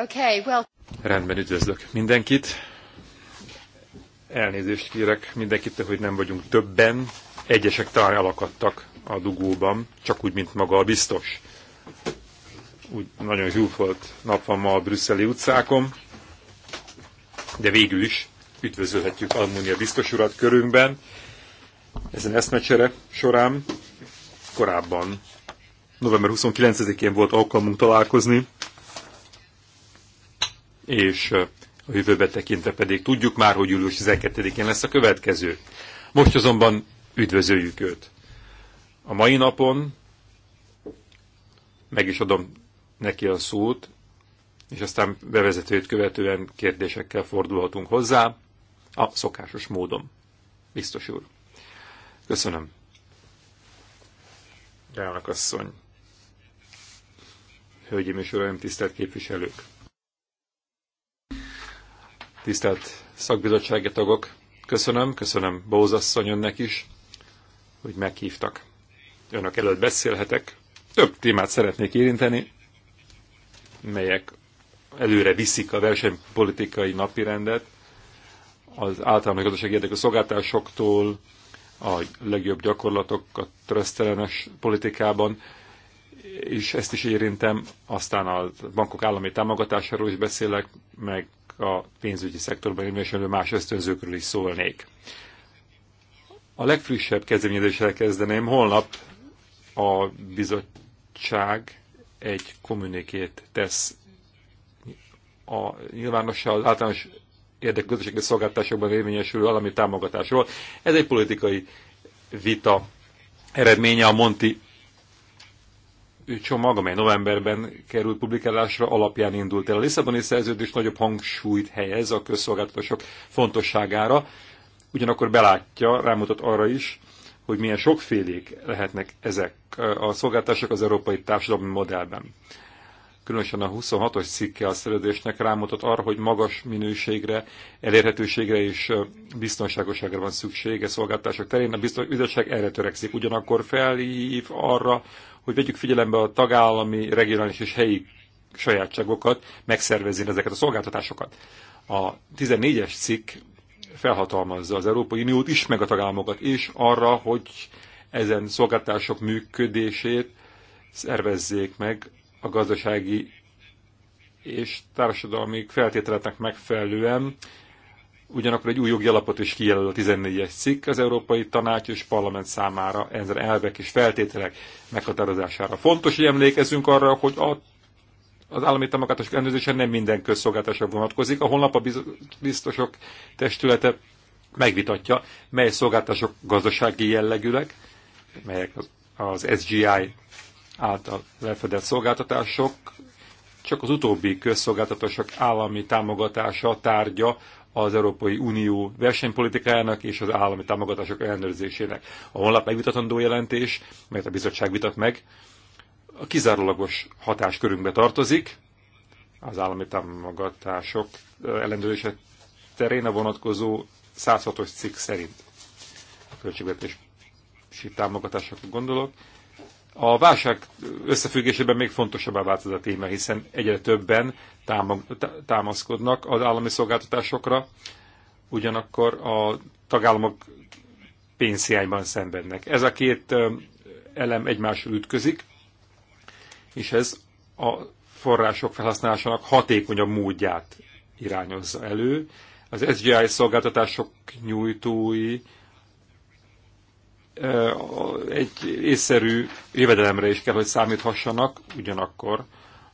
Okay, well... Rendben üdvözlök mindenkit. Elnézést kérek mindenkitől, hogy nem vagyunk többen. Egyesek talán elakadtak a dugóban, csak úgy, mint maga a biztos. Úgy nagyon zsúfolt nap van ma a brüsszeli utcákon, de végül is üdvözölhetjük Almunia biztos urat körünkben. Ezen eszmecsere során korábban november 29-én volt alkalmunk találkozni, és a jövőbe tekintve pedig tudjuk már, hogy július 12-én lesz a következő. Most azonban üdvözöljük őt. A mai napon meg is adom neki a szót, és aztán bevezetőt követően kérdésekkel fordulhatunk hozzá a szokásos módon. Biztos úr. Köszönöm. Rának asszony. Hölgyeim és uraim, tisztelt képviselők! tisztelt szakbizottsági tagok, köszönöm, köszönöm Bózasszony önnek is, hogy meghívtak. Önök előtt beszélhetek. Több témát szeretnék érinteni, melyek előre viszik a versenypolitikai napirendet, az általános gazdasági érdekű szolgáltásoktól, a legjobb gyakorlatok a trösztelenes politikában, és ezt is érintem, aztán a bankok állami támogatásáról is beszélek, meg a pénzügyi szektorban érvényesülő más ösztönzőkről is szólnék. A legfrissebb kezdeményezéssel kezdeném. Holnap a bizottság egy kommunikét tesz a nyilvánossal az általános érdekgazdasági szolgáltatásokban érvényesülő állami támogatásról. Ez egy politikai vita eredménye a Monti csomag, amely novemberben került publikálásra, alapján indult el. A Lisszaboni szerződés nagyobb hangsúlyt helyez a közszolgáltatások fontosságára, ugyanakkor belátja, rámutat arra is, hogy milyen sokfélék lehetnek ezek a szolgáltatások az európai társadalmi modellben. Különösen a 26-os cikke a szerződésnek rámutat arra, hogy magas minőségre, elérhetőségre és biztonságoságra van szüksége szolgáltatások terén. A bizottság erre törekszik, ugyanakkor felhív arra, hogy vegyük figyelembe a tagállami, regionális és helyi sajátságokat, megszervezni ezeket a szolgáltatásokat. A 14-es cikk felhatalmazza az Európai Uniót is, meg a tagállamokat is arra, hogy ezen szolgáltatások működését szervezzék meg a gazdasági és társadalmi feltételeknek megfelelően Ugyanakkor egy új jogi alapot is kijelöl a 14-es cikk az Európai Tanács és Parlament számára ezen elvek és feltételek meghatározására. Fontos, hogy emlékezzünk arra, hogy a, az állami támogatások ellenőrzése nem minden közszolgáltásra vonatkozik. A honlap a biztosok testülete megvitatja, mely szolgáltások gazdasági jellegűek, melyek az, az SGI által lefedett szolgáltatások, csak az utóbbi közszolgáltatások állami támogatása tárgya az Európai Unió versenypolitikájának és az állami támogatások ellenőrzésének. A honlap megvitatandó jelentés, mert a bizottság vitat meg, a kizárólagos hatáskörünkbe tartozik, az állami támogatások ellenőrzése terén a vonatkozó 106-os cikk szerint. A költségvetési támogatásokra gondolok. A válság összefüggésében még fontosabbá vált ez a téma, hiszen egyre többen támaszkodnak az állami szolgáltatásokra, ugyanakkor a tagállamok pénzhiányban szenvednek. Ez a két elem egymással ütközik, és ez a források felhasználásának hatékonyabb módját irányozza elő. Az SGI szolgáltatások nyújtói egy észszerű jövedelemre is kell, hogy számíthassanak, ugyanakkor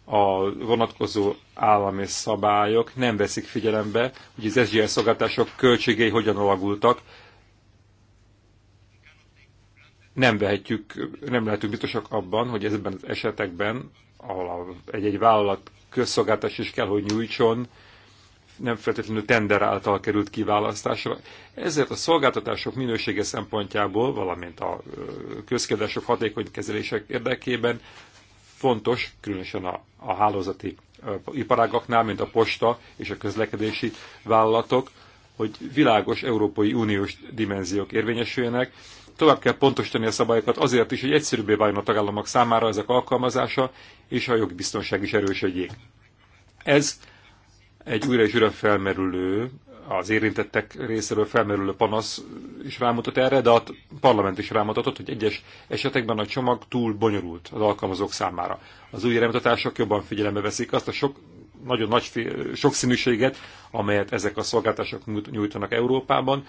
a vonatkozó állami szabályok nem veszik figyelembe, hogy az SGS szolgáltások költségei hogyan alagultak. Nem vehetjük, nem lehetünk biztosak abban, hogy ezben az esetekben, ahol egy-egy vállalat közszolgáltatás is kell, hogy nyújtson, nem feltétlenül tender által került kiválasztásra. Ezért a szolgáltatások minősége szempontjából, valamint a közkedások hatékony kezelések érdekében fontos, különösen a, a hálózati iparágaknál, mint a posta és a közlekedési vállalatok, hogy világos Európai Uniós dimenziók érvényesüljenek. Tovább kell pontosítani a szabályokat azért is, hogy egyszerűbbé váljon a tagállamok számára ezek alkalmazása, és a jogbiztonság is erősödjék. Ez egy újra és újra felmerülő, az érintettek részéről felmerülő panasz is rámutat erre, de a parlament is rámutatott, hogy egyes esetekben a csomag túl bonyolult az alkalmazók számára. Az új remutatások jobban figyelembe veszik azt a sok, nagyon nagy sokszínűséget, amelyet ezek a szolgáltások nyújtanak Európában,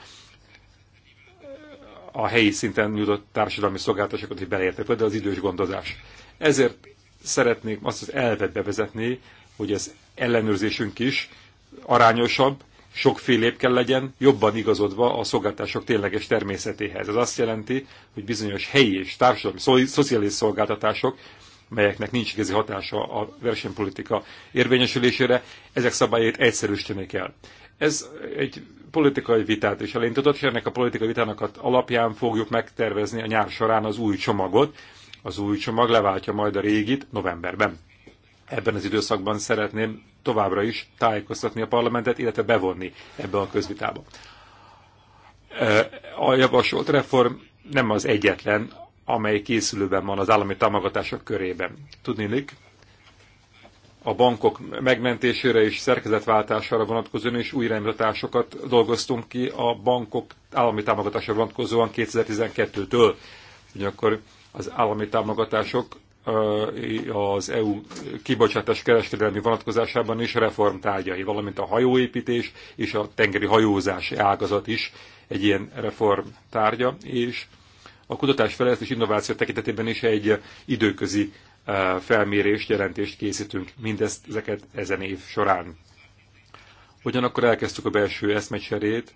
a helyi szinten nyújtott társadalmi szolgáltatásokat is beleértek, például az idős gondozás. Ezért szeretnék azt az elvet bevezetni, hogy az ellenőrzésünk is arányosabb, sokfélébb kell legyen, jobban igazodva a szolgáltások tényleges természetéhez. Ez azt jelenti, hogy bizonyos helyi és társadalmi, szociális szolgáltatások, melyeknek nincs igazi hatása a versenypolitika érvényesülésére, ezek szabályait egyszerűsíteni kell. Ez egy politikai vitát is elindított, és ennek a politikai vitának alapján fogjuk megtervezni a nyár során az új csomagot. Az új csomag leváltja majd a régit novemberben. Ebben az időszakban szeretném továbbra is tájékoztatni a parlamentet, illetve bevonni ebbe a közvitába. A javasolt reform nem az egyetlen, amely készülőben van az állami támogatások körében. Tudnélik, a bankok megmentésére és szerkezetváltására vonatkozóan is új iránymutatásokat dolgoztunk ki a bankok állami támogatásra vonatkozóan 2012-től. Ugyanakkor az állami támogatások az EU kibocsátás kereskedelmi vonatkozásában is reformtárgyai, valamint a hajóépítés és a tengeri hajózás ágazat is egy ilyen reformtárgya, és a kutatásfejlesztés innováció tekintetében is egy időközi felmérést, jelentést készítünk mindezt ezeket ezen év során. Ugyanakkor elkezdtük a belső eszmecserét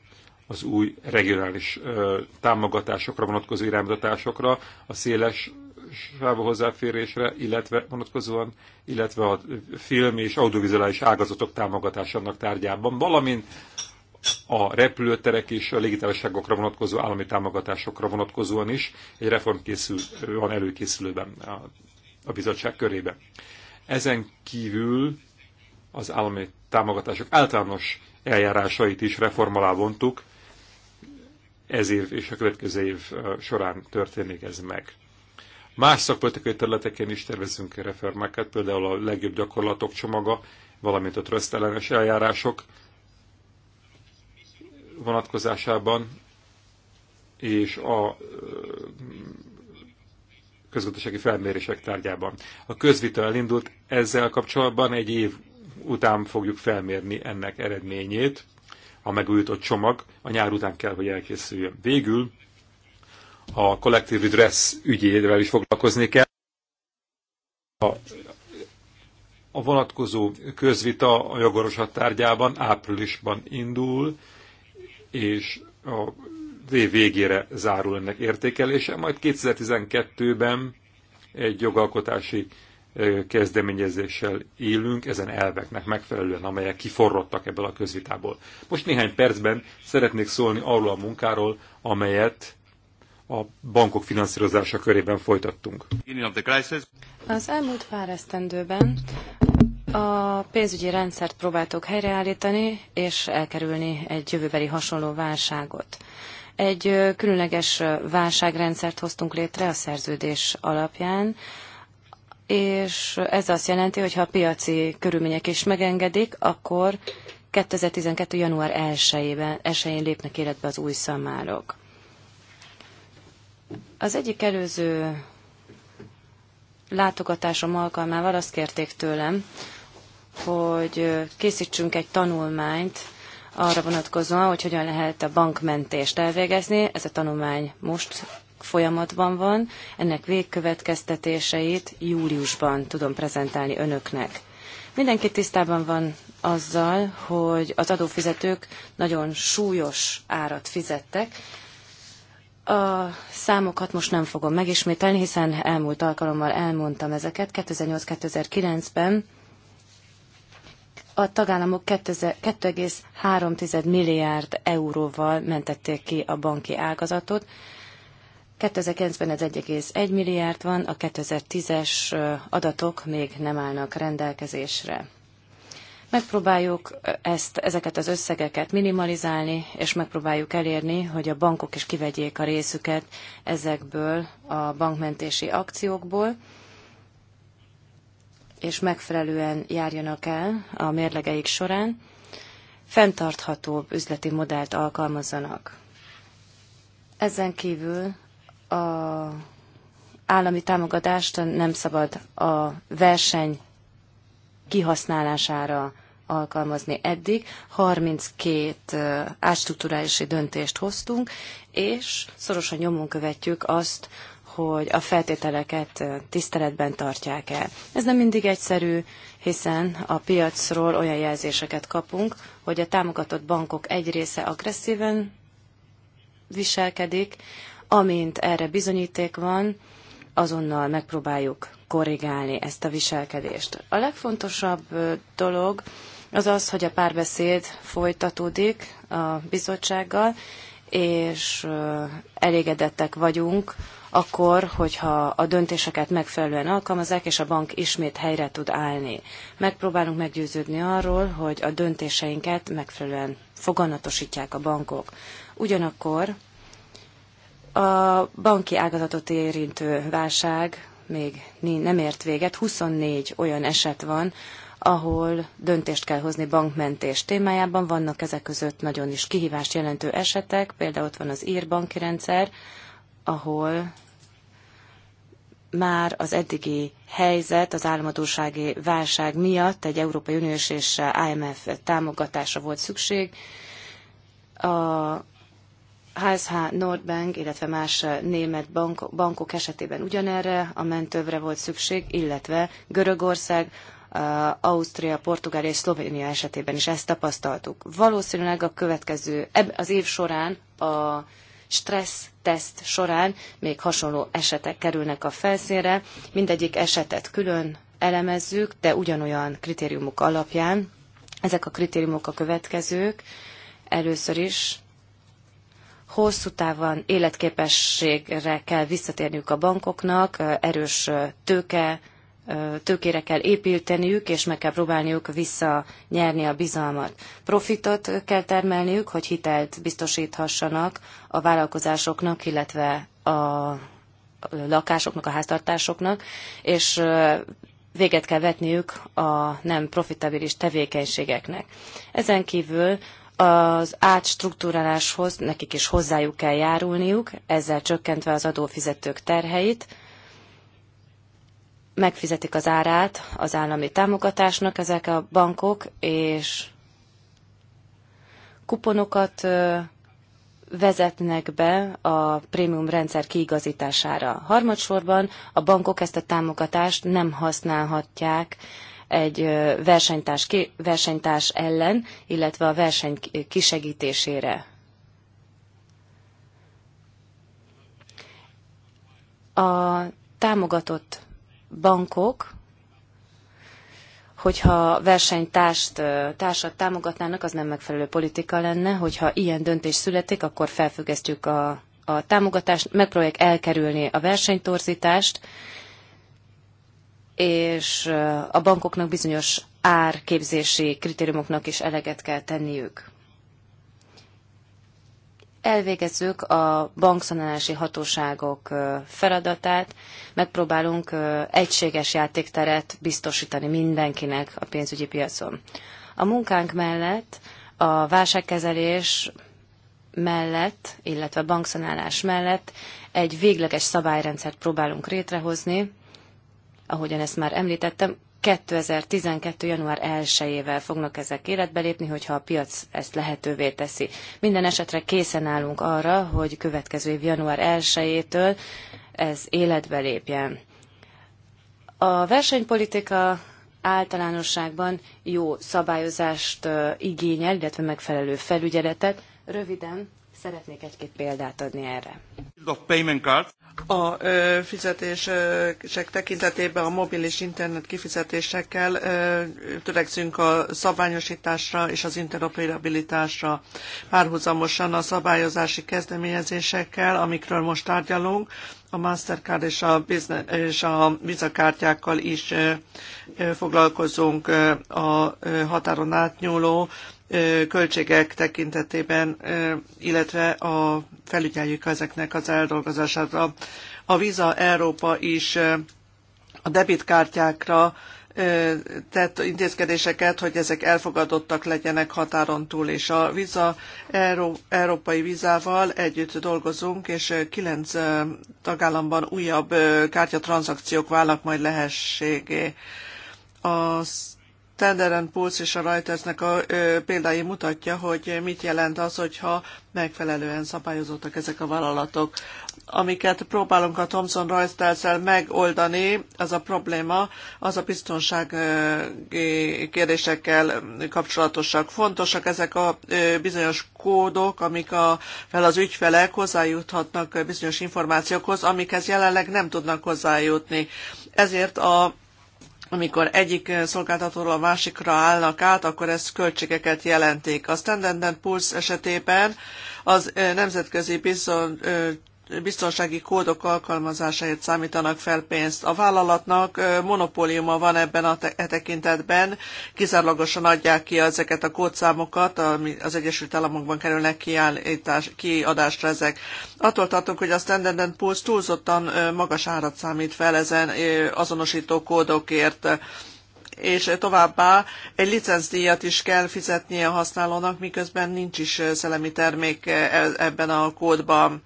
az új regionális támogatásokra, vonatkozó iránymutatásokra, a széles sávú hozzáférésre, illetve vonatkozóan, illetve a film és audiovizuális ágazatok támogatásának tárgyában, valamint a repülőterek és a légitársaságokra vonatkozó állami támogatásokra vonatkozóan is egy reform készül, van előkészülőben a, a bizottság körében. Ezen kívül az állami támogatások általános eljárásait is reform alá vontuk, ez év és a következő év során történik ez meg. Más szakpolitikai területeken is tervezünk reformákat, például a legjobb gyakorlatok csomaga, valamint a tröszt eljárások vonatkozásában, és a közgazdasági felmérések tárgyában. A közvita elindult, ezzel kapcsolatban egy év után fogjuk felmérni ennek eredményét, a megújított csomag a nyár után kell, hogy elkészüljön. Végül a kollektív redress ügyével is foglalkozni kell. A, a vonatkozó közvita a jogorosat tárgyában áprilisban indul, és a év végére zárul ennek értékelése, majd 2012-ben egy jogalkotási kezdeményezéssel élünk, ezen elveknek megfelelően, amelyek kiforrottak ebből a közvitából. Most néhány percben szeretnék szólni arról a munkáról, amelyet a bankok finanszírozása körében folytattunk. Az elmúlt pár esztendőben a pénzügyi rendszert próbáltuk helyreállítani és elkerülni egy jövőbeli hasonló válságot. Egy különleges válságrendszert hoztunk létre a szerződés alapján, és ez azt jelenti, hogy ha a piaci körülmények is megengedik, akkor 2012. január 1-én lépnek életbe az új szamárok. Az egyik előző látogatásom alkalmával azt kérték tőlem, hogy készítsünk egy tanulmányt arra vonatkozóan, hogy hogyan lehet a bankmentést elvégezni. Ez a tanulmány most folyamatban van. Ennek végkövetkeztetéseit júliusban tudom prezentálni önöknek. Mindenki tisztában van azzal, hogy az adófizetők nagyon súlyos árat fizettek, a számokat most nem fogom megismételni, hiszen elmúlt alkalommal elmondtam ezeket. 2008-2009-ben a tagállamok 2,3 milliárd euróval mentették ki a banki ágazatot. 2009-ben ez 1,1 milliárd van, a 2010-es adatok még nem állnak rendelkezésre. Megpróbáljuk ezt, ezeket az összegeket minimalizálni, és megpróbáljuk elérni, hogy a bankok is kivegyék a részüket ezekből a bankmentési akciókból, és megfelelően járjanak el a mérlegeik során, fenntarthatóbb üzleti modellt alkalmazzanak. Ezen kívül a állami támogatást nem szabad a verseny kihasználására alkalmazni eddig. 32 átstruktúrálási döntést hoztunk, és szorosan nyomon követjük azt, hogy a feltételeket tiszteletben tartják el. Ez nem mindig egyszerű, hiszen a piacról olyan jelzéseket kapunk, hogy a támogatott bankok egy része agresszíven viselkedik, amint erre bizonyíték van, azonnal megpróbáljuk korrigálni ezt a viselkedést. A legfontosabb dolog az az, hogy a párbeszéd folytatódik a bizottsággal, és elégedettek vagyunk akkor, hogyha a döntéseket megfelelően alkalmazzák, és a bank ismét helyre tud állni. Megpróbálunk meggyőződni arról, hogy a döntéseinket megfelelően foganatosítják a bankok. Ugyanakkor a banki ágazatot érintő válság még nem ért véget. 24 olyan eset van, ahol döntést kell hozni bankmentés témájában. Vannak ezek között nagyon is kihívást jelentő esetek, például ott van az ír banki rendszer, ahol már az eddigi helyzet az államadósági válság miatt egy Európai Uniós és IMF támogatása volt szükség. A HSH Nordbank, illetve más német bank, bankok esetében ugyanerre a mentővre volt szükség, illetve Görögország, Ausztria, Portugália és Szlovénia esetében is ezt tapasztaltuk. Valószínűleg a következő, az év során a stressz teszt során még hasonló esetek kerülnek a felszínre. Mindegyik esetet külön elemezzük, de ugyanolyan kritériumok alapján. Ezek a kritériumok a következők. Először is hosszú távon életképességre kell visszatérniük a bankoknak, erős tőke, tőkére kell építeniük, és meg kell próbálniuk visszanyerni a bizalmat. Profitot kell termelniük, hogy hitelt biztosíthassanak a vállalkozásoknak, illetve a lakásoknak, a háztartásoknak, és véget kell vetniük a nem profitabilis tevékenységeknek. Ezen kívül az átstruktúráláshoz nekik is hozzájuk kell járulniuk, ezzel csökkentve az adófizetők terheit. Megfizetik az árát az állami támogatásnak ezek a bankok, és kuponokat vezetnek be a prémium rendszer kiigazítására. Harmadsorban a bankok ezt a támogatást nem használhatják egy versenytárs, versenytárs ellen, illetve a verseny kisegítésére. A támogatott bankok, hogyha versenytást, társat támogatnának, az nem megfelelő politika lenne, hogyha ilyen döntés születik, akkor felfüggesztjük a, a támogatást, megpróbáljuk elkerülni a versenytorzítást, és a bankoknak bizonyos árképzési kritériumoknak is eleget kell tenniük. Elvégezzük a bankszanálási hatóságok feladatát, megpróbálunk egységes játékteret biztosítani mindenkinek a pénzügyi piacon. A munkánk mellett a válságkezelés mellett, illetve bankszanálás mellett egy végleges szabályrendszert próbálunk létrehozni, ahogyan ezt már említettem, 2012. január 1-ével fognak ezek életbe lépni, hogyha a piac ezt lehetővé teszi. Minden esetre készen állunk arra, hogy következő év január 1-től ez életbe lépjen. A versenypolitika általánosságban jó szabályozást igényel, illetve megfelelő felügyeletet. Röviden Szeretnék egy-két példát adni erre. A fizetések tekintetében a mobilis internet kifizetésekkel törekszünk a szabványosításra és az interoperabilitásra. Párhuzamosan a szabályozási kezdeményezésekkel, amikről most tárgyalunk, a Mastercard és a, és a Visa kártyákkal is foglalkozunk a határon átnyúló költségek tekintetében, illetve a felügyeljük ezeknek az eldolgozását. A Visa Európa is a debitkártyákra tett intézkedéseket, hogy ezek elfogadottak legyenek határon túl, és a Visa Euró, Európai Vizával együtt dolgozunk, és kilenc tagállamban újabb kártyatranszakciók válnak majd lehességé. Az Tenderen Pulsz és a Reutersnek a ö, példái mutatja, hogy mit jelent az, hogyha megfelelően szabályozottak ezek a vállalatok. Amiket próbálunk a Thomson reuters megoldani, az a probléma, az a biztonság kérdésekkel kapcsolatosak. Fontosak ezek a bizonyos kódok, amik a, fel az ügyfelek hozzájuthatnak bizonyos információkhoz, amikhez jelenleg nem tudnak hozzájutni. Ezért a amikor egyik eh, szolgáltatóról a másikra állnak át, akkor ez költségeket jelentik. A Standard Poor's esetében az eh, Nemzetközi Bizony eh, biztonsági kódok alkalmazásáért számítanak fel pénzt. A vállalatnak monopóliuma van ebben a te- e tekintetben, kizárólagosan adják ki ezeket a kódszámokat, ami az Egyesült Államokban kerülnek kiállítás, kiadásra ezek. Attól tartunk, hogy a Standard Poor's túlzottan magas árat számít fel ezen azonosító kódokért és továbbá egy licencdíjat is kell fizetnie a használónak, miközben nincs is szellemi termék ebben a kódban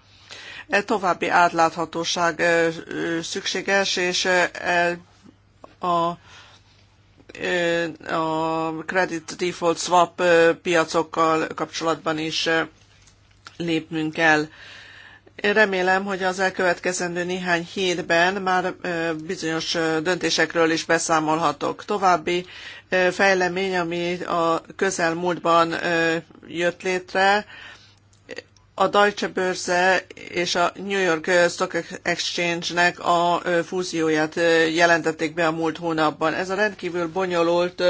E további átláthatóság e, szükséges, és e, a a credit default swap piacokkal kapcsolatban is lépnünk kell. Én remélem, hogy az elkövetkezendő néhány hétben már bizonyos döntésekről is beszámolhatok. További fejlemény, ami a közelmúltban jött létre, a Deutsche Börse és a New York Stock Exchange-nek a fúzióját jelentették be a múlt hónapban. Ez a rendkívül bonyolult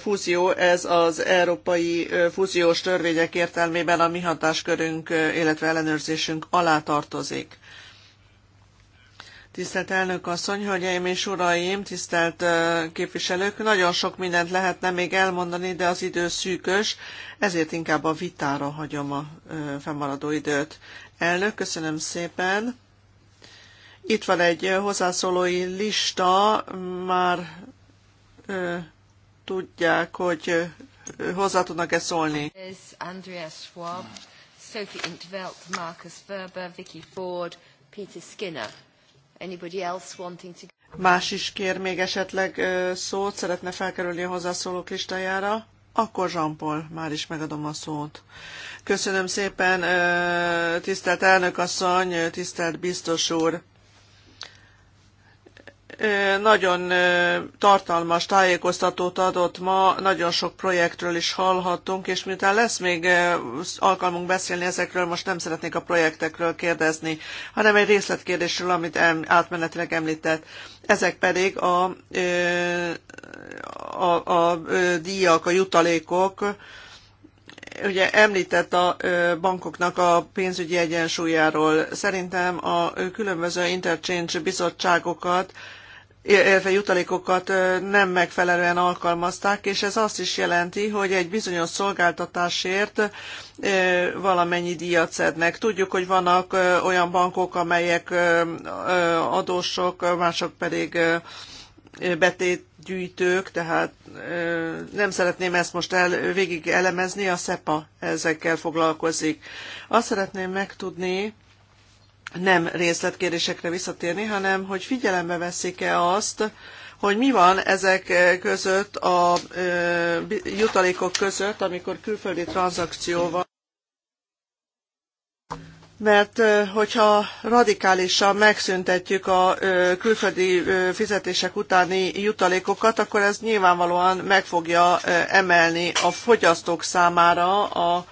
fúzió, ez az európai fúziós törvények értelmében a mi hatáskörünk, illetve ellenőrzésünk alá tartozik. Tisztelt elnök asszony, hölgyeim és uraim, tisztelt képviselők, nagyon sok mindent lehetne még elmondani, de az idő szűkös, ezért inkább a vitára hagyom a fennmaradó időt. Elnök, köszönöm szépen. Itt van egy hozzászólói lista, már ö, tudják, hogy hozzá tudnak-e szólni. Schwab, Sophie Intvelt, Marcus Ferber, Vicky Ford, Peter Skinner. Más is kér még esetleg szót, szeretne felkerülni a hozzászólók listájára? Akkor Zsampol, már is megadom a szót. Köszönöm szépen, tisztelt elnök asszony, tisztelt biztos úr nagyon tartalmas tájékoztatót adott ma, nagyon sok projektről is hallhattunk, és miután lesz még alkalmunk beszélni ezekről, most nem szeretnék a projektekről kérdezni, hanem egy részletkérdésről, amit átmenetileg említett. Ezek pedig a, a, a díjak, a jutalékok, ugye említett a bankoknak a pénzügyi egyensúlyáról. Szerintem a különböző interchange bizottságokat illetve jutalékokat nem megfelelően alkalmazták, és ez azt is jelenti, hogy egy bizonyos szolgáltatásért valamennyi díjat szednek. Tudjuk, hogy vannak olyan bankok, amelyek adósok, mások pedig betétgyűjtők, tehát nem szeretném ezt most el, végig elemezni, a SEPA ezekkel foglalkozik. Azt szeretném megtudni, nem részletkérdésekre visszatérni, hanem hogy figyelembe veszik-e azt, hogy mi van ezek eh, között a eh, jutalékok között, amikor külföldi tranzakció van. Mert eh, hogyha radikálisan megszüntetjük a külföldi fizetések utáni jutalékokat, akkor ez nyilvánvalóan meg fogja emelni a fogyasztók számára a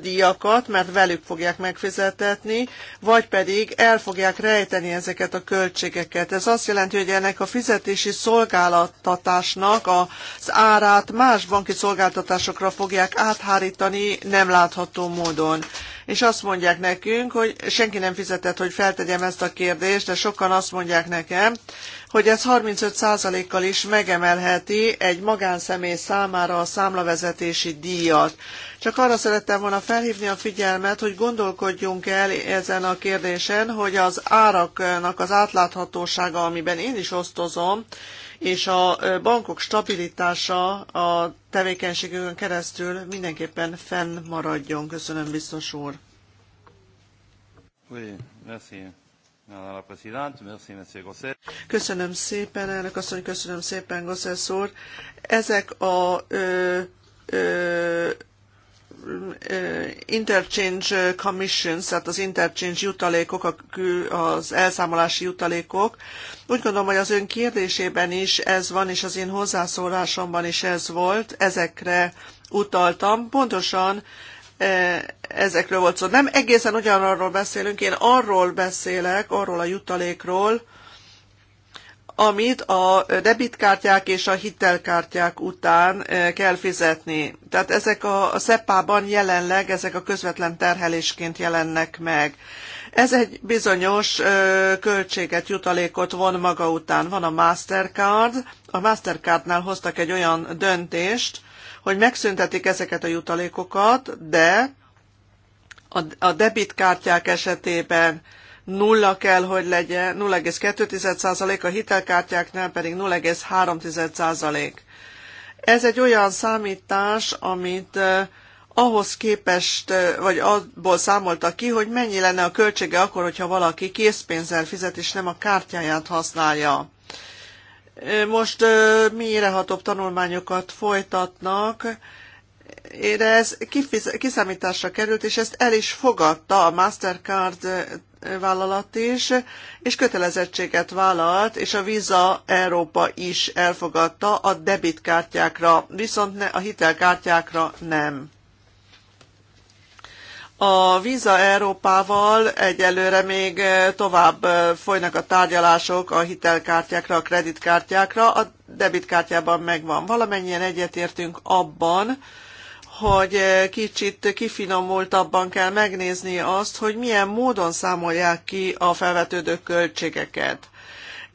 díjakat, mert velük fogják megfizetetni, vagy pedig el fogják rejteni ezeket a költségeket. Ez azt jelenti, hogy ennek a fizetési szolgáltatásnak az árát más banki szolgáltatásokra fogják áthárítani nem látható módon. És azt mondják nekünk, hogy senki nem fizetett, hogy feltegyem ezt a kérdést, de sokan azt mondják nekem, hogy ez 35%-kal is megemelheti egy magánszemély számára a számlavezetési díjat. Csak arra szerettem volna felhívni a figyelmet, hogy gondolkodjunk el ezen a kérdésen, hogy az áraknak az átláthatósága, amiben én is osztozom, és a bankok stabilitása a tevékenységükön keresztül mindenképpen fennmaradjon. Köszönöm, biztos úr. Köszönöm szépen, elnök asszony, köszönöm szépen, Gosszesz úr. Ezek a ö, ö, interchange commissions, tehát az interchange jutalékok, az elszámolási jutalékok. Úgy gondolom, hogy az ön kérdésében is ez van, és az én hozzászólásomban is ez volt, ezekre utaltam. Pontosan ezekről volt szó. Nem egészen ugyanarról beszélünk, én arról beszélek, arról a jutalékról, amit a debitkártyák és a hitelkártyák után e, kell fizetni. Tehát ezek a, SEPA-ban jelenleg ezek a közvetlen terhelésként jelennek meg. Ez egy bizonyos e, költséget, jutalékot von maga után. Van a Mastercard. A Mastercardnál hoztak egy olyan döntést, hogy megszüntetik ezeket a jutalékokat, de a debitkártyák esetében nulla kell, hogy legyen, 0,2% a hitelkártyáknál pedig 0,3%. Ez egy olyan számítás, amit ahhoz képest, vagy abból számolta ki, hogy mennyi lenne a költsége akkor, hogyha valaki készpénzzel fizet, és nem a kártyáját használja. Most mélyrehatóbb tanulmányokat folytatnak, de ez kiszámításra került, és ezt el is fogadta a Mastercard eh, vállalat is, és kötelezettséget vállalt, és a Visa Európa is elfogadta a debitkártyákra, viszont ne, a hitelkártyákra nem. A Visa Európával egyelőre még eh, tovább eh, folynak a tárgyalások a hitelkártyákra, a kreditkártyákra, a debitkártyában megvan. Valamennyien egyetértünk abban, hogy eh, kicsit kifinomultabban kell megnézni azt, hogy milyen módon számolják ki a felvetődő költségeket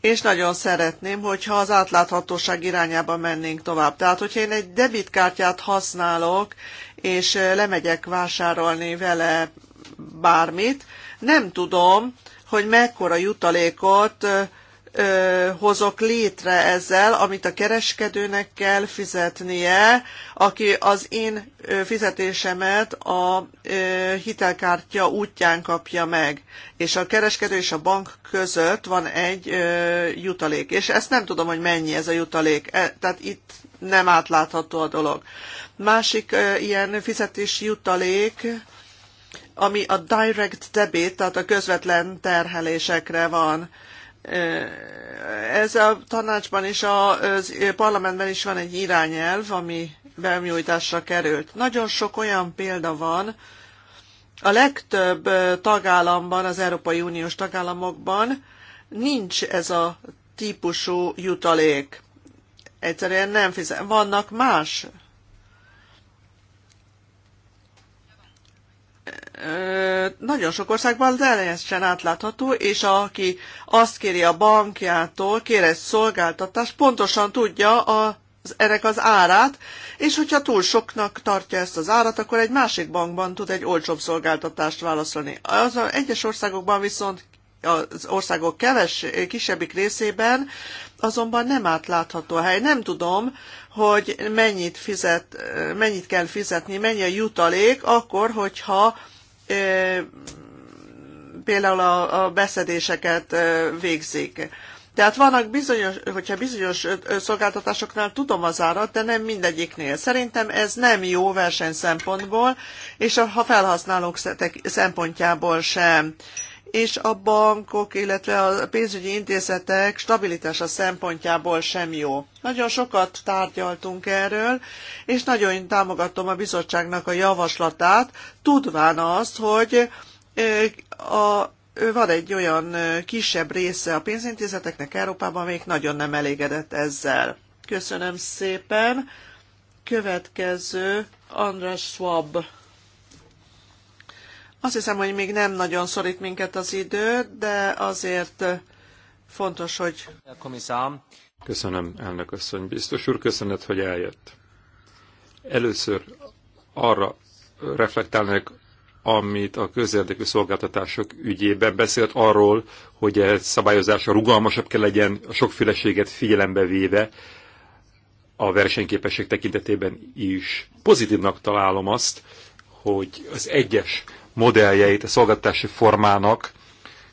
és nagyon szeretném, hogyha az átláthatóság irányába mennénk tovább. Tehát, hogyha én egy debitkártyát használok, és eh, lemegyek vásárolni vele bármit, nem tudom, hogy mekkora jutalékot eh, hozok létre ezzel, amit a kereskedőnek kell fizetnie, aki az én fizetésemet a hitelkártya útján kapja meg. És a kereskedő és a bank között van egy jutalék. És ezt nem tudom, hogy mennyi ez a jutalék. E, tehát itt nem átlátható a dolog. Másik ilyen fizetési jutalék, ami a direct debit, tehát a közvetlen terhelésekre van ez a tanácsban és a parlamentben is van egy irányelv, ami benyújtásra került. Nagyon sok olyan példa van, a legtöbb tagállamban, az Európai Uniós tagállamokban nincs ez a típusú jutalék. Egyszerűen nem fizet. Vannak más nagyon sok országban teljesen átlátható, és aki azt kéri a bankjától, kér egy szolgáltatást, pontosan tudja a az, ennek az árát, és hogyha túl soknak tartja ezt az árat, akkor egy másik bankban tud egy olcsóbb szolgáltatást válaszolni. Az egyes országokban viszont az országok keves, kisebbik részében azonban nem átlátható a hely. Nem tudom, hogy mennyit, fizet, mennyit kell fizetni, mennyi a jutalék, akkor, hogyha például a, a beszedéseket végzik. Tehát vannak bizonyos, hogyha bizonyos szolgáltatásoknál tudom az árat, de nem mindegyiknél. Szerintem ez nem jó verseny szempontból, és a, ha felhasználók szempontjából sem és a bankok, illetve a pénzügyi intézetek stabilitása szempontjából sem jó. Nagyon sokat tárgyaltunk erről, és nagyon támogatom a bizottságnak a javaslatát, tudván azt, hogy a van egy olyan kisebb része a pénzintézeteknek Európában, még nagyon nem elégedett ezzel. Köszönöm szépen. Következő András Schwab. Azt hiszem, hogy még nem nagyon szorít minket az idő, de azért fontos, hogy... Köszönöm, elnök asszony. Biztos úr, köszönet, hogy eljött. Először arra reflektálnék, amit a közérdekű szolgáltatások ügyében beszélt arról, hogy a szabályozása rugalmasabb kell legyen, a sokféleséget figyelembe véve a versenyképesség tekintetében is. Pozitívnak találom azt, hogy az egyes modelljeit a szolgáltatási formának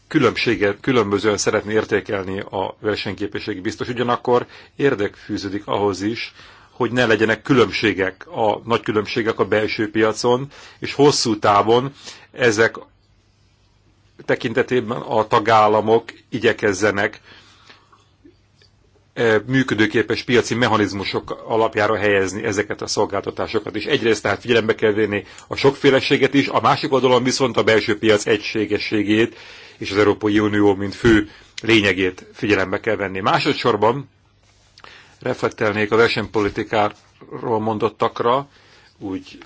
különbsége, különbözően szeretné értékelni a versenyképességi biztos, ugyanakkor érdek fűződik ahhoz is, hogy ne legyenek különbségek, a nagy különbségek a belső piacon, és hosszú távon ezek tekintetében a tagállamok igyekezzenek működőképes piaci mechanizmusok alapjára helyezni ezeket a szolgáltatásokat is. Egyrészt tehát figyelembe kell venni a sokféleséget is, a másik oldalon viszont a belső piac egységességét és az Európai Unió, mint fő lényegét figyelembe kell venni. Másodszorban reflektelnék a versenypolitikáról mondottakra, úgy,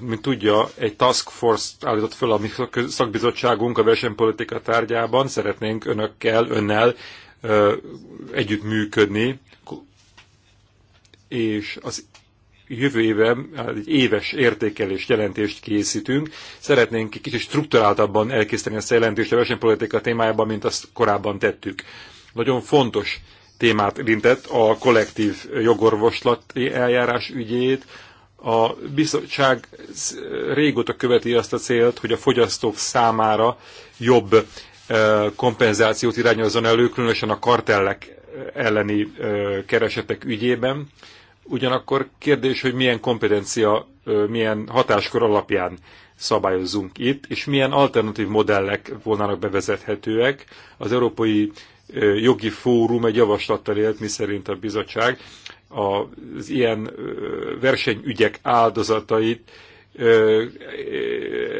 mint tudja, egy task force állított föl a mi szakbizottságunk a versenypolitika tárgyában, szeretnénk önökkel, önnel együttműködni, és az jövő évben hát egy éves értékelés jelentést készítünk. Szeretnénk egy kicsit strukturáltabban elkészíteni ezt a jelentést a versenypolitika témájában, mint azt korábban tettük. Nagyon fontos témát rintett a kollektív jogorvoslati eljárás ügyét. A bizottság régóta követi azt a célt, hogy a fogyasztók számára jobb kompenzációt irányozzon elő, különösen a kartellek elleni keresetek ügyében. Ugyanakkor kérdés, hogy milyen kompetencia, milyen hatáskor alapján szabályozzunk itt, és milyen alternatív modellek volnának bevezethetőek. Az Európai Jogi Fórum egy javaslattal élt, miszerint a bizottság az ilyen versenyügyek áldozatait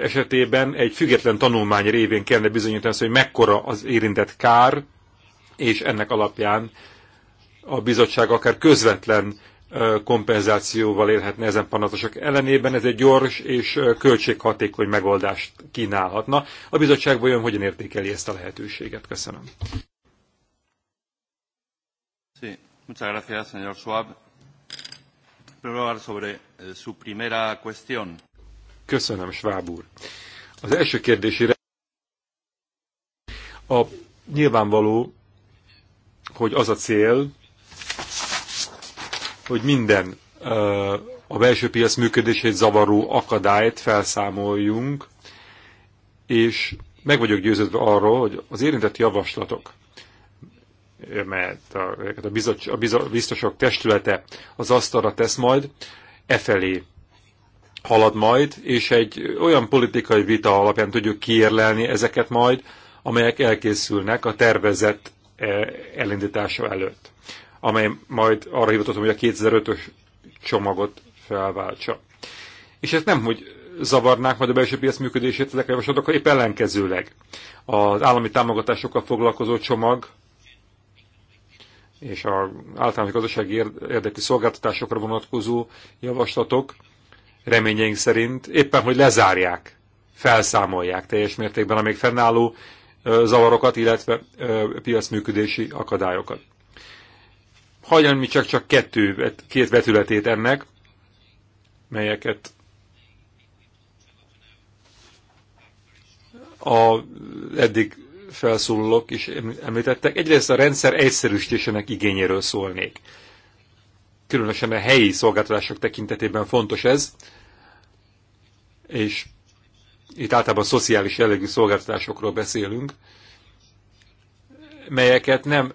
esetében egy független tanulmány révén kellene bizonyítani hogy mekkora az érintett kár, és ennek alapján a bizottság akár közvetlen kompenzációval élhetne ezen panaszosok ellenében, ez egy gyors és költséghatékony megoldást kínálhatna. A bizottság vajon hogyan értékeli ezt a lehetőséget? Köszönöm. Sí. Muchas gracias, señor Schwab sobre eh, su primera cuestión. Köszönöm, Schwab úr. Az első kérdésére a nyilvánvaló, hogy az a cél, hogy minden eh, a belső piac működését zavaró akadályt felszámoljunk, és meg vagyok győződve arról, hogy az érintett javaslatok, mert a, a, bizot, a biztosok testülete az asztalra tesz majd, e felé halad majd, és egy olyan politikai vita alapján tudjuk kiérlelni ezeket majd, amelyek elkészülnek a tervezett e, elindítása előtt, amely majd arra hivatott, hogy a 2005-ös csomagot felváltsa. És ez nem, hogy zavarnák majd a belső piac működését ezek a javaslatok, épp ellenkezőleg. Az állami támogatásokkal foglalkozó csomag és az általános gazdasági érdekű szolgáltatásokra vonatkozó javaslatok reményeink szerint éppen, hogy lezárják, felszámolják teljes mértékben a még fennálló zavarokat, illetve piacműködési akadályokat. Hagyjan mi csak, csak kettő, két vetületét ennek, melyeket a eddig felszólalók is említettek. Egyrészt a rendszer egyszerűsítésének igényéről szólnék. Különösen a helyi szolgáltatások tekintetében fontos ez, és itt általában szociális jellegű szolgáltatásokról beszélünk, melyeket nem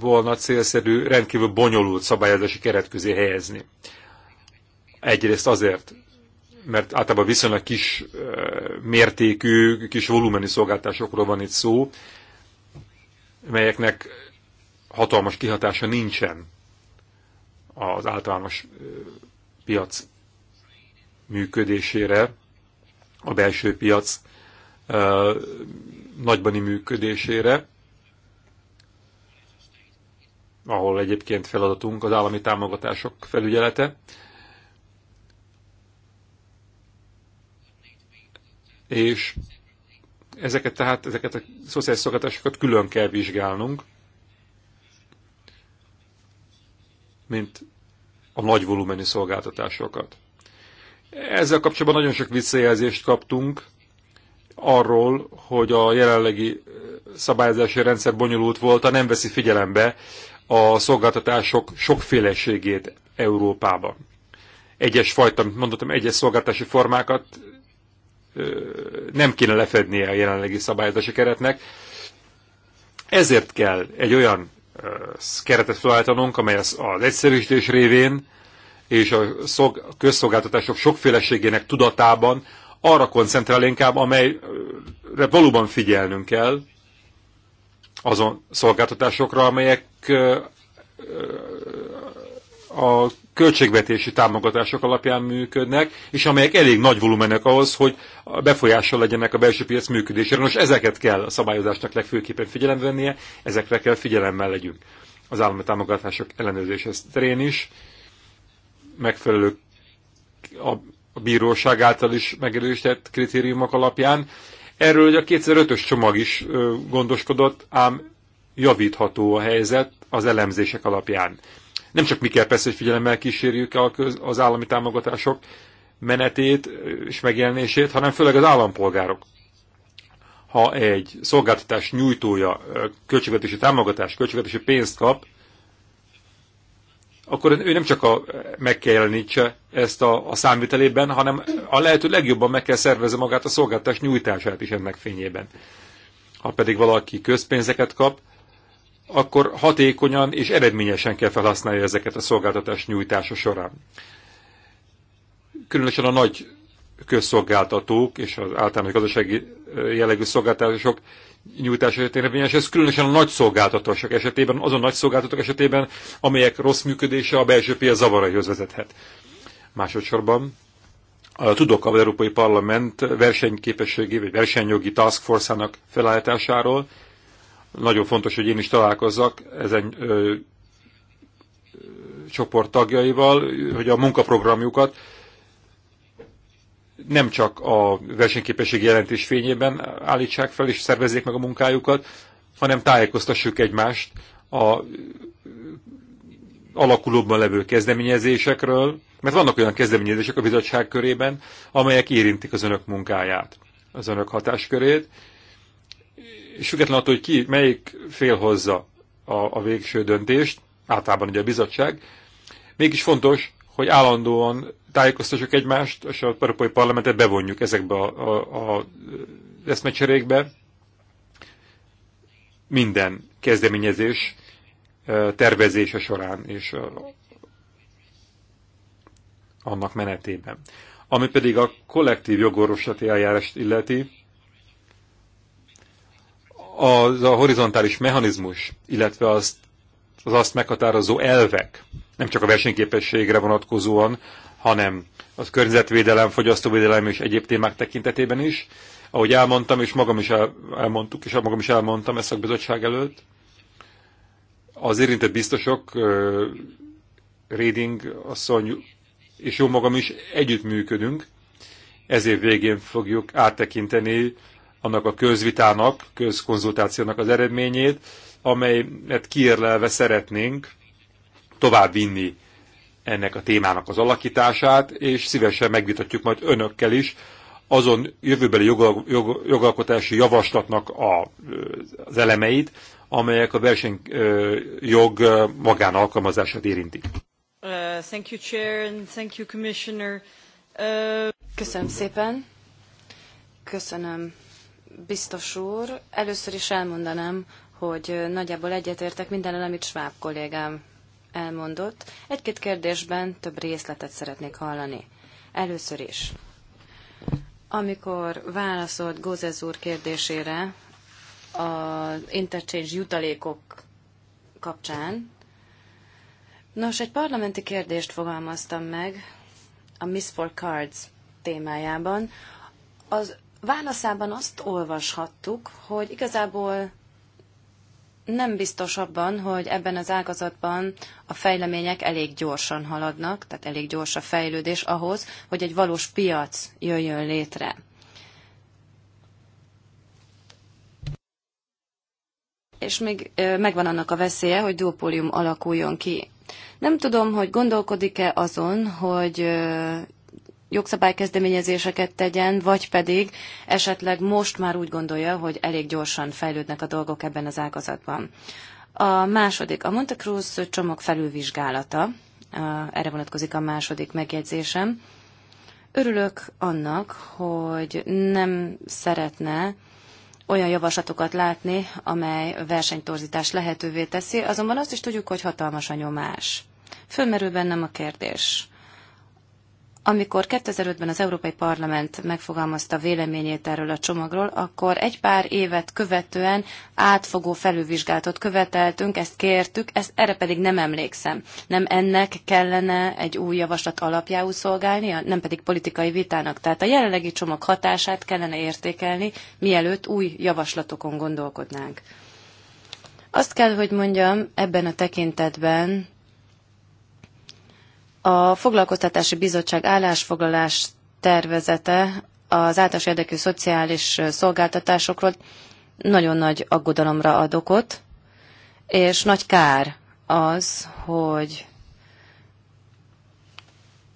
volna célszerű rendkívül bonyolult szabályozási keret közé helyezni. Egyrészt azért, mert általában viszonylag kis mértékű, kis volumenű szolgáltásokról van itt szó, melyeknek hatalmas kihatása nincsen az általános piac működésére, a belső piac nagybani működésére, ahol egyébként feladatunk az állami támogatások felügyelete, és ezeket tehát, ezeket a szociális szolgáltatásokat külön kell vizsgálnunk, mint a nagy volumenű szolgáltatásokat. Ezzel kapcsolatban nagyon sok visszajelzést kaptunk arról, hogy a jelenlegi szabályozási rendszer bonyolult volt, a nem veszi figyelembe a szolgáltatások sokféleségét Európában. Egyes fajta, mint mondottam, egyes szolgáltási formákat nem kéne lefednie a jelenlegi szabályozási keretnek. Ezért kell egy olyan keretet felállítanunk, amely az, az egyszerűsítés révén és a szog, a közszolgáltatások sokféleségének tudatában arra koncentrál inkább, amelyre valóban figyelnünk kell, azon szolgáltatásokra, amelyek a költségvetési támogatások alapján működnek, és amelyek elég nagy volumenek ahhoz, hogy befolyással legyenek a belső piac működésére. Most ezeket kell a szabályozásnak legfőképpen figyelem vennie, ezekre kell figyelemmel legyünk. Az állami támogatások ellenőrzése terén is megfelelő a, a bíróság által is megerősített kritériumok alapján. Erről hogy a 2005-ös csomag is gondoskodott, ám javítható a helyzet az elemzések alapján. Nem csak mi kell persze, hogy figyelemmel kísérjük az állami támogatások menetét és megjelenését, hanem főleg az állampolgárok. Ha egy szolgáltatás nyújtója költségvetési támogatást, költségvetési pénzt kap, akkor ő nem csak a, meg kell jelenítse ezt a, a számvitelében, hanem a lehető legjobban meg kell szervezze magát a szolgáltatás nyújtását is ennek fényében. Ha pedig valaki közpénzeket kap, akkor hatékonyan és eredményesen kell felhasználni ezeket a szolgáltatás nyújtása során. Különösen a nagy közszolgáltatók és az általános gazdasági jellegű szolgáltatások nyújtása érvényes, ez különösen a nagy szolgáltatások esetében, azon nagy szolgáltatók esetében, amelyek rossz működése a belső piac zavaraihoz vezethet. Másodszorban tudok az Európai Parlament versenyképességi vagy versenyjogi taskforce ának felállításáról, nagyon fontos, hogy én is találkozzak ezen ö, csoport tagjaival, hogy a munkaprogramjukat nem csak a versenyképesség jelentés fényében állítsák fel és szervezzék meg a munkájukat, hanem tájékoztassuk egymást a alakulóban levő kezdeményezésekről, mert vannak olyan kezdeményezések a bizottság körében, amelyek érintik az önök munkáját, az önök hatáskörét, és függetlenül attól, hogy ki, melyik fél hozza a, a végső döntést, általában ugye a bizottság, mégis fontos, hogy állandóan tájékoztassuk egymást, és a Európai Parlamentet bevonjuk ezekbe a, a, a eszmecserékbe. Minden kezdeményezés e, tervezése során és annak menetében. Ami pedig a kollektív jogorvoslati eljárást illeti, az a horizontális mechanizmus, illetve azt, az azt meghatározó elvek, nem csak a versenyképességre vonatkozóan, hanem a környezetvédelem, fogyasztóvédelem és egyéb témák tekintetében is. Ahogy elmondtam, és magam is el, elmondtuk, és magam is elmondtam ezt a bizottság előtt, az érintett biztosok, uh, Reading asszony és jó magam is együttműködünk, ezért végén fogjuk áttekinteni annak a közvitának, közkonzultációnak az eredményét, amelyet kiérlelve szeretnénk tovább vinni ennek a témának az alakítását, és szívesen megvitatjuk majd önökkel is azon jövőbeli jogalkotási javaslatnak a, az elemeit, amelyek a versenyjog magánalkalmazását érintik. Uh, thank you, Chair, and thank you, Commissioner. Uh, Köszönöm szépen. Köszönöm biztos úr, először is elmondanám, hogy nagyjából egyetértek mindennel, amit Schwab kollégám elmondott. Egy-két kérdésben több részletet szeretnék hallani. Először is, amikor válaszolt Gózez úr kérdésére az interchange jutalékok kapcsán, nos, egy parlamenti kérdést fogalmaztam meg a Miss for Cards témájában. Az válaszában azt olvashattuk, hogy igazából nem biztos abban, hogy ebben az ágazatban a fejlemények elég gyorsan haladnak, tehát elég gyors a fejlődés ahhoz, hogy egy valós piac jöjjön létre. És még megvan annak a veszélye, hogy duopólium alakuljon ki. Nem tudom, hogy gondolkodik-e azon, hogy jogszabálykezdeményezéseket tegyen, vagy pedig esetleg most már úgy gondolja, hogy elég gyorsan fejlődnek a dolgok ebben az ágazatban. A második, a Monte Cruz csomag felülvizsgálata, erre vonatkozik a második megjegyzésem. Örülök annak, hogy nem szeretne olyan javaslatokat látni, amely versenytorzítás lehetővé teszi, azonban azt is tudjuk, hogy hatalmas a nyomás. Fölmerül bennem a kérdés. Amikor 2005-ben az Európai Parlament megfogalmazta véleményét erről a csomagról, akkor egy pár évet követően átfogó felülvizsgálatot követeltünk, ezt kértük, ezt, erre pedig nem emlékszem. Nem ennek kellene egy új javaslat alapjául szolgálnia, nem pedig politikai vitának. Tehát a jelenlegi csomag hatását kellene értékelni, mielőtt új javaslatokon gondolkodnánk. Azt kell, hogy mondjam, ebben a tekintetben a Foglalkoztatási Bizottság állásfoglalás tervezete az általános érdekű szociális szolgáltatásokról nagyon nagy aggodalomra ad okot, és nagy kár az, hogy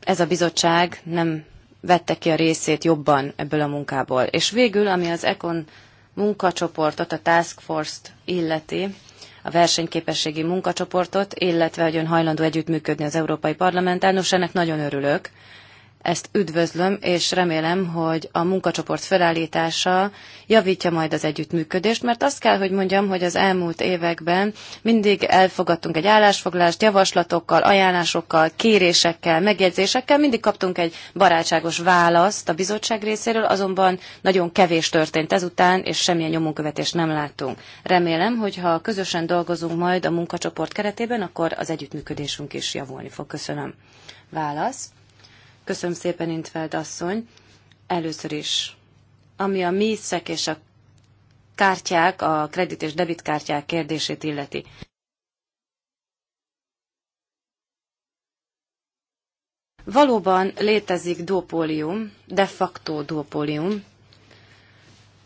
ez a bizottság nem vette ki a részét jobban ebből a munkából. És végül, ami az ECON munkacsoportot, a Task Force-t illeti, a versenyképességi munkacsoportot, illetve hogy ön hajlandó együttműködni az Európai Parlamenttel. Nos, ennek nagyon örülök, ezt üdvözlöm, és remélem, hogy a munkacsoport felállítása javítja majd az együttműködést, mert azt kell, hogy mondjam, hogy az elmúlt években mindig elfogadtunk egy állásfoglalást javaslatokkal, ajánlásokkal, kérésekkel, megjegyzésekkel, mindig kaptunk egy barátságos választ a bizottság részéről, azonban nagyon kevés történt ezután, és semmilyen nyomonkövetést nem láttunk. Remélem, hogy ha közösen dolgozunk majd a munkacsoport keretében, akkor az együttműködésünk is javulni fog. Köszönöm. Válasz. Köszönöm szépen, Intveld asszony. Először is, ami a mészek és a kártyák, a kredit és debitkártyák kérdését illeti. Valóban létezik dópólium, de facto dópólium,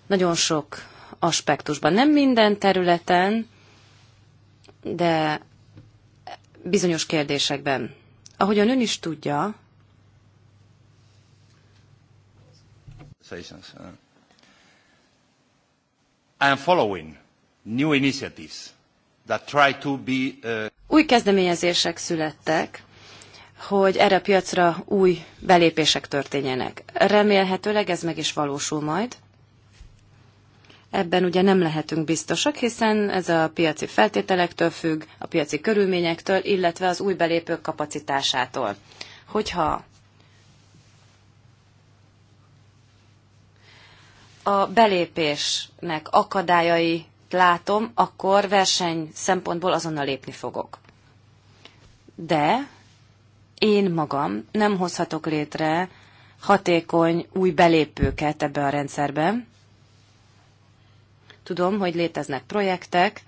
nagyon sok aspektusban. Nem minden területen, de bizonyos kérdésekben. Ahogyan ön is tudja, sessions. I am following new initiatives that try to be, uh, Új kezdeményezések születtek, hogy erre a piacra új belépések történjenek. Remélhetőleg ez meg is valósul majd. Ebben ugye nem lehetünk biztosak, hiszen ez a piaci feltételektől függ, a piaci körülményektől, illetve az új belépők kapacitásától. Hogyha a belépésnek akadályai látom, akkor verseny szempontból azonnal lépni fogok. De én magam nem hozhatok létre hatékony új belépőket ebbe a rendszerbe. Tudom, hogy léteznek projektek,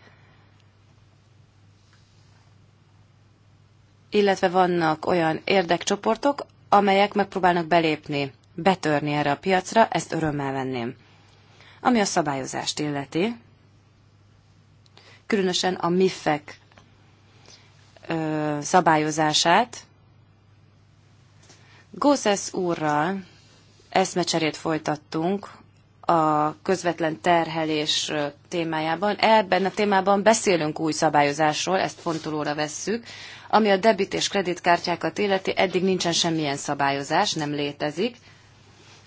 illetve vannak olyan érdekcsoportok, amelyek megpróbálnak belépni, betörni erre a piacra, ezt örömmel venném. Ami a szabályozást illeti, különösen a MIFEK szabályozását, Gószesz úrral eszmecserét folytattunk a közvetlen terhelés témájában. Ebben a témában beszélünk új szabályozásról, ezt fontolóra vesszük. Ami a debit és kreditkártyákat illeti, eddig nincsen semmilyen szabályozás, nem létezik.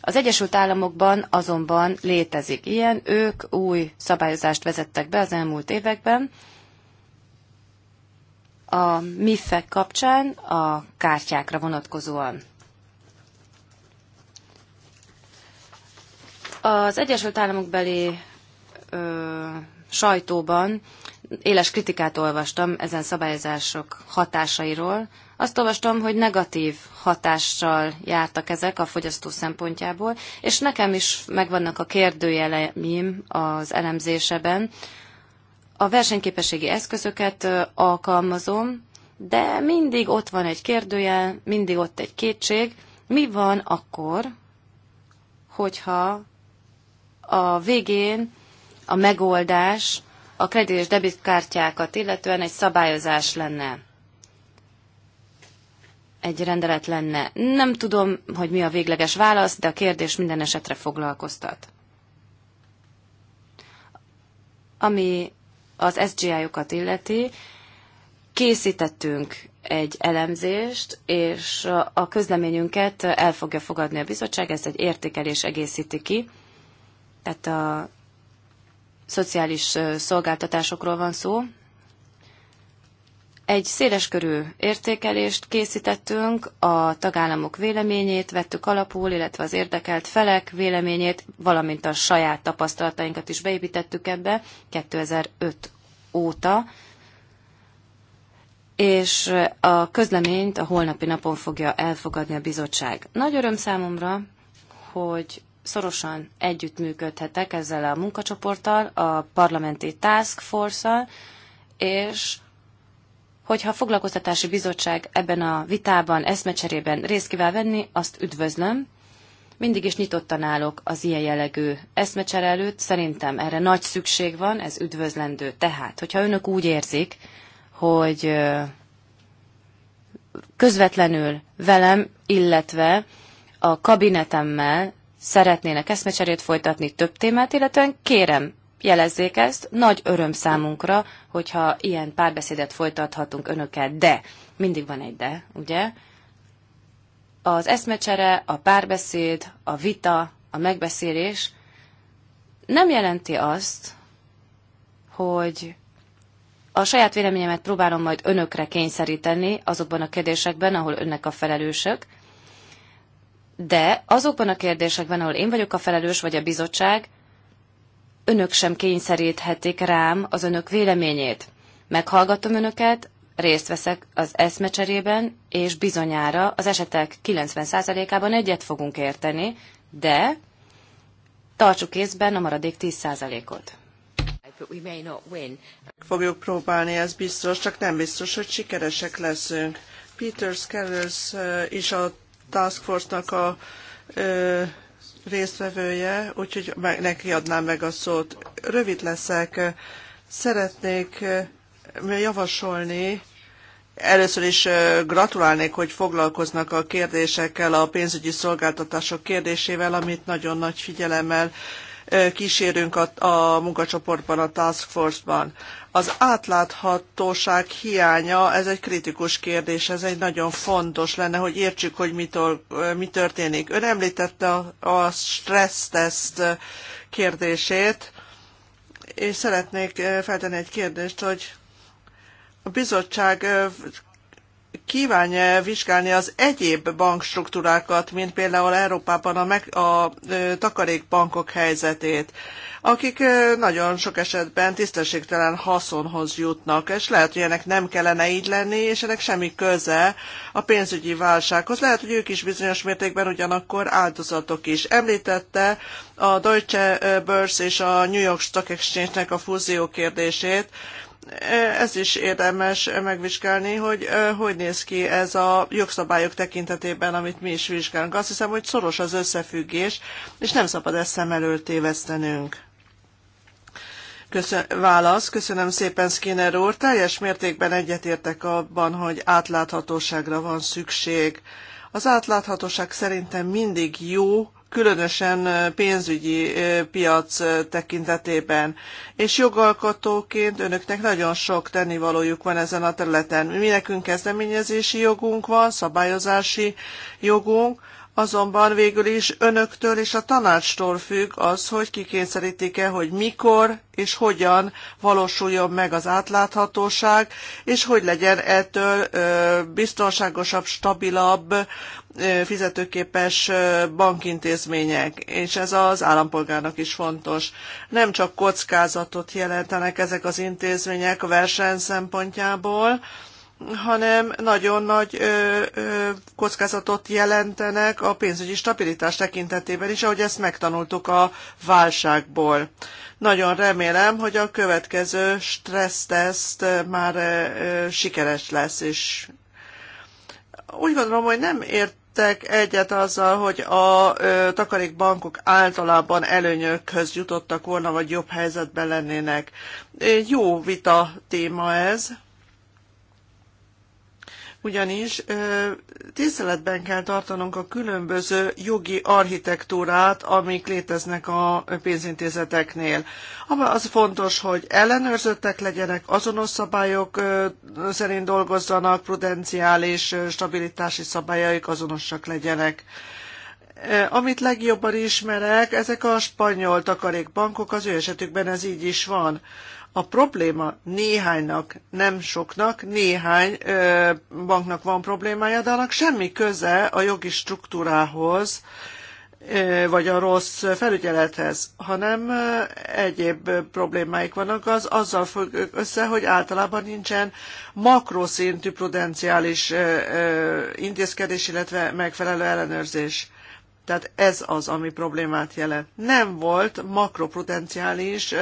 Az Egyesült Államokban azonban létezik ilyen, ők új szabályozást vezettek be az elmúlt években. A MIFEK kapcsán a kártyákra vonatkozóan. Az Egyesült Államok beli ö, sajtóban éles kritikát olvastam ezen szabályozások hatásairól. Azt olvastam, hogy negatív hatással jártak ezek a fogyasztó szempontjából, és nekem is megvannak a kérdőjeleim az elemzéseben. A versenyképességi eszközöket alkalmazom, de mindig ott van egy kérdőjel, mindig ott egy kétség. Mi van akkor, hogyha a végén a megoldás a kredit és debitkártyákat illetően egy szabályozás lenne. Egy rendelet lenne. Nem tudom, hogy mi a végleges válasz, de a kérdés minden esetre foglalkoztat. Ami az SGI-okat illeti, készítettünk egy elemzést, és a közleményünket el fogja fogadni a bizottság, ezt egy értékelés egészíti ki. Tehát a szociális szolgáltatásokról van szó. Egy széleskörű értékelést készítettünk, a tagállamok véleményét vettük alapul, illetve az érdekelt felek véleményét, valamint a saját tapasztalatainkat is beépítettük ebbe 2005 óta, és a közleményt a holnapi napon fogja elfogadni a bizottság. Nagy öröm számomra, hogy szorosan együttműködhetek ezzel a munkacsoporttal, a parlamenti task force-al, és hogyha a foglalkoztatási bizottság ebben a vitában, eszmecserében részt kíván venni, azt üdvözlöm. Mindig is nyitottan állok az ilyen jellegű eszmecsere előtt, szerintem erre nagy szükség van, ez üdvözlendő. Tehát, hogyha önök úgy érzik, hogy közvetlenül velem, illetve a kabinetemmel szeretnének eszmecserét folytatni több témát, illetően kérem, jelezzék ezt, nagy öröm számunkra, hogyha ilyen párbeszédet folytathatunk önökkel, de, mindig van egy de, ugye? Az eszmecsere, a párbeszéd, a vita, a megbeszélés nem jelenti azt, hogy a saját véleményemet próbálom majd önökre kényszeríteni azokban a kérdésekben, ahol önnek a felelősök, de azokban a kérdésekben, ahol én vagyok a felelős, vagy a bizottság, önök sem kényszeríthetik rám az önök véleményét. Meghallgatom önöket, részt veszek az eszmecserében, és bizonyára az esetek 90%-ában egyet fogunk érteni, de tartsuk kézben a maradék 10%-ot. Fogjuk próbálni, ez biztos, csak nem biztos, hogy sikeresek leszünk. Peter Scalers is a Task Force-nak a ö, résztvevője, úgyhogy meg, neki adnám meg a szót. Rövid leszek. Szeretnék javasolni, Először is gratulálnék, hogy foglalkoznak a kérdésekkel, a pénzügyi szolgáltatások kérdésével, amit nagyon nagy figyelemmel kísérünk a, a munkacsoportban, a Task Force-ban. Az átláthatóság hiánya, ez egy kritikus kérdés, ez egy nagyon fontos lenne, hogy értsük, hogy mitől, mi történik. Ön említette a, a stresszteszt kérdését, és szeretnék feltenni egy kérdést, hogy a bizottság kívánja vizsgálni az egyéb bankstruktúrákat, mint például Európában a, meg, a ö, takarékbankok helyzetét, akik ö, nagyon sok esetben tisztességtelen haszonhoz jutnak, és lehet, hogy ennek nem kellene így lenni, és ennek semmi köze a pénzügyi válsághoz. Lehet, hogy ők is bizonyos mértékben ugyanakkor áldozatok is. Említette a Deutsche Börse és a New York Stock Exchange-nek a fúzió kérdését, E, ez is érdemes megvizsgálni, hogy e, hogy néz ki ez a jogszabályok tekintetében, amit mi is vizsgálunk. Azt hiszem, hogy szoros az összefüggés, és nem szabad ezt szem elől tévesztenünk. Köszön, válasz, köszönöm szépen Skinner úr. Teljes mértékben egyetértek abban, hogy átláthatóságra van szükség. Az átláthatóság szerintem mindig jó, különösen pénzügyi piac tekintetében. És jogalkotóként önöknek nagyon sok tennivalójuk van ezen a területen. Mi nekünk kezdeményezési jogunk van, szabályozási jogunk, Azonban végül is önöktől és a tanácstól függ az, hogy kikényszerítik-e, hogy mikor és hogyan valósuljon meg az átláthatóság, és hogy legyen ettől biztonságosabb, stabilabb, fizetőképes bankintézmények, és ez az állampolgárnak is fontos. Nem csak kockázatot jelentenek ezek az intézmények a verseny szempontjából, hanem nagyon nagy ö, ö, kockázatot jelentenek a pénzügyi stabilitás tekintetében is, ahogy ezt megtanultuk a válságból. Nagyon remélem, hogy a következő stresszteszt már ö, sikeres lesz, és úgy gondolom, hogy nem ért értek egyet azzal, hogy a ö, takarékbankok általában előnyökhöz jutottak volna, vagy jobb helyzetben lennének. Jó vita téma ez ugyanis tiszteletben kell tartanunk a különböző jogi architektúrát, amik léteznek a pénzintézeteknél. Az fontos, hogy ellenőrzöttek legyenek, azonos szabályok szerint dolgozzanak, prudenciális stabilitási szabályaik azonosak legyenek. Amit legjobban ismerek, ezek a spanyol takarékbankok, az ő esetükben ez így is van. A probléma néhánynak, nem soknak, néhány ö, banknak van problémája, de annak semmi köze a jogi struktúrához, vagy a rossz felügyelethez, hanem egyéb problémáik vannak, az azzal függ össze, hogy általában nincsen makroszintű prudenciális intézkedés, illetve megfelelő ellenőrzés. Tehát ez az, ami problémát jelent. Nem volt makroprudenciális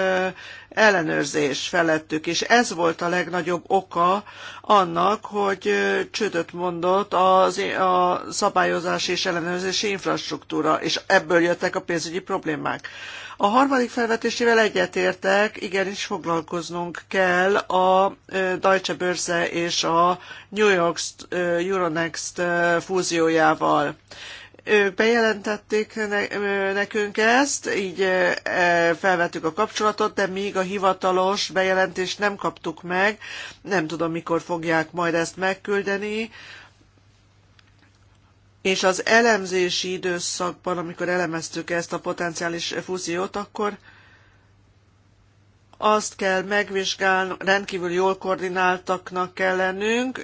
ellenőrzés felettük, és ez volt a legnagyobb oka annak, hogy csődöt mondott az, a szabályozási és ellenőrzési infrastruktúra, és ebből jöttek a pénzügyi problémák. A harmadik felvetésével egyetértek, igenis foglalkoznunk kell a Deutsche Börse és a New York Euronext fúziójával. Ők bejelentették nekünk ezt, így felvettük a kapcsolatot, de még a hivatalos bejelentést nem kaptuk meg. Nem tudom, mikor fogják majd ezt megküldeni. És az elemzési időszakban, amikor elemeztük ezt a potenciális fúziót, akkor azt kell megvizsgálni, rendkívül jól koordináltaknak kell lennünk,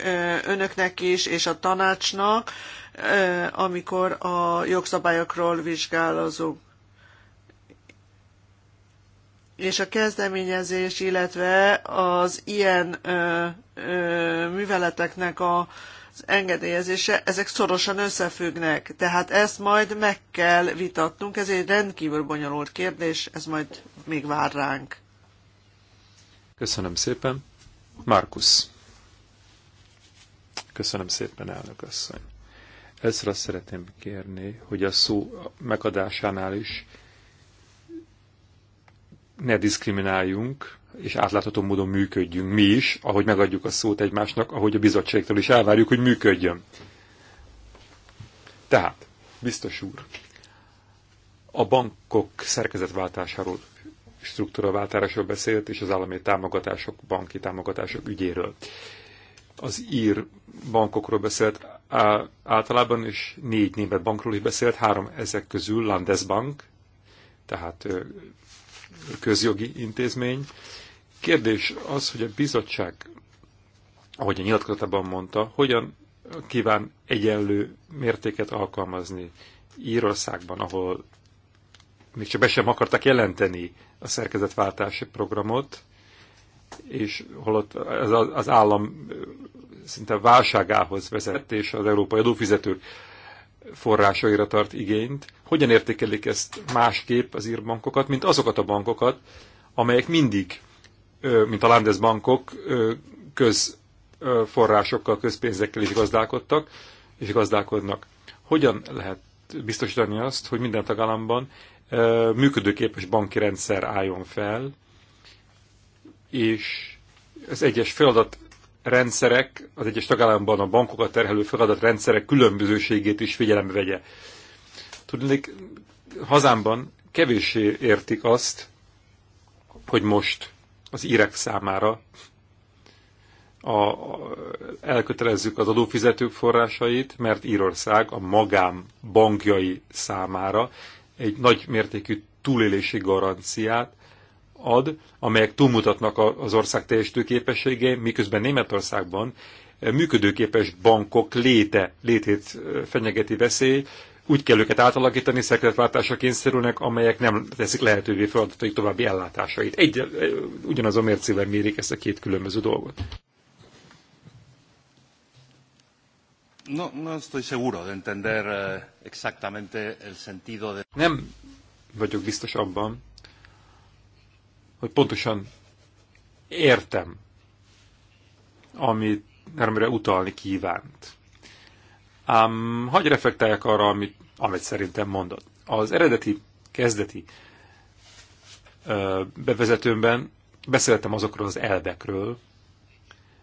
önöknek is és a tanácsnak, Eh, amikor a jogszabályokról vizsgálozunk. És a kezdeményezés, illetve az ilyen ö, eh, ö, eh, műveleteknek a, az engedélyezése, ezek szorosan összefüggnek. Tehát ezt majd meg kell vitatnunk, ez egy rendkívül bonyolult kérdés, ez majd még vár ránk. Köszönöm szépen. Markus. Köszönöm szépen, elnök asszony. Először azt szeretném kérni, hogy a szó megadásánál is ne diszkrimináljunk, és átlátható módon működjünk mi is, ahogy megadjuk a szót egymásnak, ahogy a bizottságtól is elvárjuk, hogy működjön. Tehát, biztos úr, a bankok szerkezetváltásáról, struktúraváltásról beszélt, és az állami támogatások, banki támogatások ügyéről. Az ír bankokról beszélt, általában, is négy német bankról is beszélt, három ezek közül Landesbank, tehát közjogi intézmény. Kérdés az, hogy a bizottság, ahogy a nyilatkozatában mondta, hogyan kíván egyenlő mértéket alkalmazni Írországban, ahol még csak be sem akartak jelenteni a szerkezetváltási programot, és holott az, az állam szinte válságához vezet, és az európai adófizetők forrásaira tart igényt. Hogyan értékelik ezt másképp az ír bankokat, mint azokat a bankokat, amelyek mindig, mint a Landesbankok, közforrásokkal, közpénzekkel is gazdálkodtak, és gazdálkodnak. Hogyan lehet biztosítani azt, hogy minden tagállamban működőképes banki rendszer álljon fel, és az egyes feladat rendszerek, az egyes tagállamban a bankokat terhelő feladatrendszerek különbözőségét is figyelembe vegye. Tudnék, hazámban kevéssé értik azt, hogy most az írek számára a, a, elkötelezzük az adófizetők forrásait, mert Írország a magám bankjai számára egy nagy mértékű túlélési garanciát ad, amelyek túlmutatnak az ország teljesítő képességei, miközben Németországban eh, működőképes bankok léte, létét eh, fenyegeti veszély, úgy kell őket átalakítani, szekretváltásra kényszerülnek, amelyek nem teszik lehetővé feladataik további ellátásait. Egy, eh, ugyanaz a mércével mérik ezt a két különböző dolgot. No, no estoy seguro de entender exactamente el sentido de... Nem vagyok biztos abban, hogy pontosan értem, amit nemre utalni kívánt. Ám hagyj reflektáljak arra, amit, amit szerintem mondod. Az eredeti, kezdeti ö, bevezetőmben beszéltem azokról az elvekről,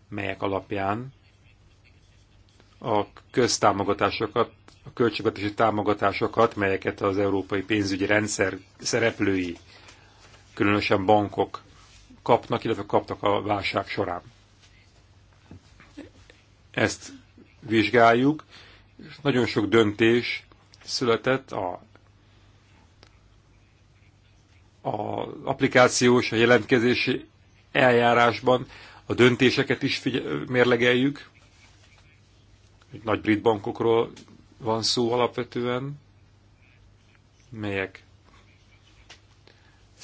melyek alapján a köztámogatásokat, a költségvetési támogatásokat, melyeket az európai pénzügyi rendszer szereplői különösen bankok kapnak, illetve kaptak a válság során. Ezt vizsgáljuk, és nagyon sok döntés született a az applikációs, a jelentkezési eljárásban a döntéseket is figyel, mérlegeljük. Nagy brit bankokról van szó alapvetően, melyek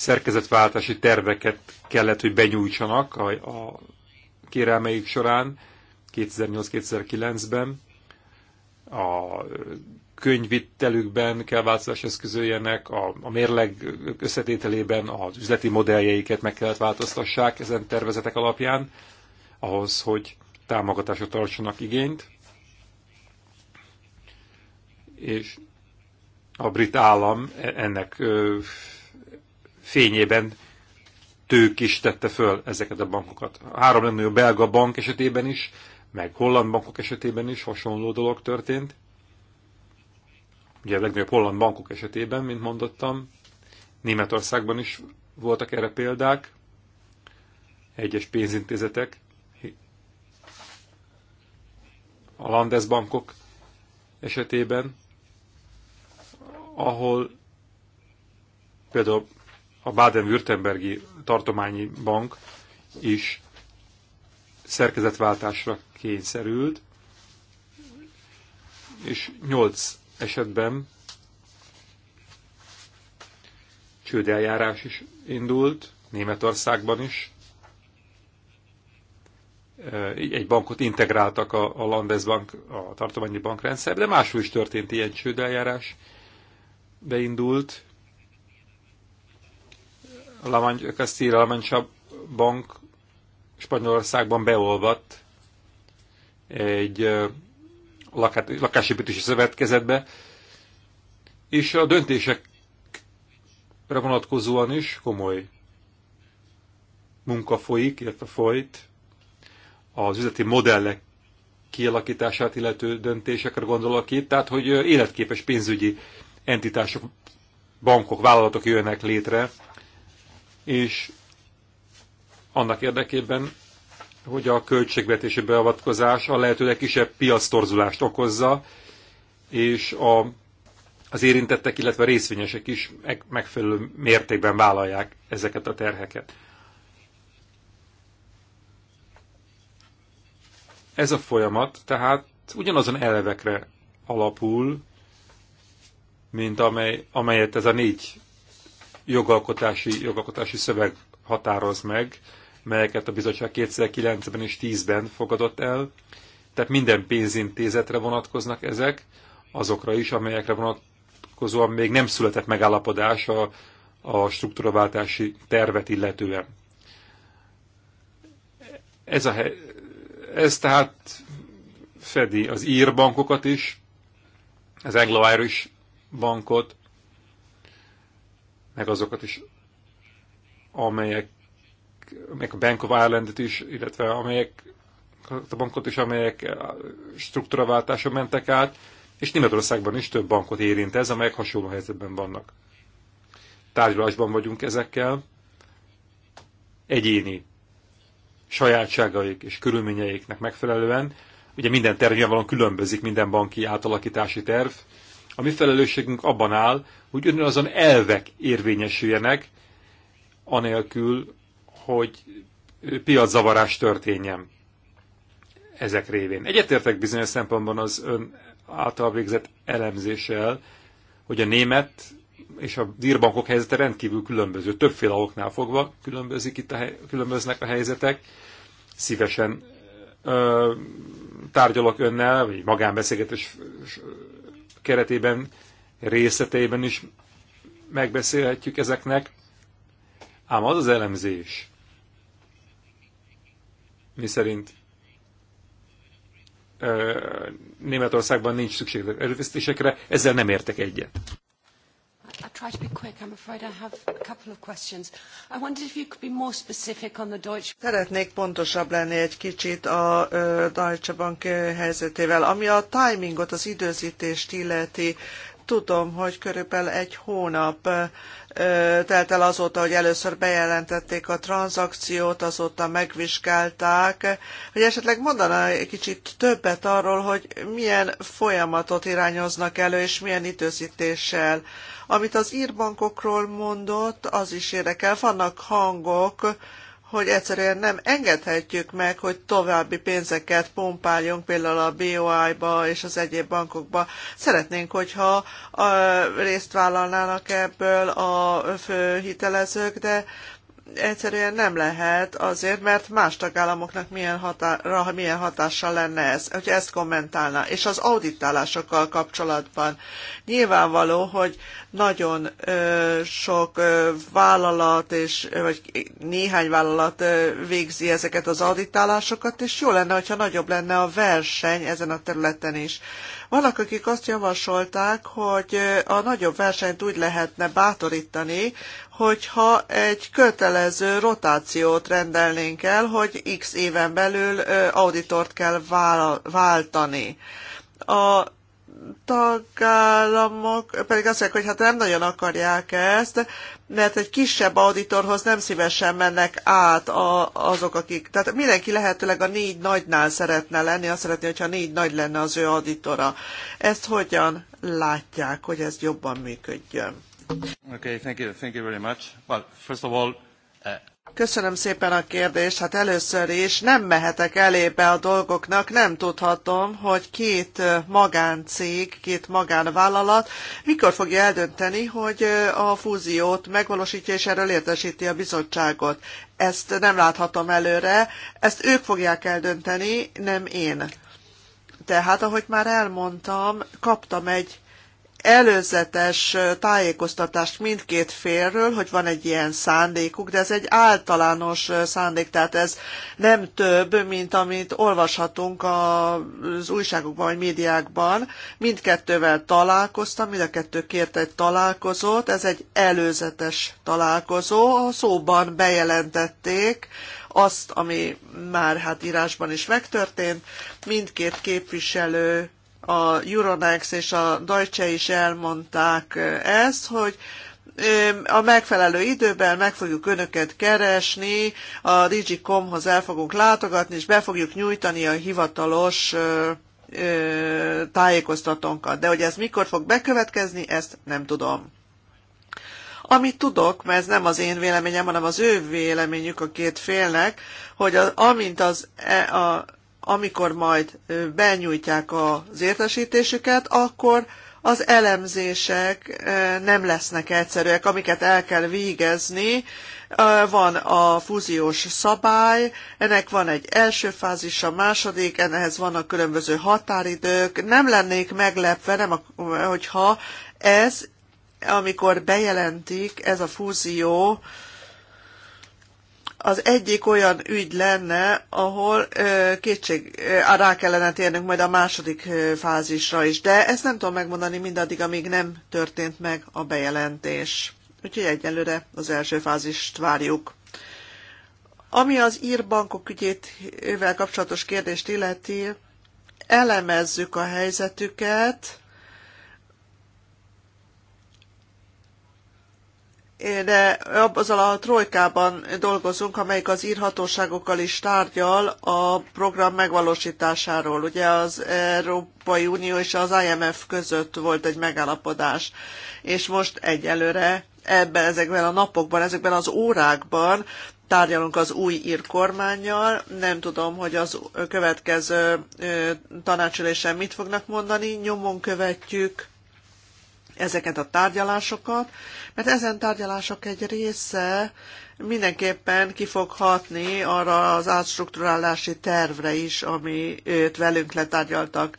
szerkezetváltási terveket kellett, hogy benyújtsanak a, a kérelmeik során 2008-2009-ben. A könyvittelükben kell változás eszközöljenek, a, a mérleg összetételében az üzleti modelljeiket meg kellett változtassák ezen tervezetek alapján, ahhoz, hogy támogatásra tartsanak igényt. És a brit állam e- ennek fényében tők is tette föl ezeket a bankokat. A három legnagyobb belga bank esetében is, meg holland bankok esetében is hasonló dolog történt. Ugye a legnagyobb holland bankok esetében, mint mondottam, Németországban is voltak erre példák, egyes pénzintézetek, a Landesbankok esetében, ahol például a Baden-Württembergi tartományi bank is szerkezetváltásra kényszerült, és nyolc esetben csődeljárás is indult, Németországban is. Egy bankot integráltak a Landesbank, a tartományi bankrendszerbe, de máshol is történt ilyen csődeljárás. Beindult, Lamangy, Castilla La Mancha Bank Spanyolországban beolvadt egy lakásépítési szövetkezetbe, és a döntésekre vonatkozóan is komoly munka folyik, illetve folyt az üzleti modellek kialakítását illető döntésekre gondolok itt, tehát hogy életképes pénzügyi entitások, bankok, vállalatok jönnek létre, és annak érdekében, hogy a költségvetési beavatkozás a lehető legkisebb piasztorzulást okozza, és a, az érintettek, illetve a részvényesek is megfelelő mértékben vállalják ezeket a terheket. Ez a folyamat tehát ugyanazon elvekre alapul, mint amely, amelyet ez a négy jogalkotási, jogalkotási szöveg határoz meg, melyeket a bizottság 2009-ben és 10-ben fogadott el. Tehát minden pénzintézetre vonatkoznak ezek, azokra is, amelyekre vonatkozóan még nem született megállapodás a, a struktúraváltási tervet illetően. Ez, a, ez tehát fedi az ír bankokat is, az Anglo-Irish bankot, meg azokat is, amelyek, meg a Bank of ireland is, illetve amelyek, a bankot is, amelyek struktúraváltáson mentek át, és Németországban is több bankot érint ez, amelyek hasonló helyzetben vannak. Tárgyalásban vagyunk ezekkel, egyéni sajátságaik és körülményeiknek megfelelően. Ugye minden terv nyilvánvalóan különbözik, minden banki átalakítási terv, a mi felelősségünk abban áll, hogy ugyanazon elvek érvényesüljenek, anélkül, hogy piaczavarás történjen ezek révén. Egyetértek bizonyos szempontban az ön által végzett elemzéssel, hogy a német és a dírbankok helyzete rendkívül különböző. Többféle oknál fogva különbözik itt a hely, különböznek a helyzetek. Szívesen ö, tárgyalok önnel, vagy magánbeszélgetés keretében, részleteiben is megbeszélhetjük ezeknek, ám az az elemzés, mi szerint Németországban nincs szükség erőfeszítésekre, ezzel nem értek egyet. I'll try to be quick. I'm afraid I have a couple of questions. I wondered if you could be more specific on the Deutsche Szeretnék pontosabb lenni egy kicsit a Deutsche Bank helyzetével, ami a timingot, az időzítést illeti. Tudom, hogy körülbelül egy hónap telt el azóta, hogy először bejelentették a tranzakciót, azóta megvizsgálták, hogy esetleg mondaná egy kicsit többet arról, hogy milyen folyamatot irányoznak elő, és milyen időzítéssel. Amit az írbankokról mondott, az is érdekel. Vannak hangok, hogy egyszerűen nem engedhetjük meg, hogy további pénzeket pompáljunk például a BOI-ba és az egyéb bankokba. Szeretnénk, hogyha részt vállalnának ebből a fő hitelezők, de egyszerűen nem lehet azért, mert más tagállamoknak milyen, hatá- milyen hatással lenne ez, hogy ezt kommentálna És az auditálásokkal kapcsolatban nyilvánvaló, hogy nagyon ö, sok ö, vállalat, és, vagy néhány vállalat ö, végzi ezeket az auditálásokat, és jó lenne, hogyha nagyobb lenne a verseny ezen a területen is. Vannak, akik azt javasolták, hogy a nagyobb versenyt úgy lehetne bátorítani, hogyha egy kötelező rotációt rendelnénk el, hogy x éven belül auditort kell váltani. A tagállamok pedig azt mondják, hogy hát nem nagyon akarják ezt, mert egy kisebb auditorhoz nem szívesen mennek át a, azok, akik... Tehát mindenki lehetőleg a négy nagynál szeretne lenni, azt szeretné, hogyha négy nagy lenne az ő auditora. Ezt hogyan látják, hogy ez jobban működjön? Okay, thank you, thank you very much. Well, first of all, Köszönöm szépen a kérdést. Hát először is nem mehetek elébe a dolgoknak, nem tudhatom, hogy két magáncég, két magánvállalat mikor fogja eldönteni, hogy a fúziót megvalósítja és erről értesíti a bizottságot. Ezt nem láthatom előre, ezt ők fogják eldönteni, nem én. Tehát, ahogy már elmondtam, kaptam egy előzetes tájékoztatást mindkét félről, hogy van egy ilyen szándékuk, de ez egy általános szándék, tehát ez nem több, mint amit olvashatunk az újságokban vagy médiákban. Mindkettővel találkoztam, mind a kettő kért egy találkozót, ez egy előzetes találkozó, a szóban bejelentették, azt, ami már hát írásban is megtörtént, mindkét képviselő a Euronext és a Deutsche is elmondták eh, ezt, hogy eh, a megfelelő időben meg fogjuk önöket keresni, a Digicomhoz el fogunk látogatni, és be fogjuk nyújtani a hivatalos eh, tájékoztatónkat. De hogy ez mikor fog bekövetkezni, ezt nem tudom. Amit tudok, mert ez nem az én véleményem, hanem az ő véleményük a két félnek, hogy az, amint az, e, a, amikor majd benyújtják az értesítésüket, akkor az elemzések nem lesznek egyszerűek, amiket el kell végezni. Van a fúziós szabály, ennek van egy első fázisa, második, ennehez vannak különböző határidők. Nem lennék meglepve, nem, hogyha ez, amikor bejelentik, ez a fúzió, az egyik olyan ügy lenne, ahol ö, kétség ö, rá kellene térnünk majd a második ö, fázisra is, de ezt nem tudom megmondani mindaddig, amíg nem történt meg a bejelentés. Úgyhogy egyelőre az első fázist várjuk. Ami az ír ügyét ővel kapcsolatos kérdést illeti, elemezzük a helyzetüket, de azzal a trojkában dolgozunk, amelyik az írhatóságokkal is tárgyal a program megvalósításáról. Ugye az Európai Unió és az IMF között volt egy megállapodás, és most egyelőre ebben, ezekben a napokban, ezekben az órákban tárgyalunk az új ír kormányjal. Nem tudom, hogy az következő tanácsülésen mit fognak mondani. Nyomon követjük ezeket a tárgyalásokat, mert ezen tárgyalások egy része mindenképpen ki fog hatni arra az átstruktúrálási tervre is, őt velünk letárgyaltak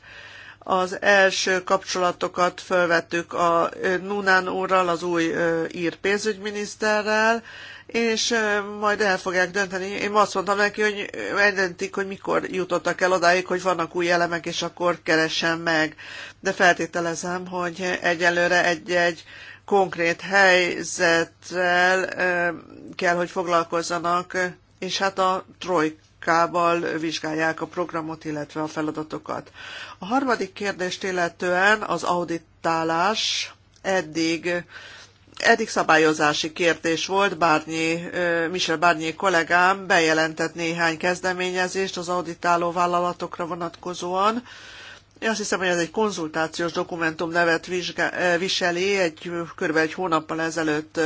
az első kapcsolatokat felvettük a Nunán úrral, az új ír pénzügyminiszterrel, és majd el fogják dönteni. Én azt mondtam neki, hogy eldöntik, hogy mikor jutottak el odáig, hogy vannak új elemek, és akkor keressen meg. De feltételezem, hogy egyelőre egy-egy konkrét helyzettel kell, hogy foglalkozzanak, és hát a trojkával vizsgálják a programot, illetve a feladatokat. A harmadik kérdést illetően az auditálás eddig eddig szabályozási kérdés volt, Bárnyi, Michel Bárnyi kollégám bejelentett néhány kezdeményezést az auditáló vállalatokra vonatkozóan. Én azt hiszem, hogy ez egy konzultációs dokumentum nevet viseli, egy kb. egy hónappal ezelőtt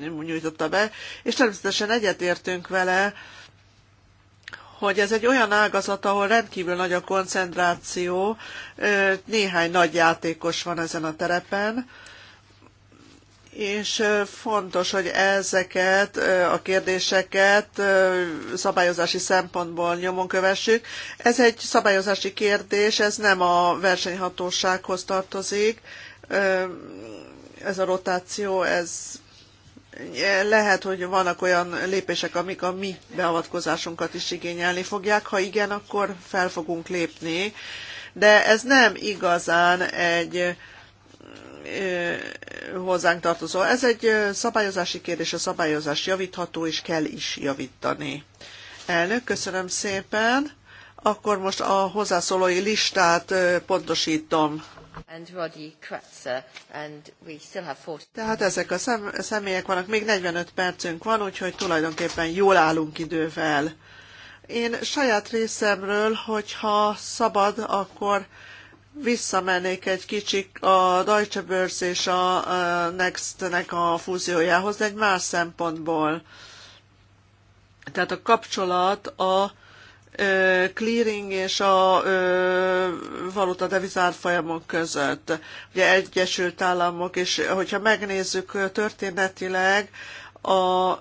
nyújtotta be, és természetesen egyetértünk vele, hogy ez egy olyan ágazat, ahol rendkívül nagy a koncentráció, néhány nagy játékos van ezen a terepen, és fontos, hogy ezeket a kérdéseket szabályozási szempontból nyomon kövessük. Ez egy szabályozási kérdés, ez nem a versenyhatósághoz tartozik. Ez a rotáció, ez lehet, hogy vannak olyan lépések, amik a mi beavatkozásunkat is igényelni fogják. Ha igen, akkor fel fogunk lépni. De ez nem igazán egy hozzánk tartozó. Ez egy szabályozási kérdés, a szabályozás javítható, és kell is javítani. Elnök, köszönöm szépen. Akkor most a hozzászólói listát pontosítom. Tehát ezek a szem, személyek vannak, még 45 percünk van, úgyhogy tulajdonképpen jól állunk idővel. Én saját részemről, hogyha szabad, akkor visszamennék egy kicsit a Deutsche Börse és a Next-nek a fúziójához, de egy más szempontból. Tehát a kapcsolat a clearing és a valuta devizárfolyamok között. Ugye Egyesült Államok, és hogyha megnézzük történetileg, a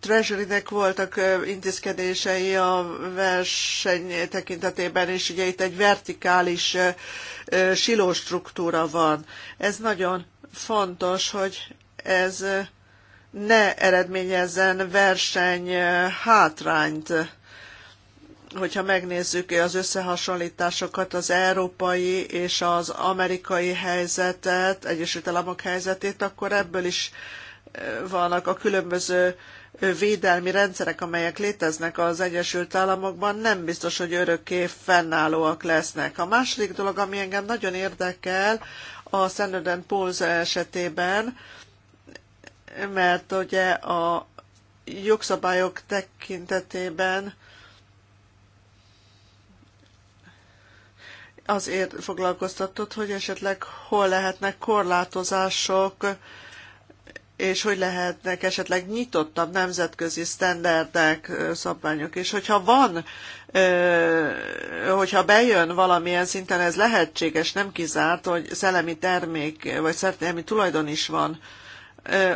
Treasury-nek voltak intézkedései a verseny tekintetében, és ugye itt egy vertikális siló struktúra van. Ez nagyon fontos, hogy ez ne eredményezzen verseny hátrányt hogyha megnézzük az összehasonlításokat az európai és az amerikai helyzetet, Egyesült Államok helyzetét, akkor ebből is vannak a különböző védelmi rendszerek, amelyek léteznek az Egyesült Államokban, nem biztos, hogy örökké fennállóak lesznek. A második dolog, ami engem nagyon érdekel a Standard Poor's esetében, mert ugye a jogszabályok tekintetében azért foglalkoztatott, hogy esetleg hol lehetnek korlátozások, és hogy lehetnek esetleg nyitottabb nemzetközi sztenderdek, szabványok. És hogyha van, hogyha bejön valamilyen szinten, ez lehetséges, nem kizárt, hogy szellemi termék vagy szellemi tulajdon is van,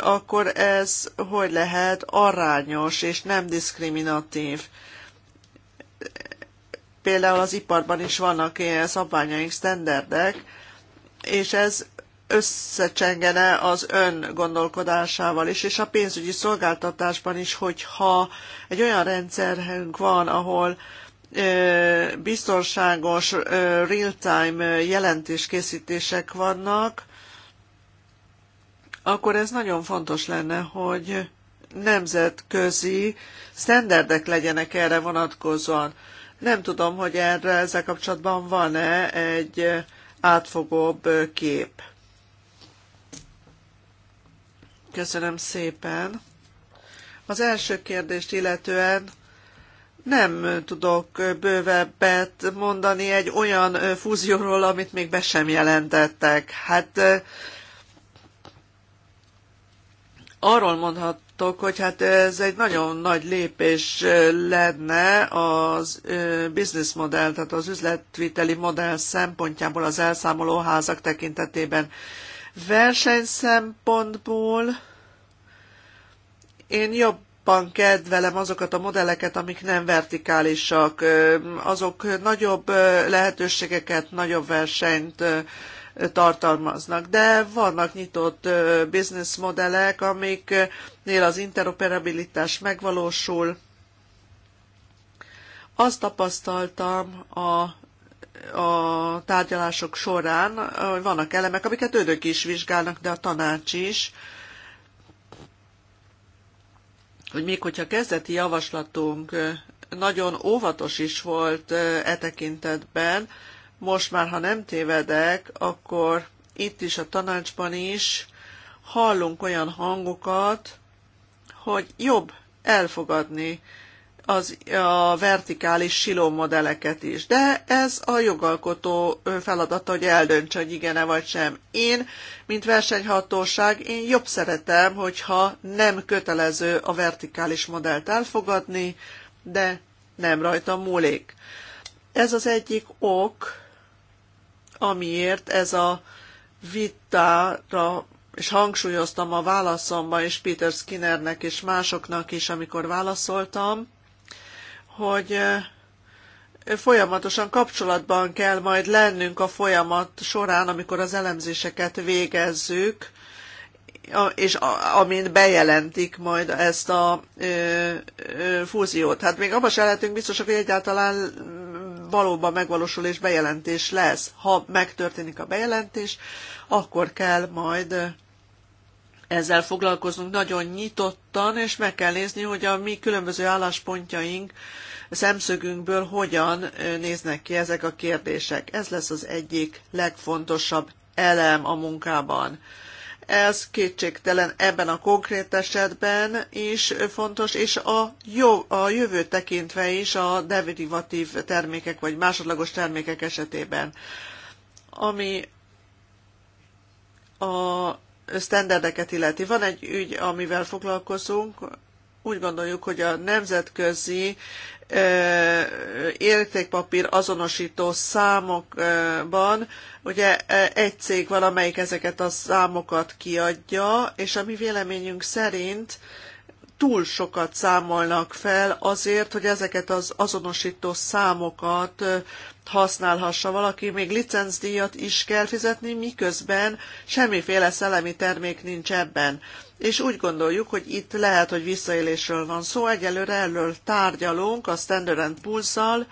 akkor ez hogy lehet arányos és nem diszkriminatív. Például az iparban is vannak ilyen szabványaink, sztenderdek, és ez összecsengene az ön gondolkodásával is, és a pénzügyi szolgáltatásban is, hogyha egy olyan rendszerünk van, ahol biztonságos real-time jelentéskészítések vannak, akkor ez nagyon fontos lenne, hogy nemzetközi sztenderdek legyenek erre vonatkozóan. Nem tudom, hogy erre ezzel kapcsolatban van-e egy átfogóbb kép. Köszönöm szépen. Az első kérdést illetően nem tudok bővebbet mondani egy olyan fúzióról, amit még be sem jelentettek. Hát arról mondhatok, hogy hát ez egy nagyon nagy lépés lenne az business model, tehát az üzletviteli modell szempontjából az elszámolóházak tekintetében. Versenyszempontból én jobban kedvelem azokat a modelleket, amik nem vertikálisak. Azok nagyobb lehetőségeket, nagyobb versenyt tartalmaznak. De vannak nyitott business modellek, amiknél az interoperabilitás megvalósul. Azt tapasztaltam a a tárgyalások során vannak elemek, amiket önök is vizsgálnak, de a tanács is, hogy még hogyha kezdeti javaslatunk nagyon óvatos is volt e tekintetben, most már, ha nem tévedek, akkor itt is a tanácsban is hallunk olyan hangokat, hogy jobb elfogadni az, a vertikális siló modelleket is. De ez a jogalkotó feladata, hogy eldöntse, hogy igen-e vagy sem. Én, mint versenyhatóság, én jobb szeretem, hogyha nem kötelező a vertikális modellt elfogadni, de nem rajta múlik. Ez az egyik ok, amiért ez a vitára és hangsúlyoztam a válaszomban, és Peter Skinnernek és másoknak is, amikor válaszoltam, hogy folyamatosan kapcsolatban kell majd lennünk a folyamat során, amikor az elemzéseket végezzük, és amint bejelentik majd ezt a fúziót. Hát még abban se lehetünk biztosak, hogy egyáltalán valóban megvalósul és bejelentés lesz. Ha megtörténik a bejelentés, akkor kell majd ezzel foglalkoznunk nagyon nyitottan, és meg kell nézni, hogy a mi különböző álláspontjaink szemszögünkből hogyan néznek ki ezek a kérdések. Ez lesz az egyik legfontosabb elem a munkában. Ez kétségtelen ebben a konkrét esetben is fontos, és a, jó, a jövő tekintve is a derivatív termékek vagy másodlagos termékek esetében. Ami a sztenderdeket illeti. Van egy ügy, amivel foglalkozunk, úgy gondoljuk, hogy a nemzetközi értékpapír azonosító számokban, ugye egy cég valamelyik ezeket a számokat kiadja, és a mi véleményünk szerint túl sokat számolnak fel azért, hogy ezeket az azonosító számokat használhassa valaki, még licencdíjat is kell fizetni, miközben semmiféle szellemi termék nincs ebben. És úgy gondoljuk, hogy itt lehet, hogy visszaélésről van szó, egyelőre erről tárgyalunk a Standard Pulse-szal.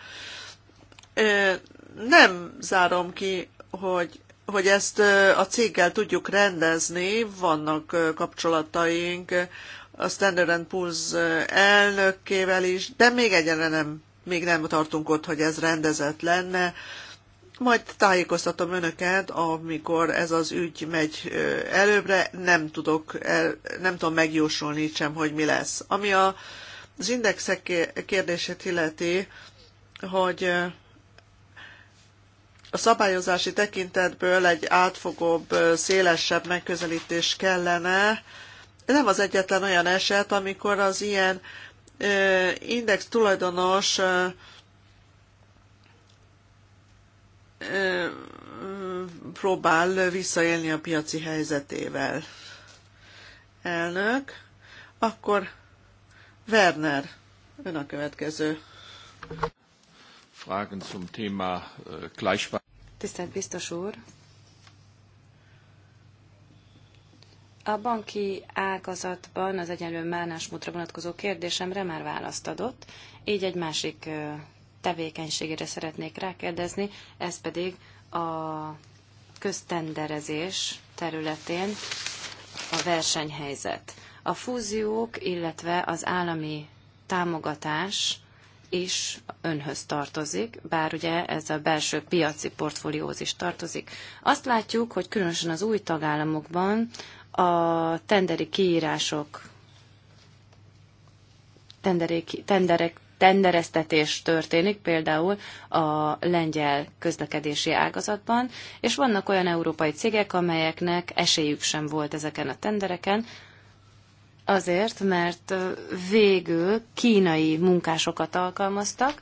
Nem zárom ki, hogy hogy ezt a céggel tudjuk rendezni, vannak kapcsolataink a Standard Poor's elnökével is, de még egyenre nem, még nem tartunk ott, hogy ez rendezett lenne. Majd tájékoztatom önöket, amikor ez az ügy megy előbbre, nem tudok, nem tudom megjósolni sem, hogy mi lesz. Ami a, az indexek kérdését illeti, hogy a szabályozási tekintetből egy átfogóbb, szélesebb megközelítés kellene, nem az egyetlen olyan eset, amikor az ilyen index tulajdonos próbál visszaélni a piaci helyzetével. Elnök, akkor Werner, ön a következő. Fragen zum Thema äh, Tisztelt biztos úr, A banki ágazatban az egyenlő mánásmódra vonatkozó kérdésemre már választ adott, így egy másik tevékenységére szeretnék rákérdezni, ez pedig a köztenderezés területén a versenyhelyzet. A fúziók, illetve az állami támogatás is önhöz tartozik, bár ugye ez a belső piaci portfólióhoz is tartozik. Azt látjuk, hogy különösen az új tagállamokban a tenderi kiírások, tenderi, tenderek, tendereztetés történik, például a lengyel közlekedési ágazatban, és vannak olyan európai cégek, amelyeknek esélyük sem volt ezeken a tendereken, azért, mert végül kínai munkásokat alkalmaztak,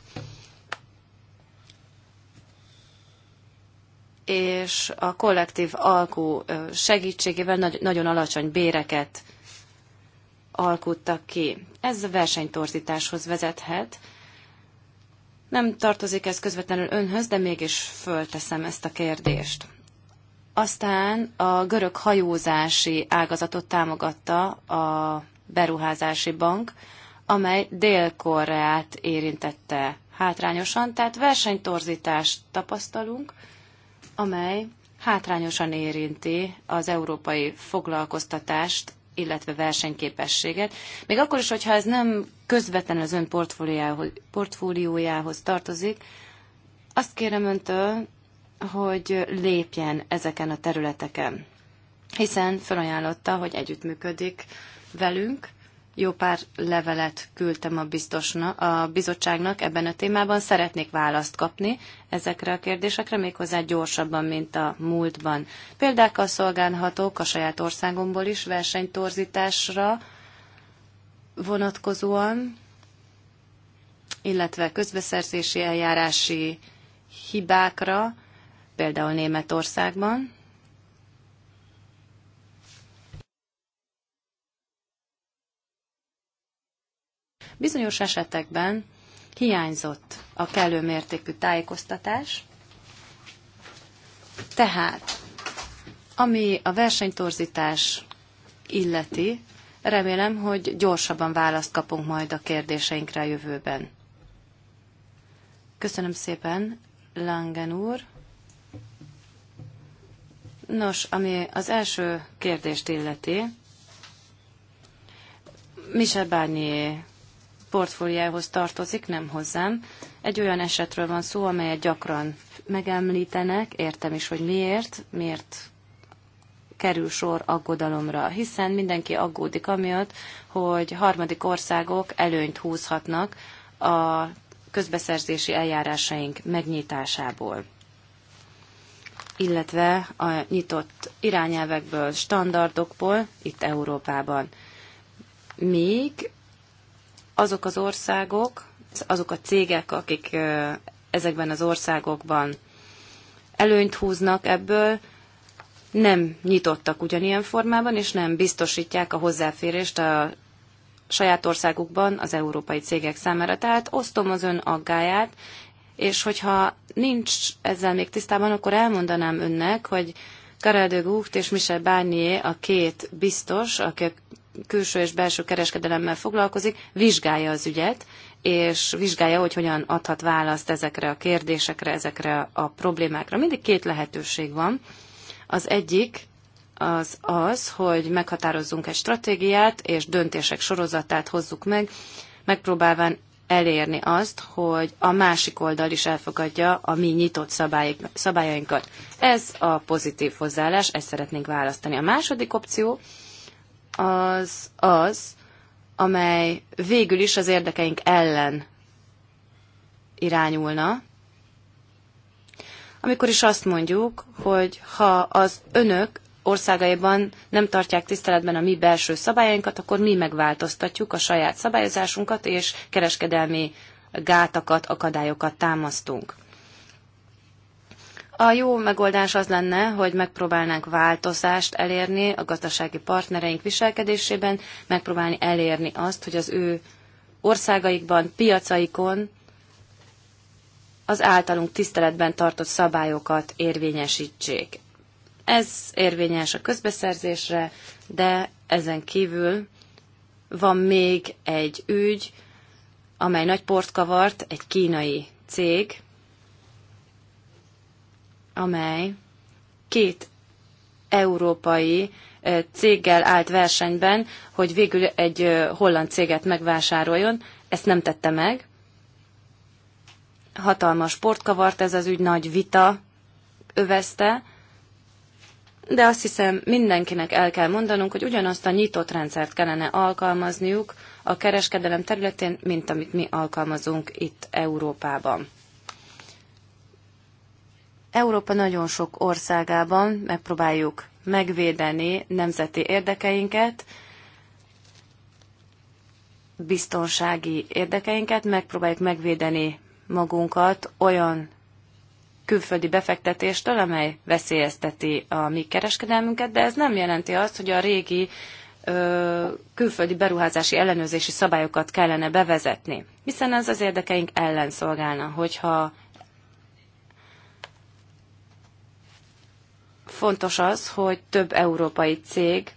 és a kollektív alkú segítségével nagyon alacsony béreket alkuttak ki. Ez a versenytorzításhoz vezethet. Nem tartozik ez közvetlenül önhöz, de mégis fölteszem ezt a kérdést. Aztán a görög hajózási ágazatot támogatta a beruházási bank, amely Dél-Koreát érintette hátrányosan, tehát versenytorzítást tapasztalunk, amely hátrányosan érinti az európai foglalkoztatást, illetve versenyképességet. Még akkor is, hogyha ez nem közvetlenül az ön portfóliához, portfóliójához tartozik, azt kérem öntől, hogy lépjen ezeken a területeken. Hiszen felajánlotta, hogy együttműködik velünk, jó pár levelet küldtem a, biztosna, a bizottságnak ebben a témában. Szeretnék választ kapni ezekre a kérdésekre, méghozzá gyorsabban, mint a múltban. Példákkal szolgálhatók a saját országomból is versenytorzításra vonatkozóan, illetve közbeszerzési eljárási hibákra, például Németországban. Bizonyos esetekben hiányzott a kellő mértékű tájékoztatás, tehát ami a versenytorzítás illeti, remélem, hogy gyorsabban választ kapunk majd a kérdéseinkre a jövőben. Köszönöm szépen, Langen úr. Nos, ami az első kérdést illeti, Michel Barnier portfóliához tartozik, nem hozzám. Egy olyan esetről van szó, amelyet gyakran megemlítenek, értem is, hogy miért, miért kerül sor aggodalomra, hiszen mindenki aggódik amiatt, hogy harmadik országok előnyt húzhatnak a közbeszerzési eljárásaink megnyitásából illetve a nyitott irányelvekből, standardokból itt Európában. Míg azok az országok, azok a cégek, akik ezekben az országokban előnyt húznak ebből, nem nyitottak ugyanilyen formában, és nem biztosítják a hozzáférést a saját országukban az európai cégek számára. Tehát osztom az ön aggáját, és hogyha nincs ezzel még tisztában, akkor elmondanám önnek, hogy Karel de Gucht és Michel Barnier a két biztos, akik külső és belső kereskedelemmel foglalkozik, vizsgálja az ügyet, és vizsgálja, hogy hogyan adhat választ ezekre a kérdésekre, ezekre a problémákra. Mindig két lehetőség van. Az egyik az az, hogy meghatározzunk egy stratégiát, és döntések sorozatát hozzuk meg, megpróbálván elérni azt, hogy a másik oldal is elfogadja a mi nyitott szabályainkat. Ez a pozitív hozzáállás, ezt szeretnénk választani. A második opció az az, amely végül is az érdekeink ellen irányulna, amikor is azt mondjuk, hogy ha az önök országaiban nem tartják tiszteletben a mi belső szabályainkat, akkor mi megváltoztatjuk a saját szabályozásunkat, és kereskedelmi gátakat, akadályokat támasztunk. A jó megoldás az lenne, hogy megpróbálnánk változást elérni a gazdasági partnereink viselkedésében, megpróbálni elérni azt, hogy az ő országaikban, piacaikon az általunk tiszteletben tartott szabályokat érvényesítsék. Ez érvényes a közbeszerzésre, de ezen kívül van még egy ügy, amely nagy port kavart, egy kínai cég, amely két európai céggel állt versenyben, hogy végül egy holland céget megvásároljon. Ezt nem tette meg. Hatalmas sportkavart ez az ügy, nagy vita övezte, de azt hiszem mindenkinek el kell mondanunk, hogy ugyanazt a nyitott rendszert kellene alkalmazniuk a kereskedelem területén, mint amit mi alkalmazunk itt Európában. Európa nagyon sok országában megpróbáljuk megvédeni nemzeti érdekeinket, biztonsági érdekeinket, megpróbáljuk megvédeni magunkat olyan külföldi befektetéstől, amely veszélyezteti a mi kereskedelmünket, de ez nem jelenti azt, hogy a régi ö, külföldi beruházási ellenőrzési szabályokat kellene bevezetni, hiszen ez az érdekeink ellen szolgálna, hogyha Fontos az, hogy több európai cég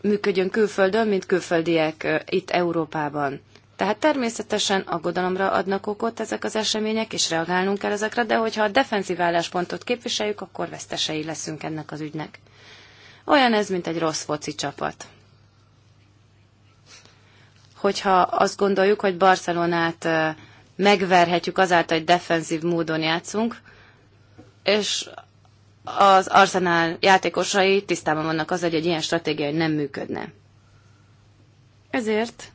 működjön külföldön, mint külföldiek itt Európában. Tehát természetesen aggodalomra adnak okot ezek az események, és reagálnunk kell ezekre, de hogyha a defenzív álláspontot képviseljük, akkor vesztesei leszünk ennek az ügynek. Olyan ez, mint egy rossz foci csapat. Hogyha azt gondoljuk, hogy Barcelonát megverhetjük azáltal, hogy defenzív módon játszunk, és az Arsenal játékosai tisztában vannak az, hogy egy ilyen stratégia nem működne. Ezért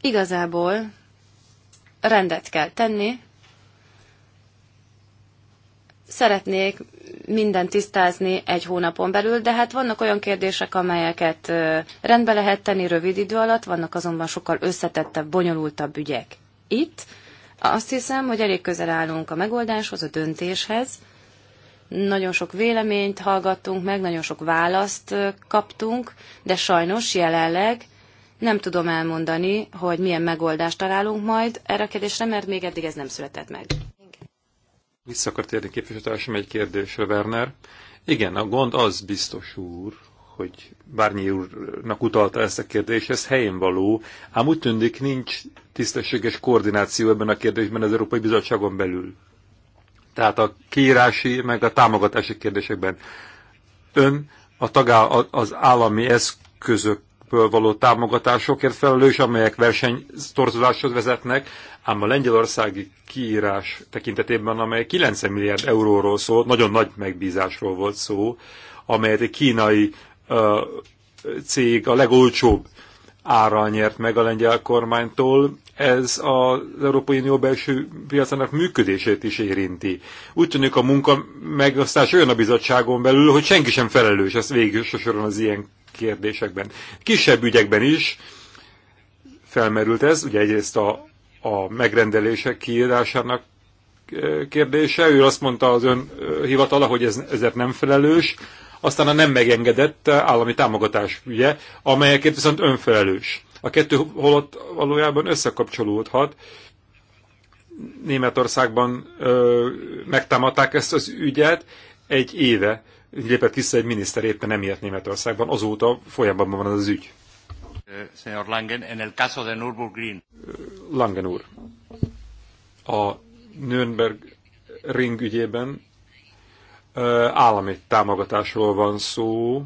igazából rendet kell tenni. Szeretnék minden tisztázni egy hónapon belül, de hát vannak olyan kérdések, amelyeket rendbe lehet tenni rövid idő alatt, vannak azonban sokkal összetettebb, bonyolultabb ügyek. Itt azt hiszem, hogy elég közel állunk a megoldáshoz, a döntéshez. Nagyon sok véleményt hallgattunk meg, nagyon sok választ kaptunk, de sajnos jelenleg nem tudom elmondani, hogy milyen megoldást találunk majd erre a kérdésre, mert még eddig ez nem született meg. Vissza akart érni képviselőtársam egy kérdésre, Werner. Igen, a gond az biztos úr, hogy Bárnyi úrnak utalta ezt a kérdést, ez helyén való, ám úgy tűnik nincs tisztességes koordináció ebben a kérdésben az Európai Bizottságon belül. Tehát a kiírási, meg a támogatási kérdésekben. Ön a tagá az állami eszközökből való támogatásokért felelős, amelyek versenytorzuláshoz vezetnek, ám a lengyelországi kiírás tekintetében, amely 90 milliárd euróról szólt, nagyon nagy megbízásról volt szó, amelyet egy kínai cég a legolcsóbb árral nyert meg a lengyel kormánytól, ez az Európai Unió belső piacának működését is érinti. Úgy tűnik a munka megosztás olyan a bizottságon belül, hogy senki sem felelős ez végül soron az ilyen kérdésekben. Kisebb ügyekben is felmerült ez, ugye egyrészt a, a megrendelések kiírásának eh, kérdése, ő azt mondta az ön eh, hivatala, hogy ez, ezért nem felelős, aztán a nem megengedett eh, állami támogatás ügye, amelyekért viszont önfelelős. A kettő holott valójában összekapcsolódhat. Németországban ö, megtámadták ezt az ügyet egy éve, lépett vissza egy miniszter éppen nem ilyet Németországban, azóta folyamban van az, az ügy. Eh, señor Langen, en el caso de Nürburgring. Langen úr, a Nürnberg ring ügyében állami támogatásról van szó,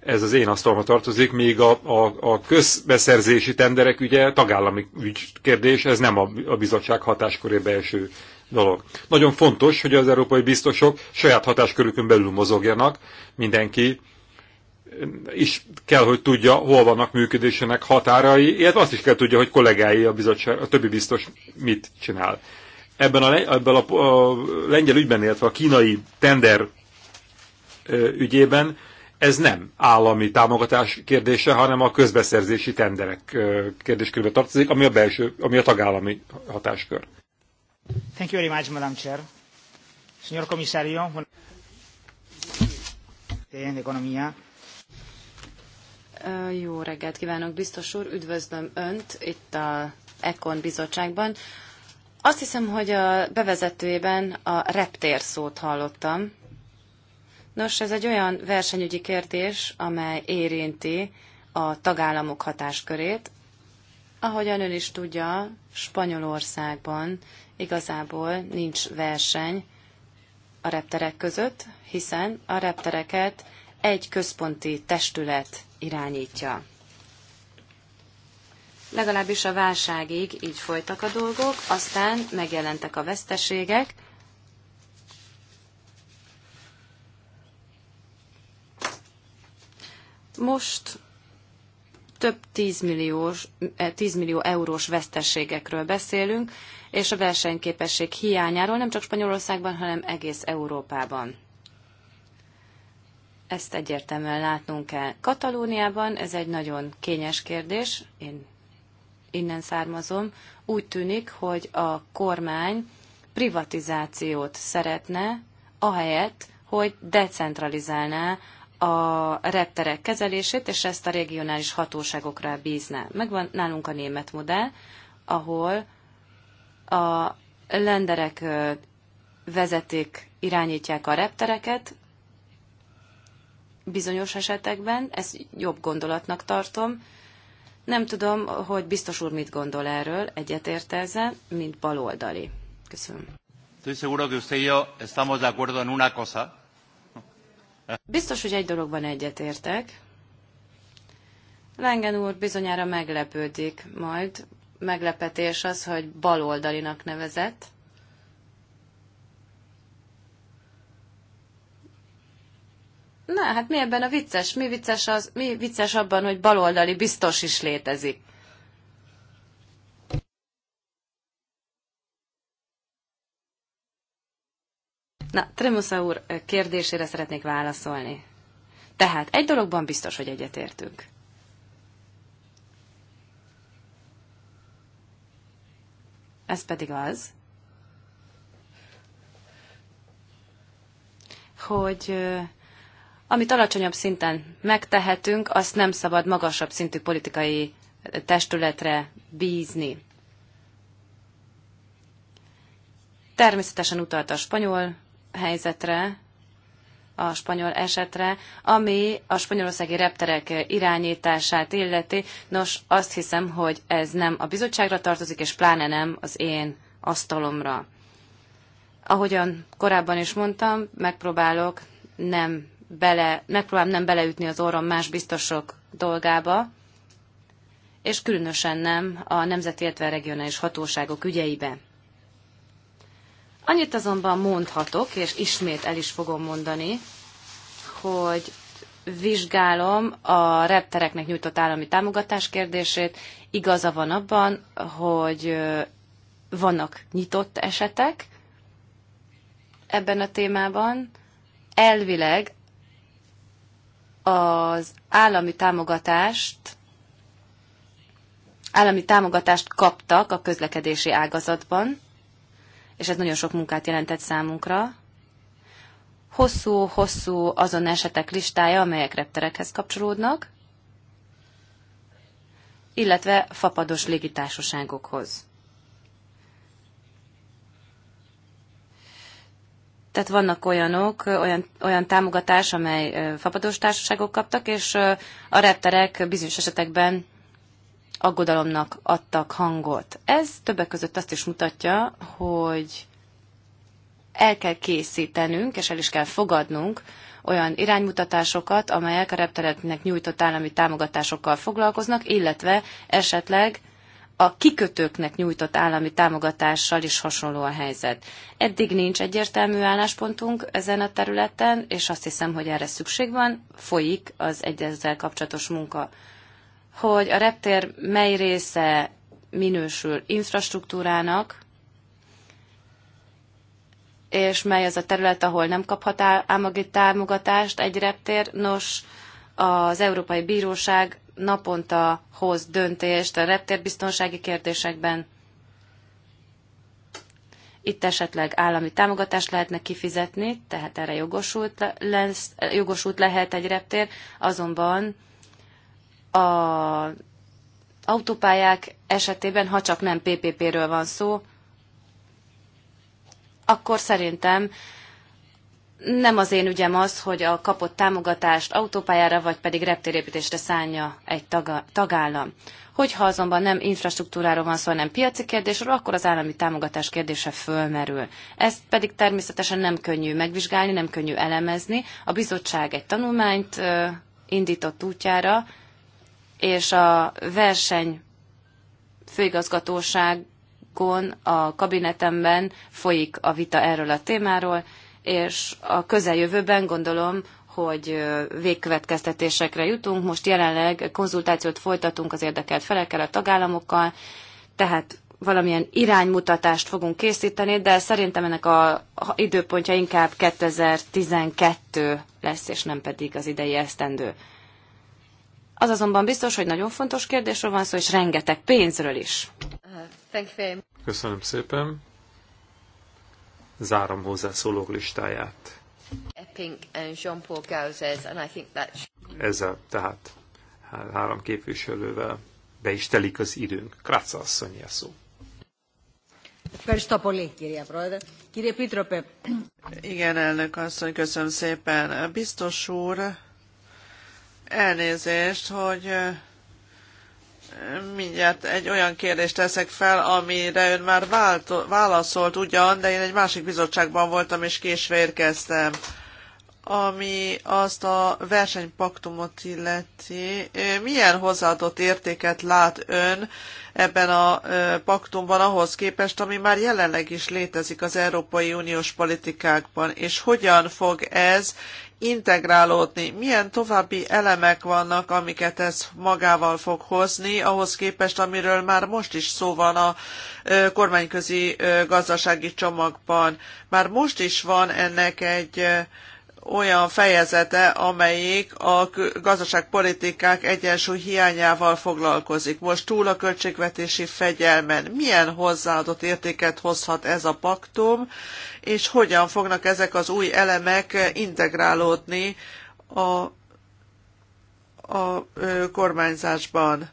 ez az én asztalma tartozik, míg a, a, a közbeszerzési tenderek ugye tagállami ügykérdés, ez nem a, a bizottság hatáskörébe eső dolog. Nagyon fontos, hogy az európai biztosok saját hatáskörükön belül mozogjanak, mindenki is kell, hogy tudja, hol vannak működésének határai, illetve azt is kell tudja, hogy kollégái a, bizottság, a többi biztos mit csinál ebben a, ebben a, a lengyel ügyben, illetve a kínai tender ügyében ez nem állami támogatás kérdése, hanem a közbeszerzési tenderek kérdéskörbe tartozik, ami a, belső, ami a tagállami hatáskör. Thank you very much, Madam Chair. Señor Comisario, economía. Jó reggelt kívánok, biztos úr, üdvözlöm Önt itt a Econ bizottságban. Azt hiszem, hogy a bevezetőjében a reptér szót hallottam. Nos, ez egy olyan versenyügyi kérdés, amely érinti a tagállamok hatáskörét. Ahogyan ön is tudja, Spanyolországban igazából nincs verseny a repterek között, hiszen a reptereket egy központi testület irányítja. Legalábbis a válságig így folytak a dolgok, aztán megjelentek a veszteségek, Most több 10, milliós, 10 eh, millió eurós veszteségekről beszélünk, és a versenyképesség hiányáról nem csak Spanyolországban, hanem egész Európában. Ezt egyértelműen látnunk kell. Katalóniában ez egy nagyon kényes kérdés, én innen származom, úgy tűnik, hogy a kormány privatizációt szeretne, ahelyett, hogy decentralizálná a repterek kezelését, és ezt a regionális hatóságokra bízná. Megvan nálunk a német modell, ahol a lenderek vezetik, irányítják a reptereket, bizonyos esetekben, ezt jobb gondolatnak tartom, nem tudom, hogy biztos úr mit gondol erről, egyetért ezzel, mint baloldali. Köszönöm. Estoy seguro que usted y yo estamos de acuerdo en una cosa. Biztos, hogy egy dologban egyetértek. Lengen úr bizonyára meglepődik majd. Meglepetés az, hogy baloldalinak nevezett. na hát mi ebben a vicces? Mi vicces, az, mi vicces abban, hogy baloldali biztos is létezik? Na, Tremusza úr kérdésére szeretnék válaszolni. Tehát egy dologban biztos, hogy egyetértünk. Ez pedig az, hogy amit alacsonyabb szinten megtehetünk, azt nem szabad magasabb szintű politikai testületre bízni. Természetesen utalt a spanyol helyzetre, a spanyol esetre, ami a spanyolországi repterek irányítását illeti. Nos, azt hiszem, hogy ez nem a bizottságra tartozik, és pláne nem az én asztalomra. Ahogyan korábban is mondtam, megpróbálok nem bele, megpróbálom nem beleütni az orrom más biztosok dolgába, és különösen nem a nemzeti, illetve regionális hatóságok ügyeibe. Annyit azonban mondhatok, és ismét el is fogom mondani, hogy vizsgálom a reptereknek nyújtott állami támogatás kérdését. Igaza van abban, hogy vannak nyitott esetek ebben a témában. Elvileg az állami támogatást állami támogatást kaptak a közlekedési ágazatban, és ez nagyon sok munkát jelentett számunkra. Hosszú-hosszú azon esetek listája, amelyek repterekhez kapcsolódnak, illetve fapados légitársaságokhoz. Tehát vannak olyanok, olyan, olyan támogatás, amely fapadós társaságok kaptak, és a repterek bizonyos esetekben aggodalomnak adtak hangot. Ez többek között azt is mutatja, hogy el kell készítenünk, és el is kell fogadnunk olyan iránymutatásokat, amelyek a reptereknek nyújtott állami támogatásokkal foglalkoznak, illetve esetleg a kikötőknek nyújtott állami támogatással is hasonló a helyzet. Eddig nincs egyértelmű álláspontunk ezen a területen, és azt hiszem, hogy erre szükség van. Folyik az egyezzel kapcsolatos munka. Hogy a reptér mely része minősül infrastruktúrának, és mely az a terület, ahol nem kaphat állami támogatást egy reptér. Nos, az Európai Bíróság naponta hoz döntést a reptérbiztonsági kérdésekben. Itt esetleg állami támogatást lehetne kifizetni, tehát erre jogosult, lesz, jogosult lehet egy reptér, azonban a autópályák esetében, ha csak nem PPP-ről van szó, akkor szerintem nem az én ügyem az, hogy a kapott támogatást autópályára vagy pedig reptérépítésre szánja egy taga, tagállam. Hogyha azonban nem infrastruktúráról van szó, hanem piaci kérdésről, akkor az állami támogatás kérdése fölmerül. Ezt pedig természetesen nem könnyű megvizsgálni, nem könnyű elemezni. A bizottság egy tanulmányt indított útjára, és a verseny főigazgatóságon, a kabinetemben folyik a vita erről a témáról, és a közeljövőben gondolom, hogy végkövetkeztetésekre jutunk. Most jelenleg konzultációt folytatunk az érdekelt felekkel, a tagállamokkal, tehát valamilyen iránymutatást fogunk készíteni, de szerintem ennek a időpontja inkább 2012 lesz, és nem pedig az idei esztendő. Az azonban biztos, hogy nagyon fontos kérdésről van szó, és rengeteg pénzről is. Uh, Köszönöm szépen zárom hozzászólók listáját. Uh, Jean-Paul and I think Ezzel tehát három képviselővel be is telik az időnk. Kratza asszony a szó. Igen, elnök asszony, köszönöm szépen. Biztos úr, elnézést, hogy mindjárt egy olyan kérdést teszek fel, amire ön már vált, válaszolt ugyan, de én egy másik bizottságban voltam, és késve érkeztem ami azt a versenypaktumot illeti. Milyen hozzáadott értéket lát ön ebben a paktumban ahhoz képest, ami már jelenleg is létezik az Európai Uniós politikákban, és hogyan fog ez integrálódni. Milyen további elemek vannak, amiket ez magával fog hozni, ahhoz képest, amiről már most is szó van a kormányközi gazdasági csomagban. Már most is van ennek egy olyan fejezete, amelyik a gazdaságpolitikák egyensúly hiányával foglalkozik. Most túl a költségvetési fegyelmen. Milyen hozzáadott értéket hozhat ez a paktum, és hogyan fognak ezek az új elemek integrálódni a, a kormányzásban.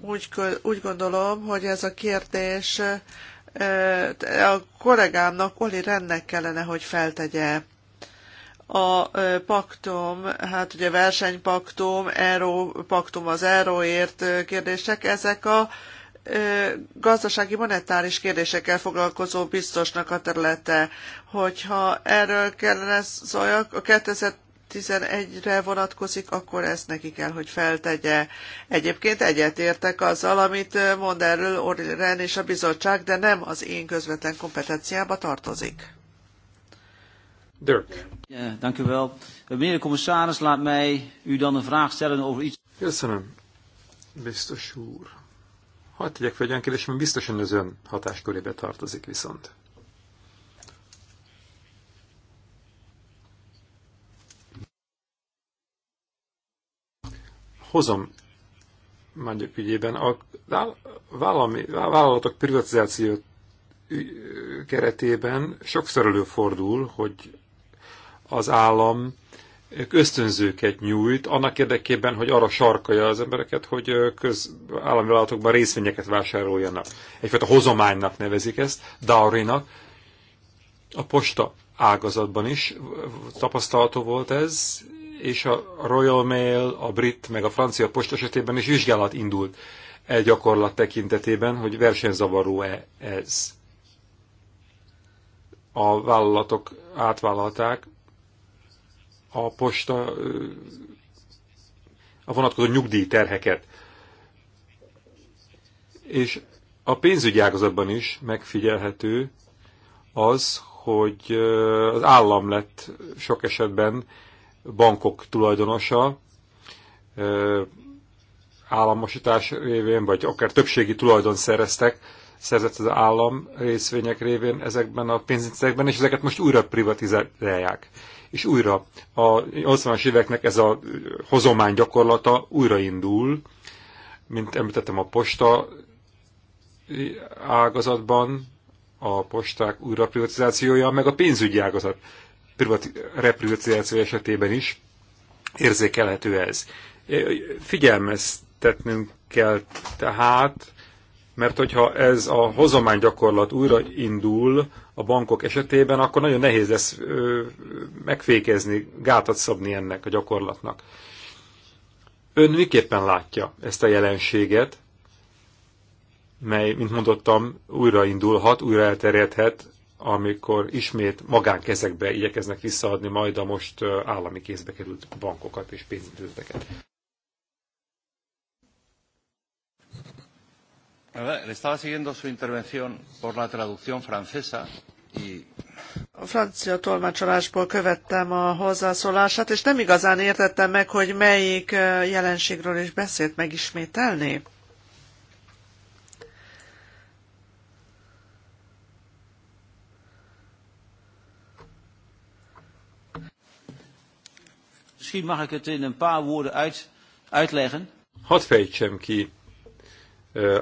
Úgy, úgy gondolom, hogy ez a kérdés a kollégámnak, Oli Rennek kellene, hogy feltegye a paktum, hát ugye versenypaktum, Euró, paktum az euróért kérdések, ezek a gazdasági monetáris kérdésekkel foglalkozó biztosnak a területe. Hogyha erről kellene szóljak, a 2011-re vonatkozik, akkor ezt neki kell, hogy feltegye. Egyébként egyetértek azzal, amit mond erről Orren és a bizottság, de nem az én közvetlen kompetenciába tartozik. Dirk. Ja, dank u wel. Meneer de commissaris, laat mij u dan een vraag stellen over iets... Köszönöm, biztos úr Hadd tegyek fel egy olyan kérdés, ami biztosan az ön hatáskörébe tartozik viszont. Hozom mondjuk ügyében a vállalmi, vállalatok privatizáció keretében sokszor előfordul, hogy az állam ösztönzőket nyújt, annak érdekében, hogy arra sarkalja az embereket, hogy közállamivállalatokban részvényeket vásároljanak. Egyfajta hozománynak nevezik ezt, Daurinak. A posta ágazatban is tapasztalható volt ez, és a Royal Mail, a brit, meg a francia post esetében is vizsgálat indult e gyakorlat tekintetében, hogy versenyzavaró-e ez. A vállalatok átvállalták a posta a vonatkozó nyugdíjterheket. És a pénzügyi ágazatban is megfigyelhető az, hogy az állam lett sok esetben bankok tulajdonosa, államosítás révén, vagy akár többségi tulajdon szereztek szerzett az állam részvények révén ezekben a pénzintézetekben, és ezeket most újra privatizálják. És újra a 80-as éveknek ez a hozomány gyakorlata újraindul, mint említettem a posta ágazatban, a posták újra privatizációja, meg a pénzügyi ágazat reprivatizáció esetében is érzékelhető ez. Figyelmeztetnünk kell tehát, mert hogyha ez a hozománygyakorlat újra indul a bankok esetében, akkor nagyon nehéz lesz megfékezni, gátat szabni ennek a gyakorlatnak. Ön miképpen látja ezt a jelenséget, mely, mint mondottam, újraindulhat, újra elterjedhet, amikor ismét magánkezekbe igyekeznek visszaadni majd a most állami kézbe került bankokat és pénzintőzeteket. Le estaba siguiendo su intervención por la traducción francesa y a francia tolmácsolásból követtem a hozzászólását, és nem igazán értettem meg, hogy melyik jelenségről is beszélt megismételni. Misschien mag ik het in een paar woorden uit, uitleggen. Hadd fejtsem ki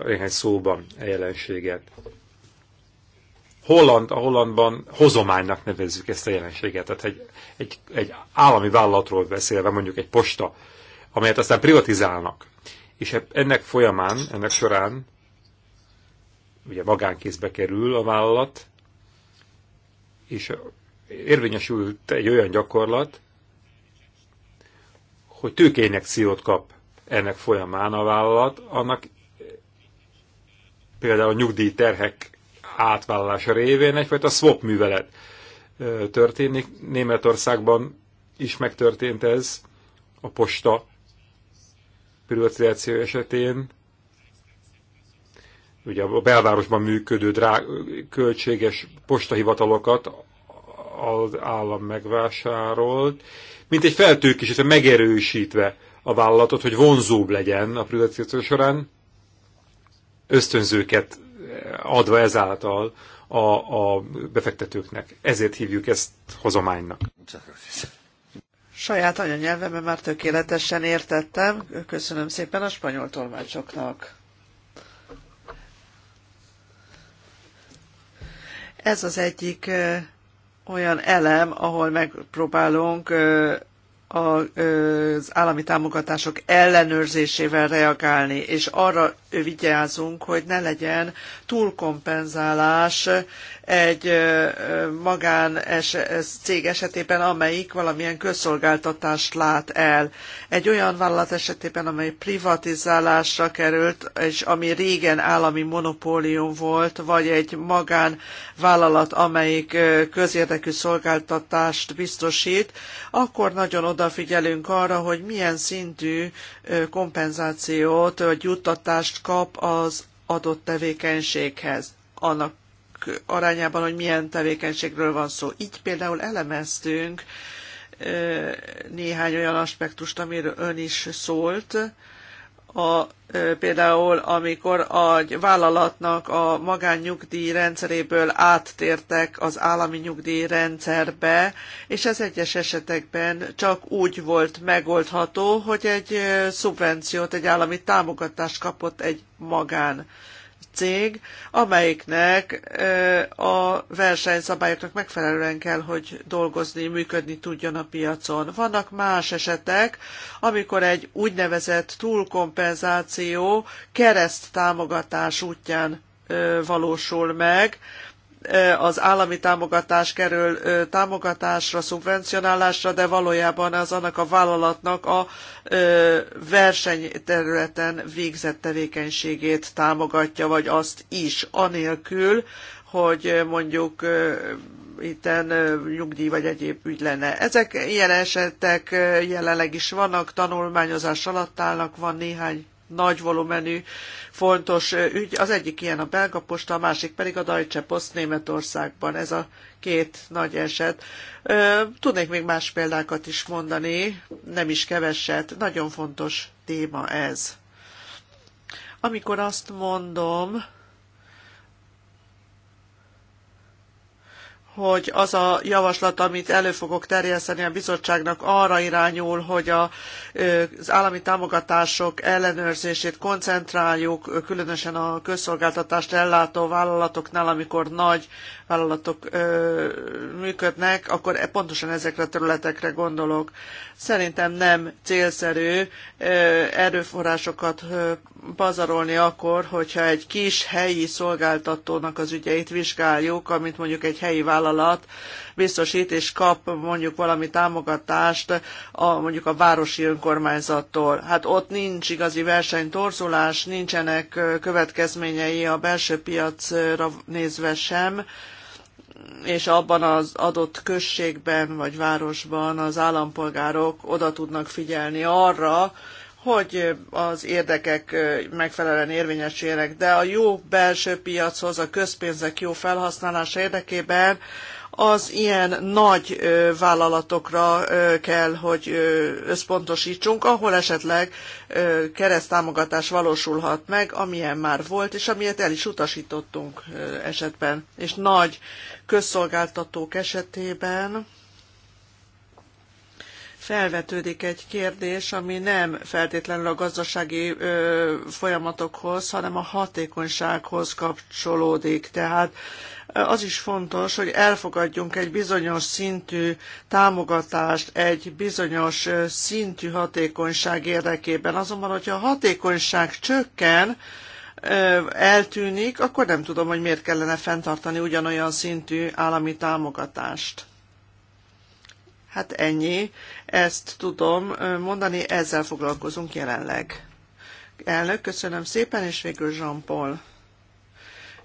néhány szóban a e jelenséget. Holland, a Hollandban hozománynak nevezzük ezt a jelenséget. Tehát egy, egy, egy állami vállalatról beszélve, mondjuk egy posta, amelyet aztán privatizálnak. És hát ennek folyamán, ennek során, ugye magánkézbe kerül a vállalat, és érvényesült egy olyan gyakorlat, hogy tőkeinjekciót kap ennek folyamán a vállalat, annak például a nyugdíjterhek átvállalása révén egyfajta swap művelet történik. Németországban is megtörtént ez a posta privatizáció esetén. Ugye a belvárosban működő drá- költséges postahivatalokat az állam megvásárolt, mint egy feltőkésítve, megerősítve a vállalatot, hogy vonzóbb legyen a privatizáció során ösztönzőket adva ezáltal a, a befektetőknek. Ezért hívjuk ezt hozománynak. Saját anyanyelvemben már tökéletesen értettem. Köszönöm szépen a spanyol tolmácsoknak. Ez az egyik ö, olyan elem, ahol megpróbálunk ö, a, az állami támogatások ellenőrzésével reagálni, és arra vigyázunk, hogy ne legyen túlkompenzálás egy magán cég esetében, amelyik valamilyen közszolgáltatást lát el. Egy olyan vállalat esetében, amely privatizálásra került, és ami régen állami monopólium volt, vagy egy magán vállalat, amelyik közérdekű szolgáltatást biztosít, akkor nagyon odafigyelünk arra, hogy milyen szintű kompenzációt vagy juttatást kap az adott tevékenységhez, annak arányában, hogy milyen tevékenységről van szó. Így például elemeztünk néhány olyan aspektust, amiről ön is szólt, a, például amikor a vállalatnak a magánnyugdíj rendszeréből áttértek az állami nyugdíj rendszerbe, és ez egyes esetekben csak úgy volt megoldható, hogy egy szubvenciót, egy állami támogatást kapott egy magán cég, amelyiknek a versenyszabályoknak megfelelően kell, hogy dolgozni, működni tudjon a piacon. Vannak más esetek, amikor egy úgynevezett túlkompenzáció kereszt támogatás útján valósul meg, az állami támogatás kerül támogatásra, szubvencionálásra, de valójában az annak a vállalatnak a versenyterületen végzett tevékenységét támogatja, vagy azt is, anélkül, hogy mondjuk itten nyugdíj vagy egyéb ügy lenne. Ezek ilyen esetek jelenleg is vannak, tanulmányozás alatt állnak, van néhány nagy volumenű, fontos ügy. Az egyik ilyen a belga posta, a másik pedig a Deutsche Post Németországban. Ez a két nagy eset. Tudnék még más példákat is mondani, nem is keveset. Nagyon fontos téma ez. Amikor azt mondom, hogy az a javaslat, amit elő fogok terjeszteni a bizottságnak, arra irányul, hogy a, az állami támogatások ellenőrzését koncentráljuk, különösen a közszolgáltatást ellátó vállalatoknál, amikor nagy vállalatok működnek, akkor e pontosan ezekre a területekre gondolok. Szerintem nem célszerű erőforrásokat pazarolni akkor, hogyha egy kis helyi szolgáltatónak az ügyeit vizsgáljuk, amit mondjuk egy helyi vállalat biztosít és kap mondjuk valami támogatást a, mondjuk a városi önkormányzattól. Hát ott nincs igazi versenytorzulás, nincsenek következményei a belső piacra nézve sem, és abban az adott községben vagy városban az állampolgárok oda tudnak figyelni arra, hogy az érdekek megfelelően érvényesüljenek, de a jó belső piachoz, a közpénzek jó felhasználása érdekében az ilyen nagy vállalatokra kell, hogy összpontosítsunk, ahol esetleg keresztámogatás valósulhat meg, amilyen már volt, és amilyet el is utasítottunk esetben. És nagy közszolgáltatók esetében felvetődik egy kérdés, ami nem feltétlenül a gazdasági ö, folyamatokhoz, hanem a hatékonysághoz kapcsolódik. Tehát az is fontos, hogy elfogadjunk egy bizonyos szintű támogatást egy bizonyos szintű hatékonyság érdekében. Azonban, hogyha a hatékonyság csökken, eltűnik, akkor nem tudom, hogy miért kellene fenntartani ugyanolyan szintű állami támogatást. Hát ennyi, ezt tudom mondani, ezzel foglalkozunk jelenleg. Elnök, köszönöm szépen, és végül Jean-Paul.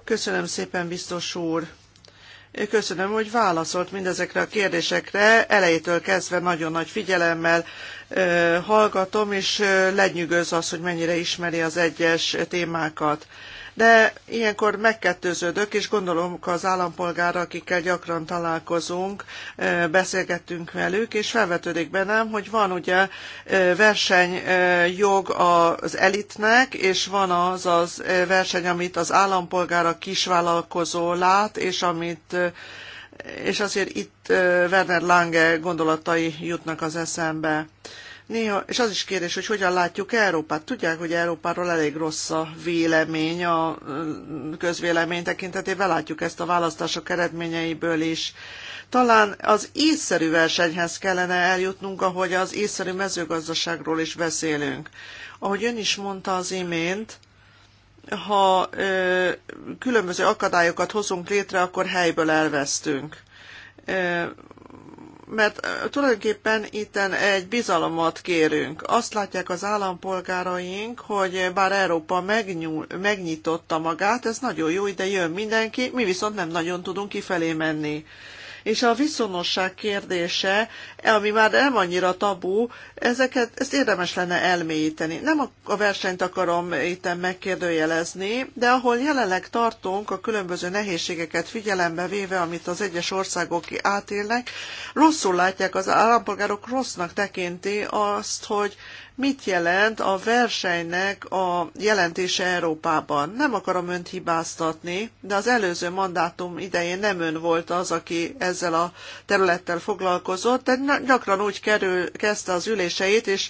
Köszönöm szépen, biztos úr. Köszönöm, hogy válaszolt mindezekre a kérdésekre. Elejétől kezdve nagyon nagy figyelemmel hallgatom, és lenyűgöz az, hogy mennyire ismeri az egyes témákat de ilyenkor megkettőződök, és gondolom az állampolgára, akikkel gyakran találkozunk, beszélgettünk velük, és felvetődik bennem, hogy van ugye versenyjog az elitnek, és van az az verseny, amit az állampolgár, a kisvállalkozó lát, és amit és azért itt Werner Lange gondolatai jutnak az eszembe. Néha, és az is kérdés, hogy hogyan látjuk Európát. Tudják, hogy Európáról elég rossz a vélemény, a közvélemény tekintetében látjuk ezt a választások eredményeiből is. Talán az észszerű versenyhez kellene eljutnunk, ahogy az észszerű mezőgazdaságról is beszélünk. Ahogy ön is mondta az imént, ha ö, különböző akadályokat hozunk létre, akkor helyből elvesztünk mert tulajdonképpen itten egy bizalomat kérünk. Azt látják az állampolgáraink, hogy bár Európa megnyúl, megnyitotta magát, ez nagyon jó, ide jön mindenki, mi viszont nem nagyon tudunk kifelé menni és a viszonosság kérdése, ami már nem annyira tabú, ezeket, ezt érdemes lenne elmélyíteni. Nem a versenyt akarom itt megkérdőjelezni, de ahol jelenleg tartunk a különböző nehézségeket figyelembe véve, amit az egyes országok átélnek, rosszul látják, az állampolgárok rossznak tekinti azt, hogy mit jelent a versenynek a jelentése Európában. Nem akarom önt hibáztatni, de az előző mandátum idején nem ön volt az, aki ezzel a területtel foglalkozott, de gyakran úgy kerül, kezdte az üléseit, és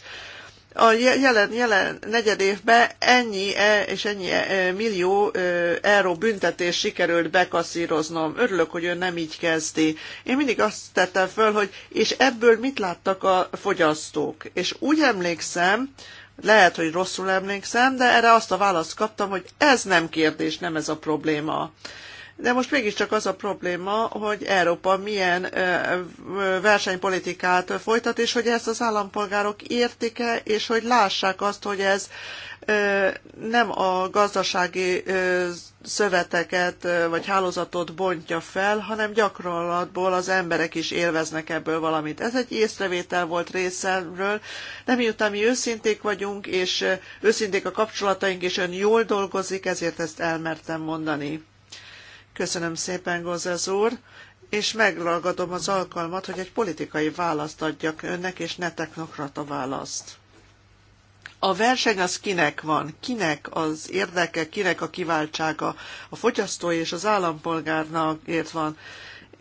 a jelen, jelen negyed évben ennyi e és ennyi e, e, millió euró büntetés sikerült bekaszíroznom. Örülök, hogy ön nem így kezdi. Én mindig azt tettem föl, hogy és ebből mit láttak a fogyasztók. És úgy emlékszem, lehet, hogy rosszul emlékszem, de erre azt a választ kaptam, hogy ez nem kérdés, nem ez a probléma de most mégiscsak az a probléma, hogy Európa milyen versenypolitikát folytat, és hogy ezt az állampolgárok értik-e, és hogy lássák azt, hogy ez nem a gazdasági szöveteket vagy hálózatot bontja fel, hanem gyakorlatból az emberek is élveznek ebből valamit. Ez egy észrevétel volt részemről, de miután mi őszinték vagyunk, és őszinték a kapcsolataink, és ön jól dolgozik, ezért ezt elmertem mondani. Köszönöm szépen, Gozes úr, és megragadom az alkalmat, hogy egy politikai választ adjak önnek, és ne technokrata választ. A verseny az kinek van, kinek az érdeke, kinek a kiváltsága, a fogyasztói és az állampolgárnak ért van,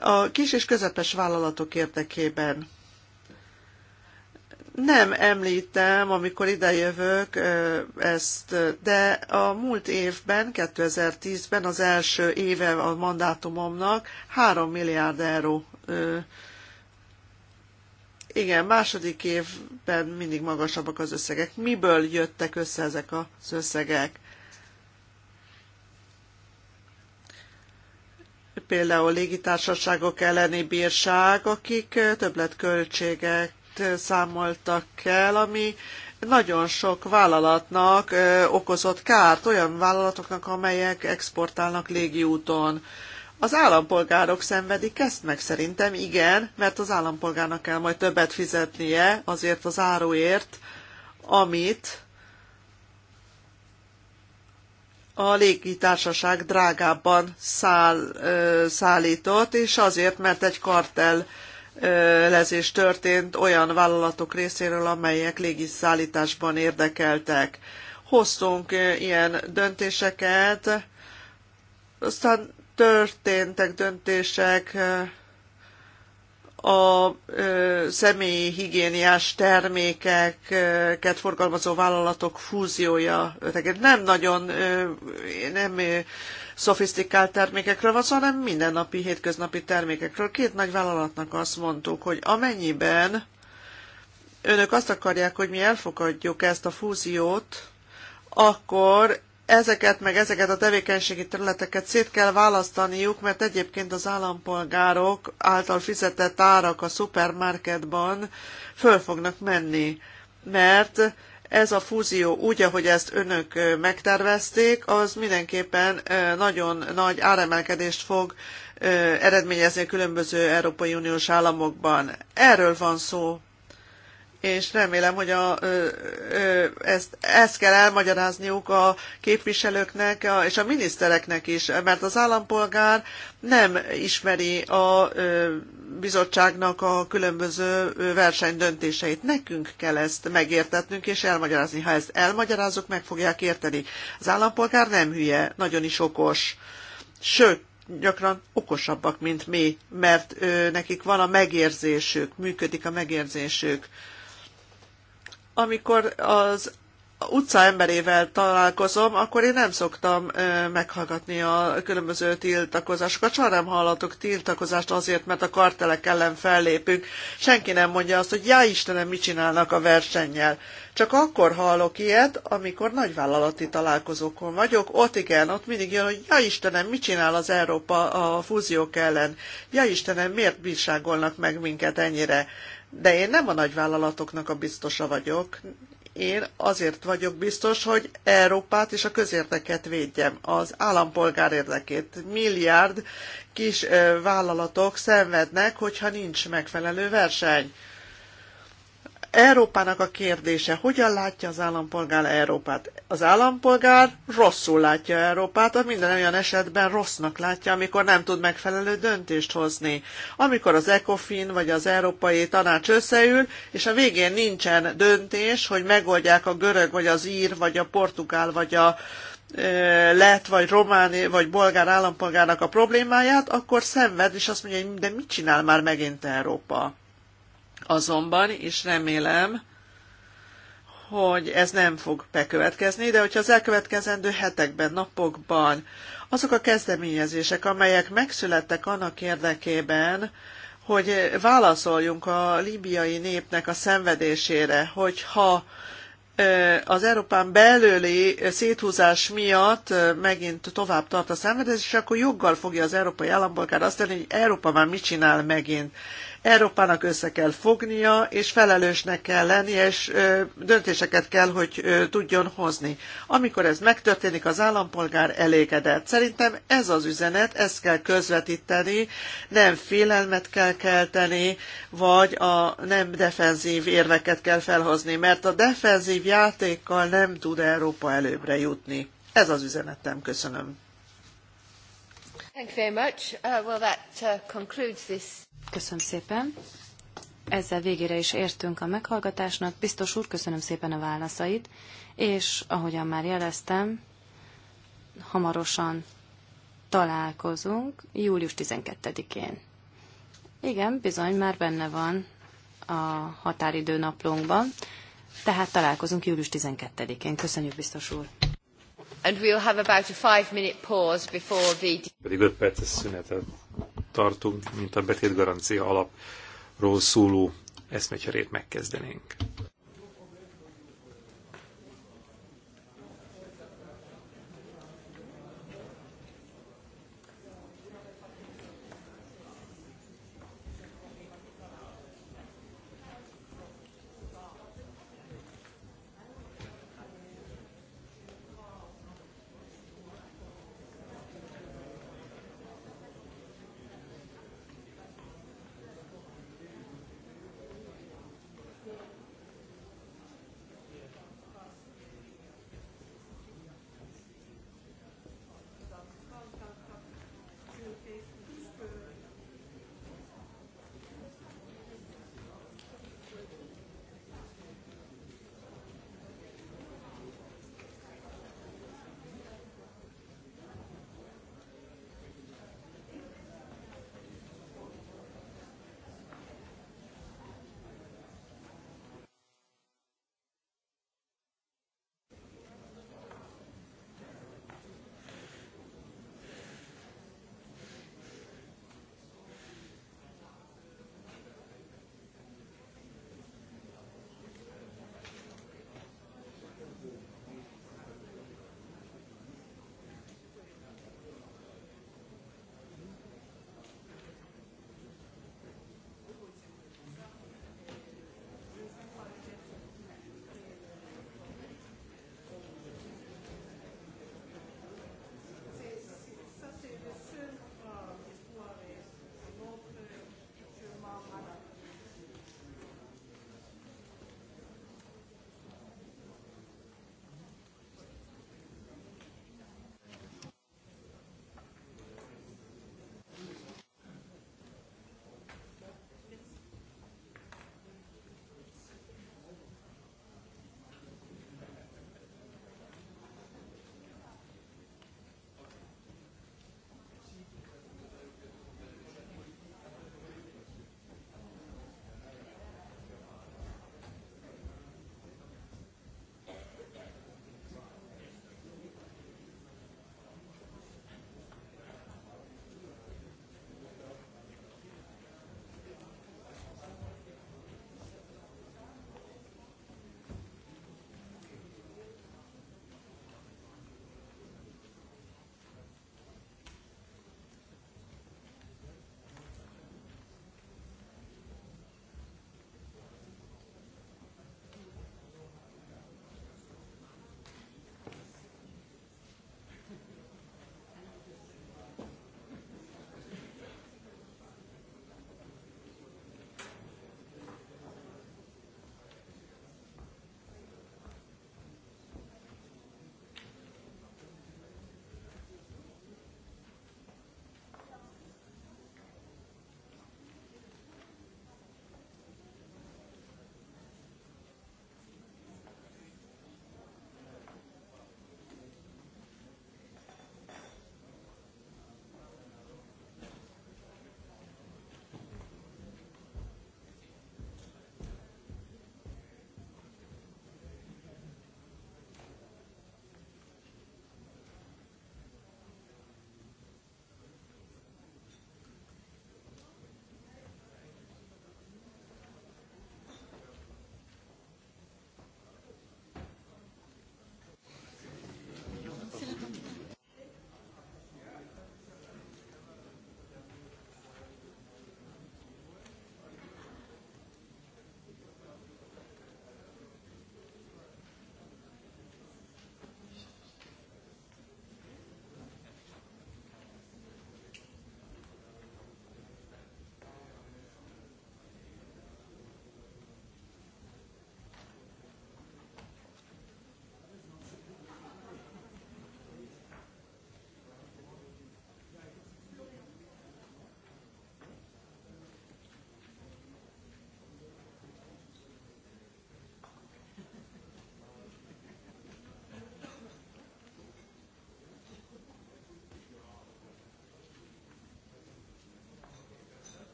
a kis és közepes vállalatok érdekében. Nem említem, amikor idejövök ezt, de a múlt évben, 2010-ben az első éve a mandátumomnak 3 milliárd euró. Igen, második évben mindig magasabbak az összegek. Miből jöttek össze ezek az összegek? Például légitársaságok elleni bírság, akik többletköltségek számoltak el, ami nagyon sok vállalatnak ö, okozott kárt, olyan vállalatoknak, amelyek exportálnak légiúton. Az állampolgárok szenvedik ezt meg szerintem, igen, mert az állampolgárnak kell majd többet fizetnie azért az áruért, amit a légitársaság drágábban száll, ö, szállított, és azért, mert egy kartel ö, lezés történt olyan vállalatok részéről, amelyek légiszállításban érdekeltek. Hoztunk ilyen döntéseket, aztán történtek döntések a személyi higiéniás termékeket forgalmazó vállalatok fúziója. Nem nagyon nem szofisztikált termékekről van szó, hanem mindennapi, hétköznapi termékekről. Két nagy vállalatnak azt mondtuk, hogy amennyiben önök azt akarják, hogy mi elfogadjuk ezt a fúziót, akkor ezeket meg ezeket a tevékenységi területeket szét kell választaniuk, mert egyébként az állampolgárok által fizetett árak a szupermarketban föl fognak menni, mert ez a fúzió úgy, ahogy ezt önök megtervezték, az mindenképpen nagyon nagy áremelkedést fog eredményezni a különböző Európai Uniós államokban. Erről van szó és remélem, hogy a, ö, ö, ezt, ezt kell elmagyarázniuk a képviselőknek a, és a minisztereknek is, mert az állampolgár nem ismeri a ö, bizottságnak a különböző versenydöntéseit. Nekünk kell ezt megértetnünk és elmagyarázni. Ha ezt elmagyarázok, meg fogják érteni. Az állampolgár nem hülye, nagyon is okos. Sőt, gyakran okosabbak, mint mi, mert ö, nekik van a megérzésük, működik a megérzésük amikor az utca emberével találkozom, akkor én nem szoktam ö, meghallgatni a különböző tiltakozásokat. Soha nem hallatok tiltakozást azért, mert a kartelek ellen fellépünk. Senki nem mondja azt, hogy já Istenem, mit csinálnak a versennyel. Csak akkor hallok ilyet, amikor nagyvállalati találkozókon vagyok. Ott igen, ott mindig jön, hogy ja Istenem, mit csinál az Európa a fúziók ellen? Ja Istenem, miért bírságolnak meg minket ennyire? De én nem a nagyvállalatoknak a biztosa vagyok. Én azért vagyok biztos, hogy Európát és a közérdeket védjem, az állampolgár érdekét. Milliárd kis vállalatok szenvednek, hogyha nincs megfelelő verseny Európának a kérdése, hogyan látja az állampolgár Európát? Az állampolgár rosszul látja Európát, a minden olyan esetben rossznak látja, amikor nem tud megfelelő döntést hozni. Amikor az ECOFIN vagy az Európai Tanács összeül, és a végén nincsen döntés, hogy megoldják a görög vagy az ír vagy a portugál vagy a lett, vagy román, vagy bolgár állampolgárnak a problémáját, akkor szenved, és azt mondja, hogy de mit csinál már megint Európa? azonban, és remélem, hogy ez nem fog bekövetkezni, de hogyha az elkövetkezendő hetekben, napokban azok a kezdeményezések, amelyek megszülettek annak érdekében, hogy válaszoljunk a libiai népnek a szenvedésére, hogyha az Európán belüli széthúzás miatt megint tovább tart a szenvedés, és akkor joggal fogja az európai állampolgár azt mondani, hogy Európa már mit csinál megint. Európának össze kell fognia, és felelősnek kell lennie, és döntéseket kell, hogy tudjon hozni. Amikor ez megtörténik, az állampolgár elégedett. Szerintem ez az üzenet, ezt kell közvetíteni, nem félelmet kell kelteni, vagy a nem defenzív érveket kell felhozni, mert a defenzív játékkal nem tud Európa előbbre jutni. Ez az üzenetem, köszönöm. Thank you very much. Uh, well, that uh, concludes this. Köszönöm szépen. Ezzel végére is értünk a meghallgatásnak. Biztos úr, köszönöm szépen a válaszait, és ahogyan már jeleztem, hamarosan találkozunk július 12-én. Igen, bizony, már benne van a határidő naplónkban, tehát találkozunk július 12-én. Köszönjük, biztos úr! And we'll have about a five minute pause before the... Pedig öt perces szünetet tartunk, mint a betétgarancia alapról szóló eszmecserét megkezdenénk.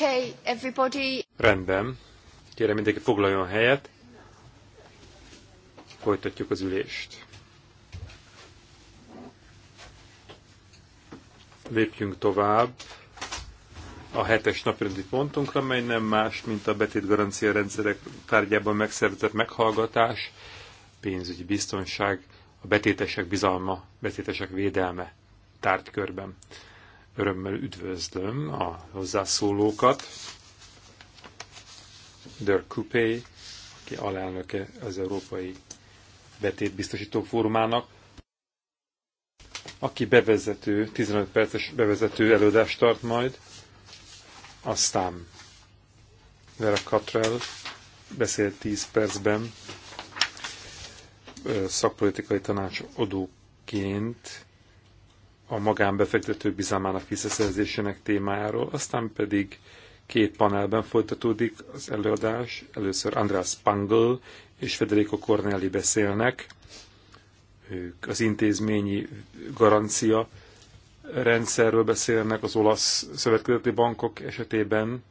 Okay, everybody. Rendben. Kérem mindenki foglaljon helyet. Folytatjuk az ülést. Lépjünk tovább a hetes napirendi pontunkra, mely nem más, mint a betét garancia rendszerek tárgyában megszervezett meghallgatás, pénzügyi biztonság, a betétesek bizalma, betétesek védelme tárgykörben. Örömmel üdvözlöm a hozzászólókat. Dirk Coupé, aki alelnöke az Európai Betétbiztosító Fórumának, aki bevezető, 15 perces bevezető előadást tart majd, aztán Vera Katrell beszél 10 percben szakpolitikai tanácsadóként a magánbefektető bizalmának visszaszerzésének témájáról, aztán pedig két panelben folytatódik az előadás. Először András Spangl és Federico Cornelli beszélnek. Ők az intézményi garancia rendszerről beszélnek az olasz szövetkezeti bankok esetében,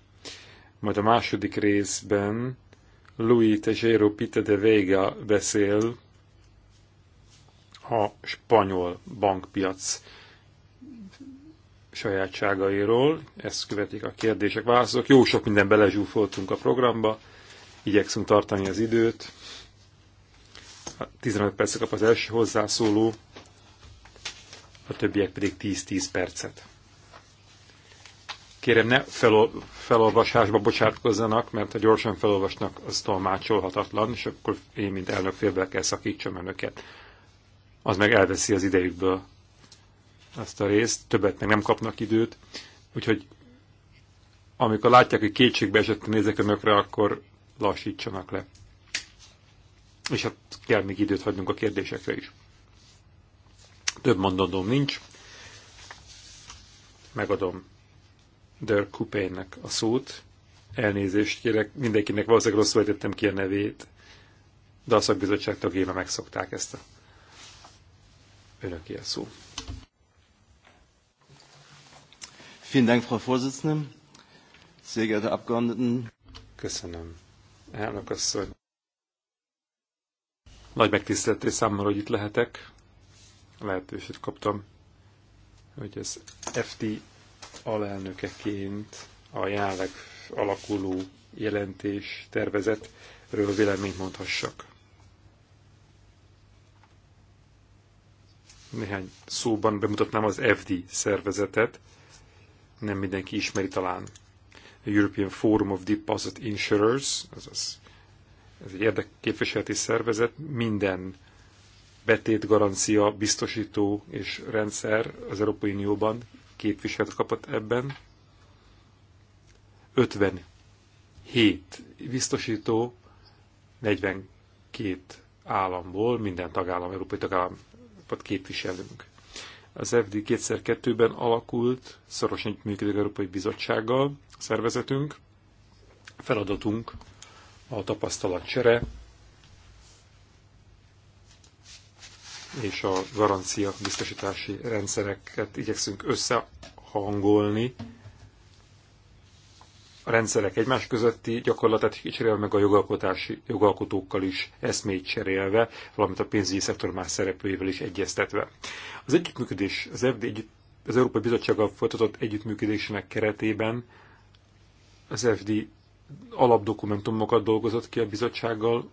majd a második részben Louis Tejero Pite de Vega beszél a spanyol bankpiac sajátságairól, ezt követik a kérdések, válaszok. Jó sok minden belezsúfoltunk a programba, igyekszünk tartani az időt. 15 percet kap az első hozzászóló, a többiek pedig 10-10 percet. Kérem, ne felol, felolvasásba bocsátkozzanak, mert ha gyorsan felolvasnak, az tolmácsolhatatlan, és akkor én, mint elnök félbe kell szakítsam önöket. Az meg elveszi az idejükből azt a részt, többet meg nem kapnak időt, úgyhogy amikor látják, hogy kétségbe esett a nézekönökre, akkor lassítsanak le. És hát kell még időt hagynunk a kérdésekre is. Több mondandóm nincs. Megadom Dirk Kupénnek a szót. Elnézést kérek, mindenkinek valószínűleg rosszul ejtettem ki a nevét, de a szakbizottság tagjével megszokták ezt a önöki a szó. Vielen Dank, Frau Vorsitzende. Sehr geehrte Abgeordneten. Köszönöm. Elnök asszony. Nagy megtiszteltetés számomra, hogy itt lehetek. Lehetőséget kaptam, hogy az FT alelnökeként a jelenleg alakuló jelentés tervezetről véleményt mondhassak. Néhány szóban bemutatnám az FD szervezetet, nem mindenki ismeri talán. A European Forum of Deposit Insurers, azaz ez egy érdekképviseleti szervezet, minden betét garancia, biztosító és rendszer az Európai Unióban képviselet kapott ebben. 57 biztosító, 42 államból, minden tagállam, európai tagállamot képviselünk az FD 2002-ben alakult, szorosan működik Európai Bizottsággal, szervezetünk, feladatunk a tapasztalatcsere és a garancia biztosítási rendszereket igyekszünk összehangolni, a rendszerek egymás közötti gyakorlatát cserélve, meg a jogalkotási, jogalkotókkal is eszmét cserélve, valamint a pénzügyi szektor más szereplőivel is egyeztetve. Az együttműködés, az, FD, az Európai Bizottsággal folytatott együttműködésének keretében az FD alapdokumentumokat dolgozott ki a bizottsággal,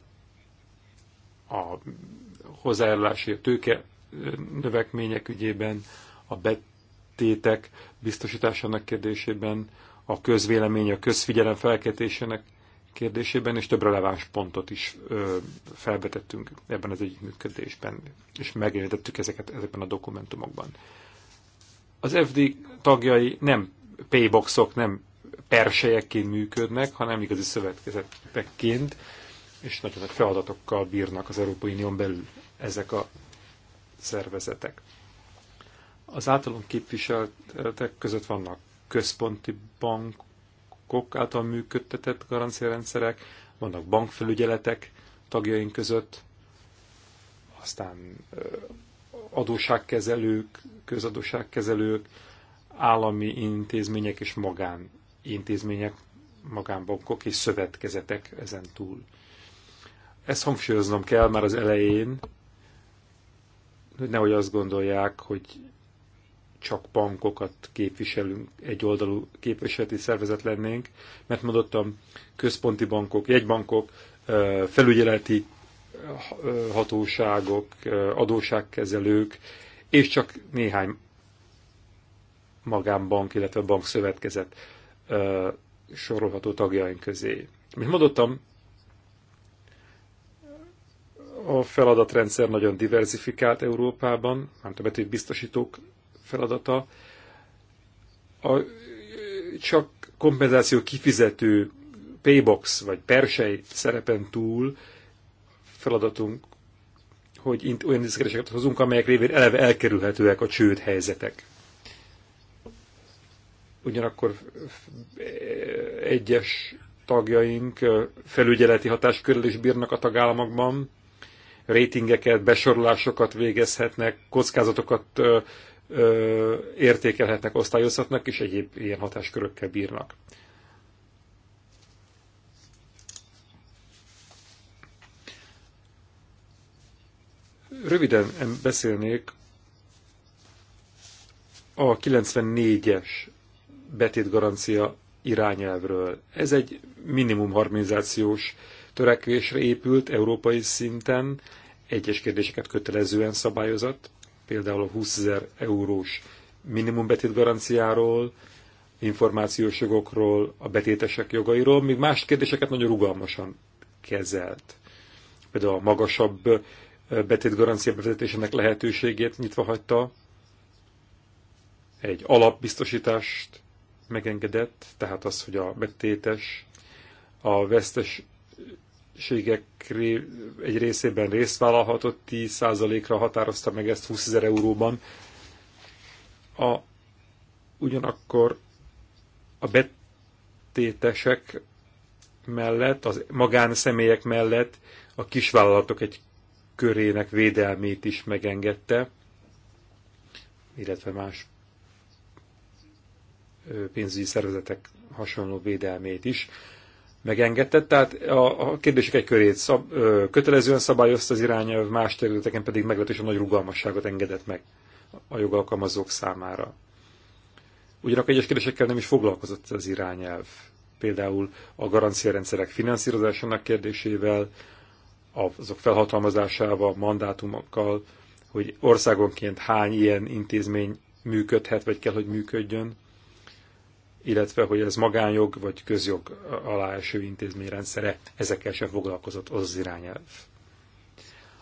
a hozzájárulási a tőke növekmények ügyében, a betétek biztosításának kérdésében, a közvélemény, a közfigyelem felkeltésének kérdésében, és több releváns pontot is ö, felvetettünk ebben az együttműködésben, és megjelentettük ezeket ezekben a dokumentumokban. Az FD tagjai nem payboxok, nem persejekként működnek, hanem igazi szövetkezetekként, és nagyon nagy feladatokkal bírnak az Európai Unión belül ezek a szervezetek. Az általunk képviseltek között vannak központi bankok által működtetett garanciarendszerek, vannak bankfelügyeletek tagjaink között, aztán adóságkezelők, közadóságkezelők, állami intézmények és magán intézmények, magánbankok és szövetkezetek ezen túl. Ezt hangsúlyoznom kell már az elején, hogy nehogy azt gondolják, hogy csak bankokat képviselünk, egy oldalú képviseleti szervezet lennénk, mert mondottam, központi bankok, jegybankok, felügyeleti hatóságok, adóságkezelők, és csak néhány magánbank, illetve bankszövetkezet sorolható tagjaink közé. Mint mondottam, a feladatrendszer nagyon diversifikált Európában, mert a betűbiztosítók feladata a, csak kompenzáció kifizető paybox vagy persej szerepen túl feladatunk, hogy olyan diszkereseket hozunk, amelyek révén eleve elkerülhetőek a csőd helyzetek. Ugyanakkor egyes tagjaink felügyeleti hatáskörrel is bírnak a tagállamokban, ratingeket, besorolásokat végezhetnek, kockázatokat ö, értékelhetnek, osztályozhatnak, és egyéb ilyen hatáskörökkel bírnak. Röviden beszélnék a 94-es betétgarancia irányelvről. Ez egy minimum harmonizációs törekvésre épült európai szinten, egyes kérdéseket kötelezően szabályozott, például a 20 ezer eurós minimumbetét garanciáról, információs jogokról, a betétesek jogairól, míg más kérdéseket nagyon rugalmasan kezelt. Például a magasabb betétgarancia bevezetésének lehetőségét nyitva hagyta, egy alapbiztosítást megengedett, tehát az, hogy a betétes a vesztes cégek egy részében részt vállalhatott, 10%-ra határozta meg ezt 20 ezer euróban. A, ugyanakkor a betétesek mellett, az magánszemélyek mellett a kisvállalatok egy körének védelmét is megengedte, illetve más pénzügyi szervezetek hasonló védelmét is megengedett, tehát a, a kérdések egy körét szab, ö, kötelezően szabályozta az irányelv, más területeken pedig meglehetősen nagy rugalmasságot engedett meg a jogalkalmazók számára. Ugyanakkor egyes kérdésekkel nem is foglalkozott az irányelv. Például a garanciarendszerek finanszírozásának kérdésével, azok felhatalmazásával, mandátumokkal, hogy országonként hány ilyen intézmény működhet, vagy kell, hogy működjön illetve hogy ez magánjog vagy közjog alá eső intézményrendszere, ezekkel sem foglalkozott az, az irányelv.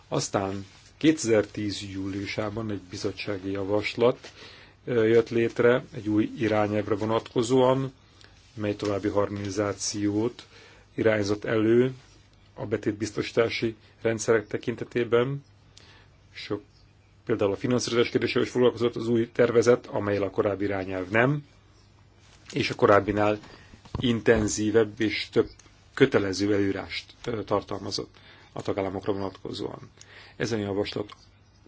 Aztán 2010. júliusában egy bizottsági javaslat jött létre egy új irányelvre vonatkozóan, mely további harmonizációt irányzott elő a betétbiztosítási rendszerek tekintetében. Sok, például a finanszírozás kérdésével is foglalkozott az új tervezet, amelyel a korábbi irányelv nem, és a korábbinál intenzívebb és több kötelező előírást tartalmazott a tagállamokra vonatkozóan. Ezen javaslat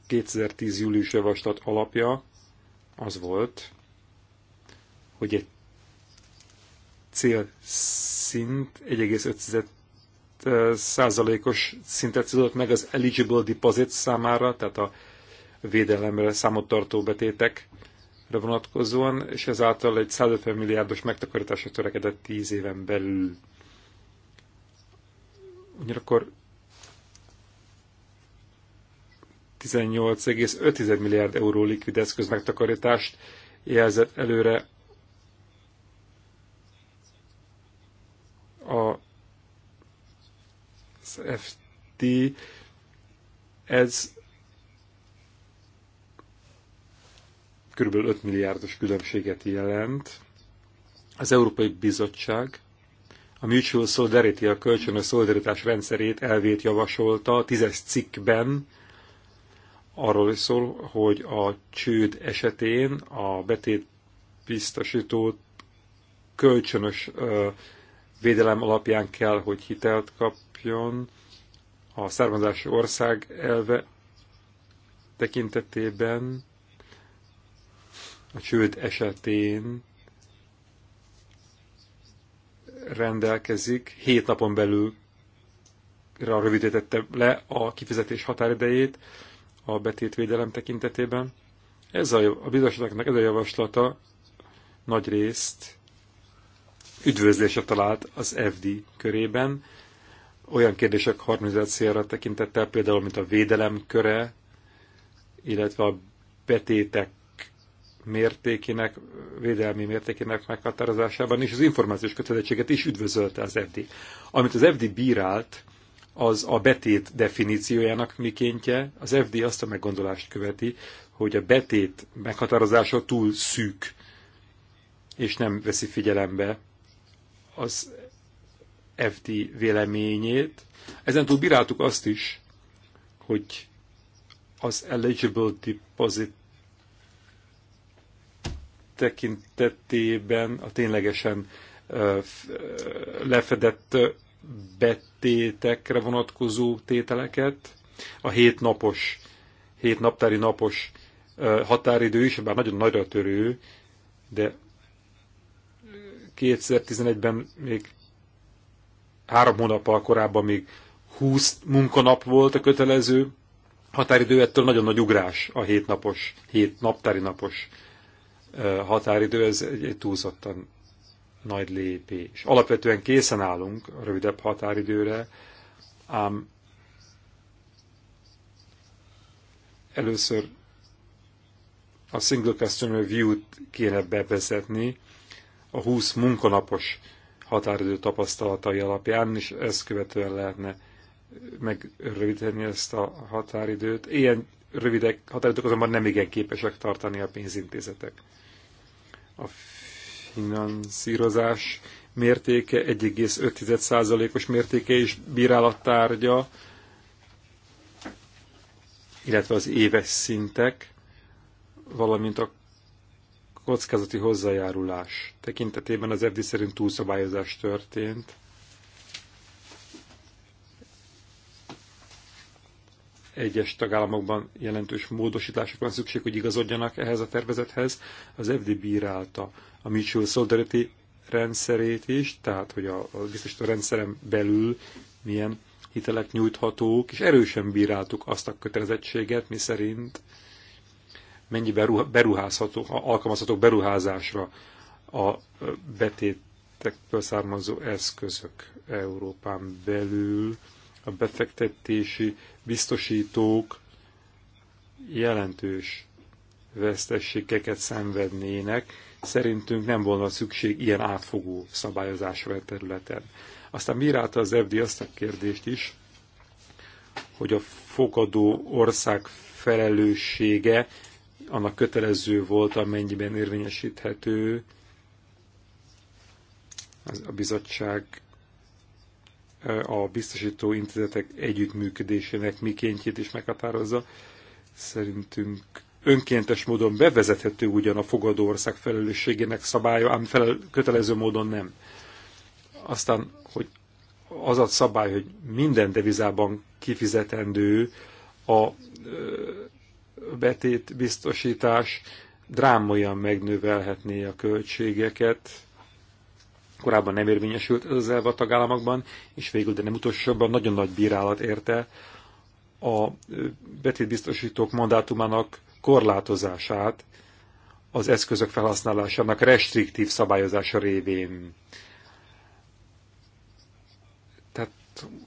2010. július javaslat alapja az volt, hogy egy célszint 1,5 százalékos szintet célolt meg az eligible deposit számára, tehát a védelemre számot tartó betétek vonatkozóan, és ezáltal egy 150 milliárdos megtakarításra törekedett 10 éven belül. Ugyanakkor 18,5 milliárd euró likvid eszköz megtakarítást jelzett előre a FT. Ez kb. 5 milliárdos különbséget jelent. Az Európai Bizottság a Mutual Solidarity, a kölcsönös szolidaritás rendszerét elvét javasolta a tízes cikkben, arról is szól, hogy a csőd esetén a betét biztosítót kölcsönös védelem alapján kell, hogy hitelt kapjon a származási ország elve tekintetében a csőd esetén rendelkezik, hét napon belül rövidítette le a kifizetés határidejét a betétvédelem tekintetében. Ez a, a bizottságnak ez a javaslata nagy részt üdvözlése talált az FD körében. Olyan kérdések harmonizációra tekintettel például, mint a védelem köre, illetve a betétek mértékének, védelmi mértékének meghatározásában és az információs kötelezettséget is üdvözölte az FD. Amit az FD bírált, az a betét definíciójának mikéntje. Az FD azt a meggondolást követi, hogy a betét meghatározása túl szűk, és nem veszi figyelembe az FD véleményét. Ezen túl bíráltuk azt is, hogy az eligible deposit tekintetében a ténylegesen lefedett betétekre vonatkozó tételeket, a hét napos, hét naptári napos határidő is, bár nagyon nagyra törő, de 2011-ben még három hónappal korábban még 20 munkanap volt a kötelező határidő, ettől nagyon nagy ugrás a hétnapos, hét naptári napos határidő, ez egy, túlzottan nagy lépés. Alapvetően készen állunk a rövidebb határidőre, ám először a Single Customer View-t kéne bevezetni a 20 munkanapos határidő tapasztalatai alapján, és ezt követően lehetne megrövidíteni ezt a határidőt. Ilyen rövidek határidők azonban nem igen képesek tartani a pénzintézetek. A finanszírozás mértéke 1,5%-os mértéke és bírálattárgya, illetve az éves szintek, valamint a kockázati hozzájárulás tekintetében az FD szerint túlszabályozás történt egyes tagállamokban jelentős módosításokra van szükség, hogy igazodjanak ehhez a tervezethez. Az FD bírálta a Mutual Solidarity rendszerét is, tehát hogy a, a biztosító rendszeren belül milyen hitelek nyújthatók, és erősen bíráltuk azt a kötelezettséget, mi szerint mennyi beruházható, alkalmazható beruházásra a betétekből származó eszközök Európán belül a befektetési biztosítók jelentős vesztességeket szenvednének. Szerintünk nem volna szükség ilyen átfogó szabályozásra a e területen. Aztán bírálta az FD azt a kérdést is, hogy a fogadó ország felelőssége annak kötelező volt, amennyiben érvényesíthető. Az a bizottság a biztosító intézetek együttműködésének mikéntjét is meghatározza. Szerintünk önkéntes módon bevezethető ugyan a fogadó ország felelősségének szabálya, ám felel, kötelező módon nem. Aztán, hogy az a szabály, hogy minden devizában kifizetendő a betét biztosítás drámaian megnövelhetné a költségeket, korábban nem érvényesült ez az elve a tagállamokban, és végül, de nem utolsóban nagyon nagy bírálat érte a betétbiztosítók mandátumának korlátozását az eszközök felhasználásának restriktív szabályozása révén. Tehát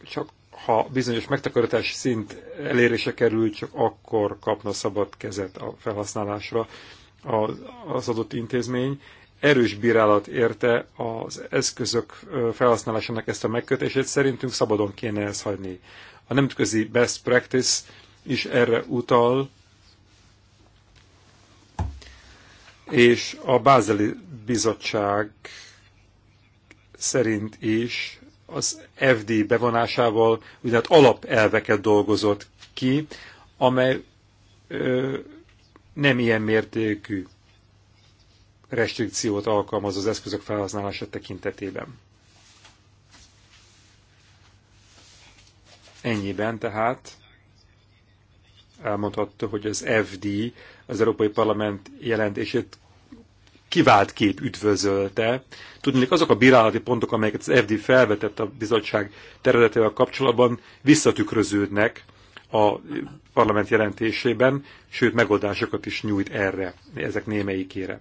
csak ha bizonyos megtakarítás szint elérése kerül, csak akkor kapna szabad kezet a felhasználásra az adott intézmény, erős bírálat érte az eszközök felhasználásának ezt a megkötését, szerintünk szabadon kéne ezt hagyni. A nemzetközi best practice is erre utal, és a Bázeli Bizottság szerint is az FD bevonásával úgynevezett alapelveket dolgozott ki, amely ö, nem ilyen mértékű restrikciót alkalmaz az eszközök felhasználása tekintetében. Ennyiben tehát elmondhatta, hogy az FD, az Európai Parlament jelentését kivált kép üdvözölte. Tudnék, azok a bírálati pontok, amelyeket az FD felvetett a bizottság területével kapcsolatban, visszatükröződnek a parlament jelentésében, sőt megoldásokat is nyújt erre, ezek némelyikére.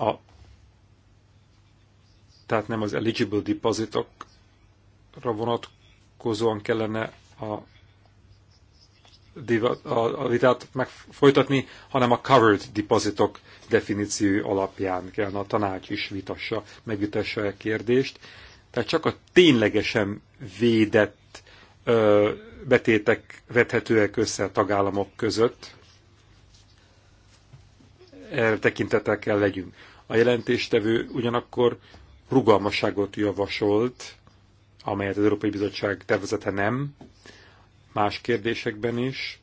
A, tehát nem az eligible depositokra vonatkozóan kellene a, a, a vitát megfolytatni, hanem a covered depositok definíció alapján kellene a tanács is vitassa, megvitassa a e kérdést. Tehát csak a ténylegesen védett ö, betétek vethetőek össze a tagállamok között. Erre tekintettel kell legyünk. A jelentéstevő ugyanakkor rugalmasságot javasolt, amelyet az Európai Bizottság tervezete nem, más kérdésekben is,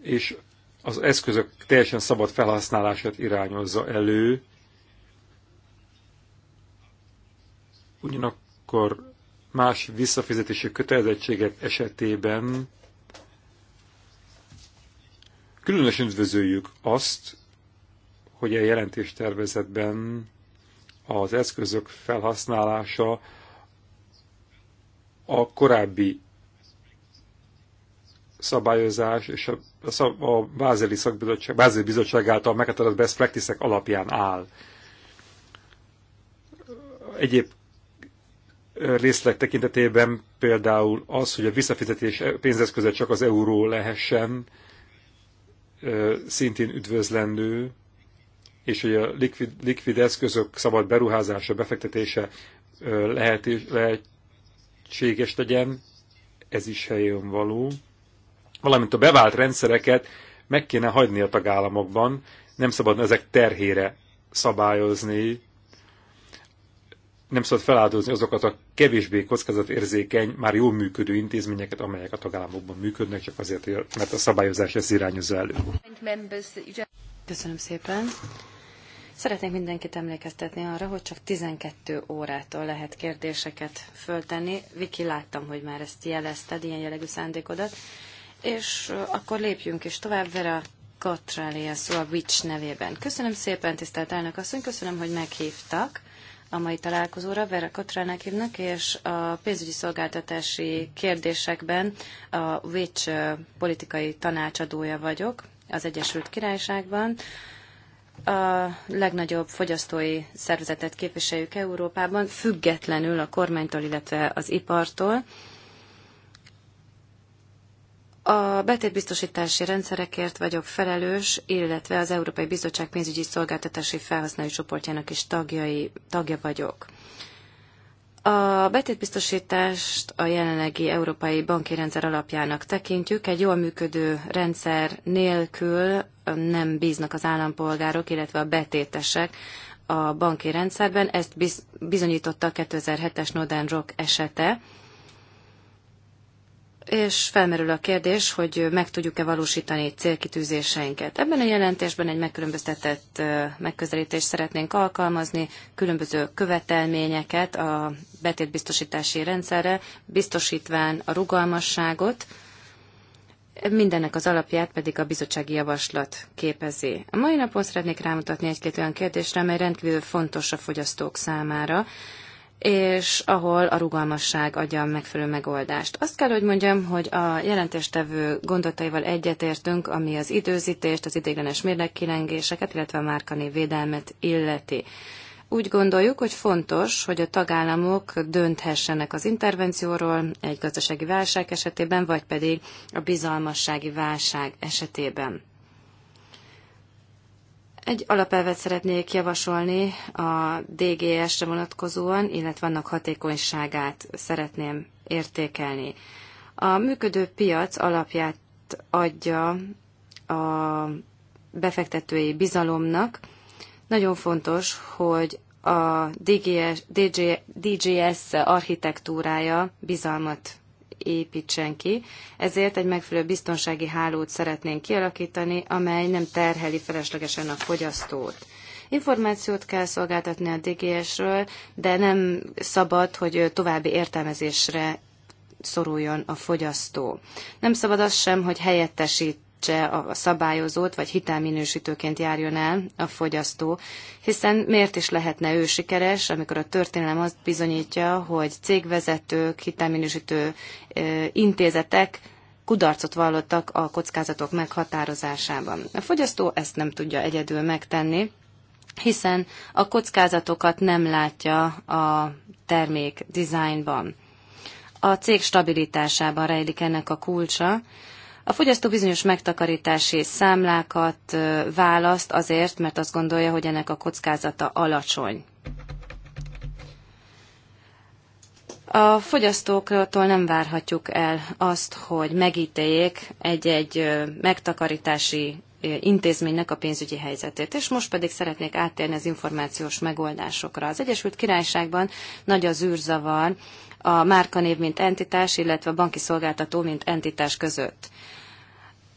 és az eszközök teljesen szabad felhasználását irányozza elő, ugyanakkor más visszafizetési kötelezettséget esetében különösen üdvözöljük azt, hogy a jelentéstervezetben az eszközök felhasználása a korábbi szabályozás és a, a, a Bázeli, szakbizottság, Bázeli Bizottság által meghatározott best practices alapján áll. Egyéb részlet tekintetében például az, hogy a visszafizetés pénzeszköze csak az euró lehessen, szintén üdvözlendő, és hogy a likvid, likvid eszközök szabad beruházása, befektetése lehet, lehetséges legyen, ez is helyén való. Valamint a bevált rendszereket meg kéne hagyni a tagállamokban, nem szabad ezek terhére szabályozni, nem szabad feláldozni azokat a kevésbé kockázatérzékeny, már jól működő intézményeket, amelyek a tagállamokban működnek, csak azért, mert a szabályozás ezt irányozza elő. Köszönöm szépen. Szeretnék mindenkit emlékeztetni arra, hogy csak 12 órától lehet kérdéseket föltenni. Viki, láttam, hogy már ezt jelezted, ilyen jellegű szándékodat. És akkor lépjünk is tovább, Vera Katrali, a szó a Witch nevében. Köszönöm szépen, tisztelt elnök asszony, köszönöm, hogy meghívtak a mai találkozóra. Vera Kotrának hívnak, és a pénzügyi szolgáltatási kérdésekben a Witch politikai tanácsadója vagyok az Egyesült Királyságban a legnagyobb fogyasztói szervezetet képviseljük Európában, függetlenül a kormánytól, illetve az ipartól. A betétbiztosítási rendszerekért vagyok felelős, illetve az Európai Bizottság pénzügyi szolgáltatási felhasználói csoportjának is tagjai, tagja vagyok. A betétbiztosítást a jelenlegi európai banki rendszer alapjának tekintjük. Egy jól működő rendszer nélkül nem bíznak az állampolgárok, illetve a betétesek a banki rendszerben. Ezt bizonyította a 2007-es Northern Rock esete és felmerül a kérdés, hogy meg tudjuk-e valósítani célkitűzéseinket. Ebben a jelentésben egy megkülönböztetett megközelítést szeretnénk alkalmazni, különböző követelményeket a betétbiztosítási rendszerre, biztosítván a rugalmasságot, Mindennek az alapját pedig a bizottsági javaslat képezi. A mai napon szeretnék rámutatni egy-két olyan kérdésre, amely rendkívül fontos a fogyasztók számára, és ahol a rugalmasság adja a megfelelő megoldást. Azt kell, hogy mondjam, hogy a jelentéstevő gondolataival egyetértünk, ami az időzítést, az idéglenes mérlekkilengéseket, illetve a márkanév védelmet illeti. Úgy gondoljuk, hogy fontos, hogy a tagállamok dönthessenek az intervencióról egy gazdasági válság esetében, vagy pedig a bizalmassági válság esetében. Egy alapelvet szeretnék javasolni a DGS-re vonatkozóan, illetve annak hatékonyságát szeretném értékelni. A működő piac alapját adja a befektetői bizalomnak. Nagyon fontos, hogy a DGS, DGS architektúrája bizalmat építsen ki. Ezért egy megfelelő biztonsági hálót szeretnénk kialakítani, amely nem terheli feleslegesen a fogyasztót. Információt kell szolgáltatni a DGS-ről, de nem szabad, hogy további értelmezésre szoruljon a fogyasztó. Nem szabad az sem, hogy helyettesít segítse a szabályozót, vagy hitelminősítőként járjon el a fogyasztó. Hiszen miért is lehetne ő sikeres, amikor a történelem azt bizonyítja, hogy cégvezetők, hitelminősítő intézetek kudarcot vallottak a kockázatok meghatározásában. A fogyasztó ezt nem tudja egyedül megtenni, hiszen a kockázatokat nem látja a termék dizájnban. A cég stabilitásában rejlik ennek a kulcsa, a fogyasztó bizonyos megtakarítási számlákat választ azért, mert azt gondolja, hogy ennek a kockázata alacsony. A fogyasztóktól nem várhatjuk el azt, hogy megítéljék egy-egy megtakarítási intézménynek a pénzügyi helyzetét. És most pedig szeretnék áttérni az információs megoldásokra. Az Egyesült Királyságban nagy az űrzavar a márkanév mint entitás, illetve a banki szolgáltató mint entitás között.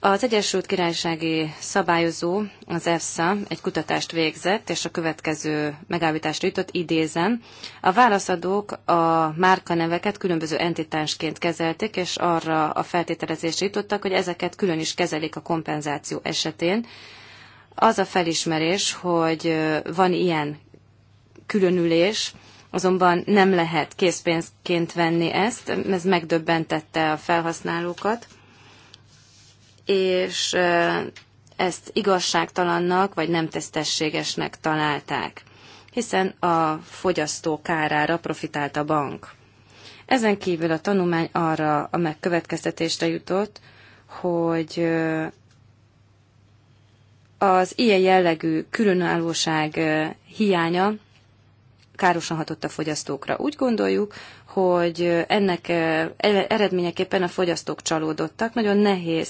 Az Egyesült Királysági Szabályozó, az EFSA egy kutatást végzett, és a következő megállítást jutott, idézem. A válaszadók a márkaneveket különböző entitásként kezelték, és arra a feltételezésre jutottak, hogy ezeket külön is kezelik a kompenzáció esetén. Az a felismerés, hogy van ilyen különülés, azonban nem lehet készpénzként venni ezt, ez megdöbbentette a felhasználókat és ezt igazságtalannak vagy nem tisztességesnek találták, hiszen a fogyasztó kárára profitált a bank. Ezen kívül a tanulmány arra a megkövetkeztetésre jutott, hogy az ilyen jellegű különállóság hiánya károsan hatott a fogyasztókra. Úgy gondoljuk, hogy ennek e-, eredményeképpen a fogyasztók csalódottak, nagyon nehéz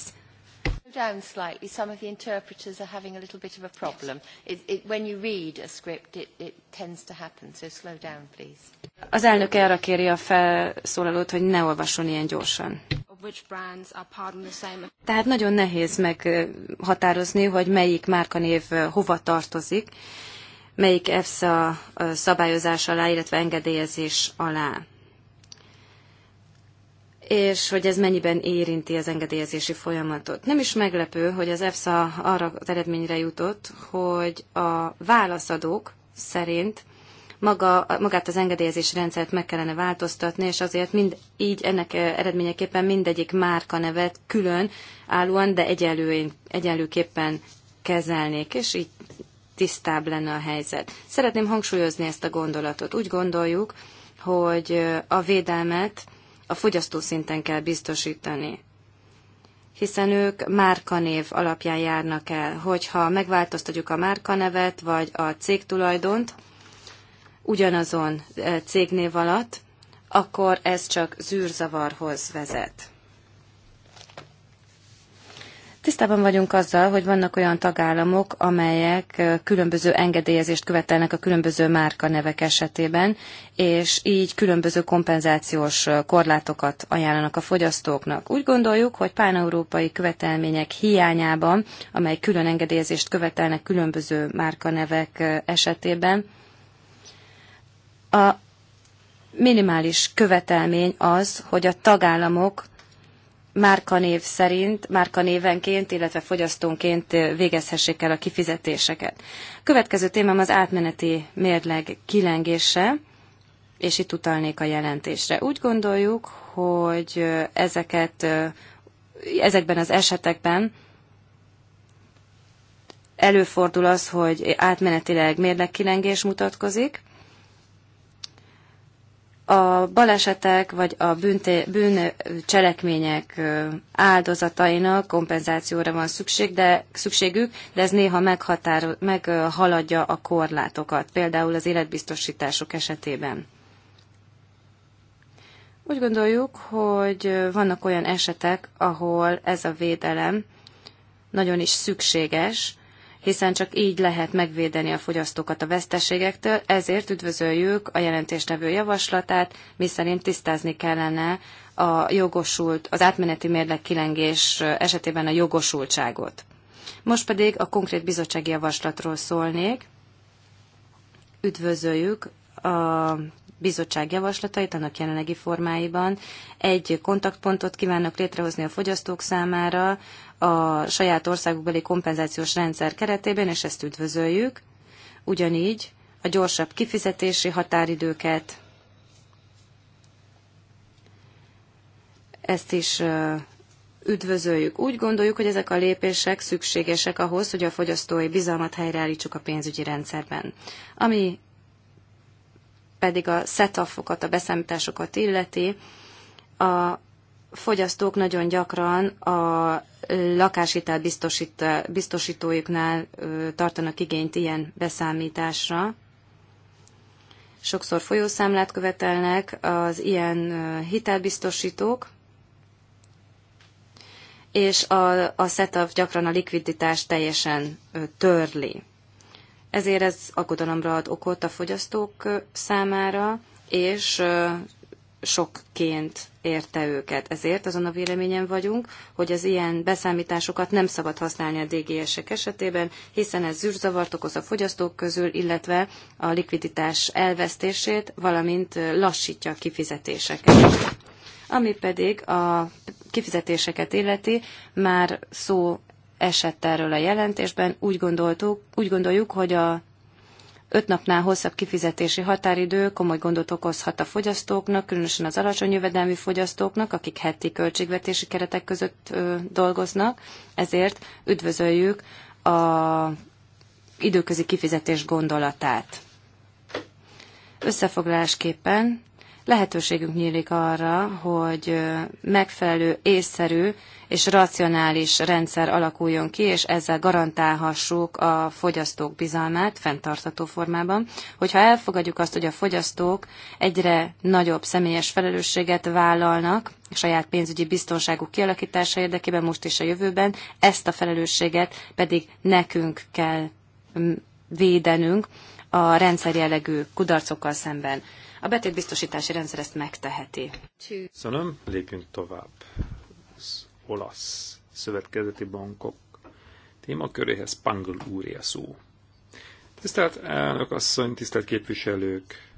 down slightly, some of the interpreters are having a little bit of a problem. It, it, when you read a script, it, it tends to happen, so slow down, please. Az elnök erre kéri a felszólalót, hogy ne olvasson ilyen gyorsan. Tehát nagyon nehéz meghatározni, hogy melyik márkanév hova tartozik, melyik EFSA szabályozás alá, illetve engedélyezés alá és hogy ez mennyiben érinti az engedélyezési folyamatot. Nem is meglepő, hogy az EFSA arra az eredményre jutott, hogy a válaszadók szerint maga, magát az engedélyezési rendszert meg kellene változtatni, és azért mind, így ennek eredményeképpen mindegyik márka nevet külön állóan, de egyenlő, egyenlőképpen kezelnék, és így tisztább lenne a helyzet. Szeretném hangsúlyozni ezt a gondolatot. Úgy gondoljuk, hogy a védelmet a fogyasztó szinten kell biztosítani hiszen ők márkanév alapján járnak el. Hogyha megváltoztatjuk a márkanevet, vagy a cégtulajdont ugyanazon eh, cégnév alatt, akkor ez csak zűrzavarhoz vezet. Tisztában vagyunk azzal, hogy vannak olyan tagállamok, amelyek különböző engedélyezést követelnek a különböző márkanevek esetében, és így különböző kompenzációs korlátokat ajánlanak a fogyasztóknak. Úgy gondoljuk, hogy páneurópai követelmények hiányában, amely külön engedélyezést követelnek különböző márkanevek esetében, a minimális követelmény az, hogy a tagállamok márkanév szerint, márkanévenként, illetve fogyasztónként végezhessék el a kifizetéseket. Következő témám az átmeneti mérleg kilengése, és itt utalnék a jelentésre. Úgy gondoljuk, hogy ezeket, ezekben az esetekben előfordul az, hogy átmenetileg mérleg kilengés mutatkozik, a balesetek vagy a bűnté, bűncselekmények áldozatainak kompenzációra van szükség, de, szükségük, de ez néha meghatáro, meghaladja a korlátokat, például az életbiztosítások esetében. Úgy gondoljuk, hogy vannak olyan esetek, ahol ez a védelem nagyon is szükséges, hiszen csak így lehet megvédeni a fogyasztókat a veszteségektől, ezért üdvözöljük a jelentéstevő javaslatát, miszerint tisztázni kellene a jogosult, az átmeneti mérleg kilengés esetében a jogosultságot. Most pedig a konkrét bizottsági javaslatról szólnék. Üdvözöljük a bizottság javaslatait annak jelenlegi formáiban. Egy kontaktpontot kívánnak létrehozni a fogyasztók számára, a saját országukbeli kompenzációs rendszer keretében, és ezt üdvözöljük. Ugyanígy a gyorsabb kifizetési határidőket, ezt is üdvözöljük. Úgy gondoljuk, hogy ezek a lépések szükségesek ahhoz, hogy a fogyasztói bizalmat helyreállítsuk a pénzügyi rendszerben. Ami pedig a setafokat, a beszámításokat illeti, a fogyasztók nagyon gyakran a lakáshitel biztosít, biztosítójuknál tartanak igényt ilyen beszámításra. Sokszor folyószámlát követelnek az ilyen hitelbiztosítók, és a, a setup gyakran a likviditást teljesen törli. Ezért ez aggodalomra ad okot a fogyasztók számára, és sokként érte őket. Ezért azon a véleményen vagyunk, hogy az ilyen beszámításokat nem szabad használni a DGS-ek esetében, hiszen ez zűrzavart okoz a fogyasztók közül, illetve a likviditás elvesztését, valamint lassítja a kifizetéseket. Ami pedig a kifizetéseket illeti, már szó esett erről a jelentésben, úgy, gondoltuk, úgy gondoljuk, hogy a Öt napnál hosszabb kifizetési határidő komoly gondot okozhat a fogyasztóknak, különösen az alacsony jövedelmi fogyasztóknak, akik heti költségvetési keretek között dolgoznak, ezért üdvözöljük a időközi kifizetés gondolatát. Összefoglalásképpen lehetőségünk nyílik arra, hogy megfelelő, észszerű és racionális rendszer alakuljon ki, és ezzel garantálhassuk a fogyasztók bizalmát fenntartató formában. Hogyha elfogadjuk azt, hogy a fogyasztók egyre nagyobb személyes felelősséget vállalnak a saját pénzügyi biztonságuk kialakítása érdekében, most és a jövőben, ezt a felelősséget pedig nekünk kell védenünk a jellegű kudarcokkal szemben. A betétbiztosítási rendszer ezt megteheti. Köszönöm, lépjünk tovább. Az olasz szövetkezeti bankok témaköréhez Pangl úré a szó. Tisztelt elnök asszony, tisztelt képviselők!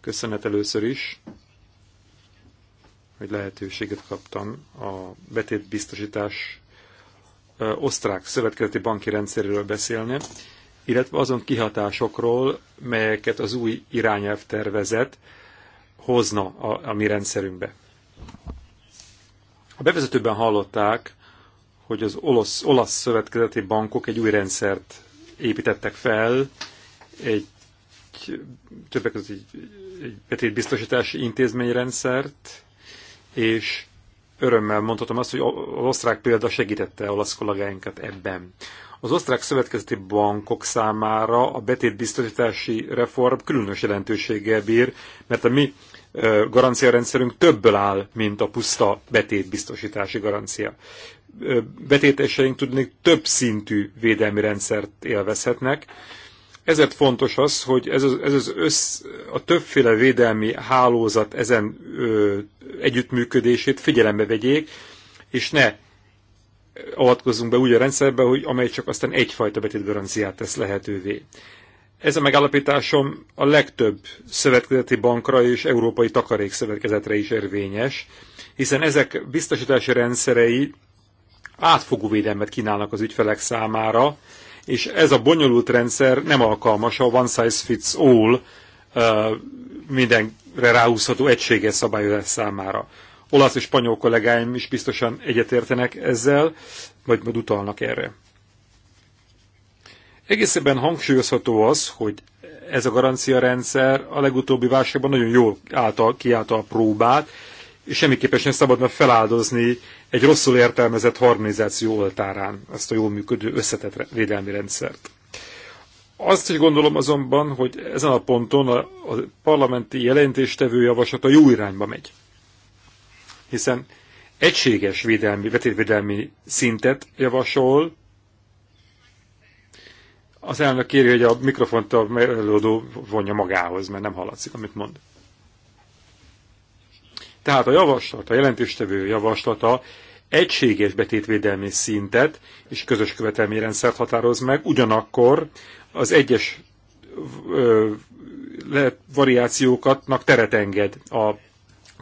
Köszönet először is, hogy lehetőséget kaptam a betétbiztosítás osztrák szövetkezeti banki rendszeréről beszélni illetve azon kihatásokról, melyeket az új irányelv tervezet hozna a, a mi rendszerünkbe. A bevezetőben hallották, hogy az olasz, olasz szövetkezeti bankok egy új rendszert építettek fel, egy többek között egy, egy betétbiztosítási intézményrendszert, és örömmel mondhatom azt, hogy az osztrák példa segítette olasz kollégáinkat ebben. Az osztrák szövetkezeti bankok számára a betétbiztosítási reform különös jelentőséggel bír, mert a mi garanciarendszerünk többből áll, mint a puszta betétbiztosítási garancia. Betéteseink tudnék több szintű védelmi rendszert élvezhetnek, ezért fontos az, hogy ez az, ez az össz, a többféle védelmi hálózat ezen ö, együttműködését figyelembe vegyék, és ne avatkozzunk be úgy a rendszerbe, hogy amely csak aztán egyfajta betétgaranciát tesz lehetővé. Ez a megállapításom a legtöbb szövetkezeti bankra és európai takarékszövetkezetre is érvényes, hiszen ezek biztosítási rendszerei átfogó védelmet kínálnak az ügyfelek számára, és ez a bonyolult rendszer nem alkalmas a one size fits all mindenre ráhúzható egységes szabályozás számára olasz és spanyol kollégáim is biztosan egyetértenek ezzel, vagy majd utalnak erre. Egészében hangsúlyozható az, hogy ez a garanciarendszer a legutóbbi válságban nagyon jól által, kiállta a próbát, és semmiképpen sem szabadna feláldozni egy rosszul értelmezett harmonizáció oltárán ezt a jól működő összetett védelmi rendszert. Azt is gondolom azonban, hogy ezen a ponton a, a parlamenti jelentéstevő javaslata jó irányba megy hiszen egységes védelmi, vetétvédelmi szintet javasol. Az elnök kéri, hogy a mikrofont a előadó vonja magához, mert nem hallatszik, amit mond. Tehát a javaslat, a jelentéstevő javaslata egységes betétvédelmi szintet és közös rendszert határoz meg, ugyanakkor az egyes ö, le, variációkatnak teret enged a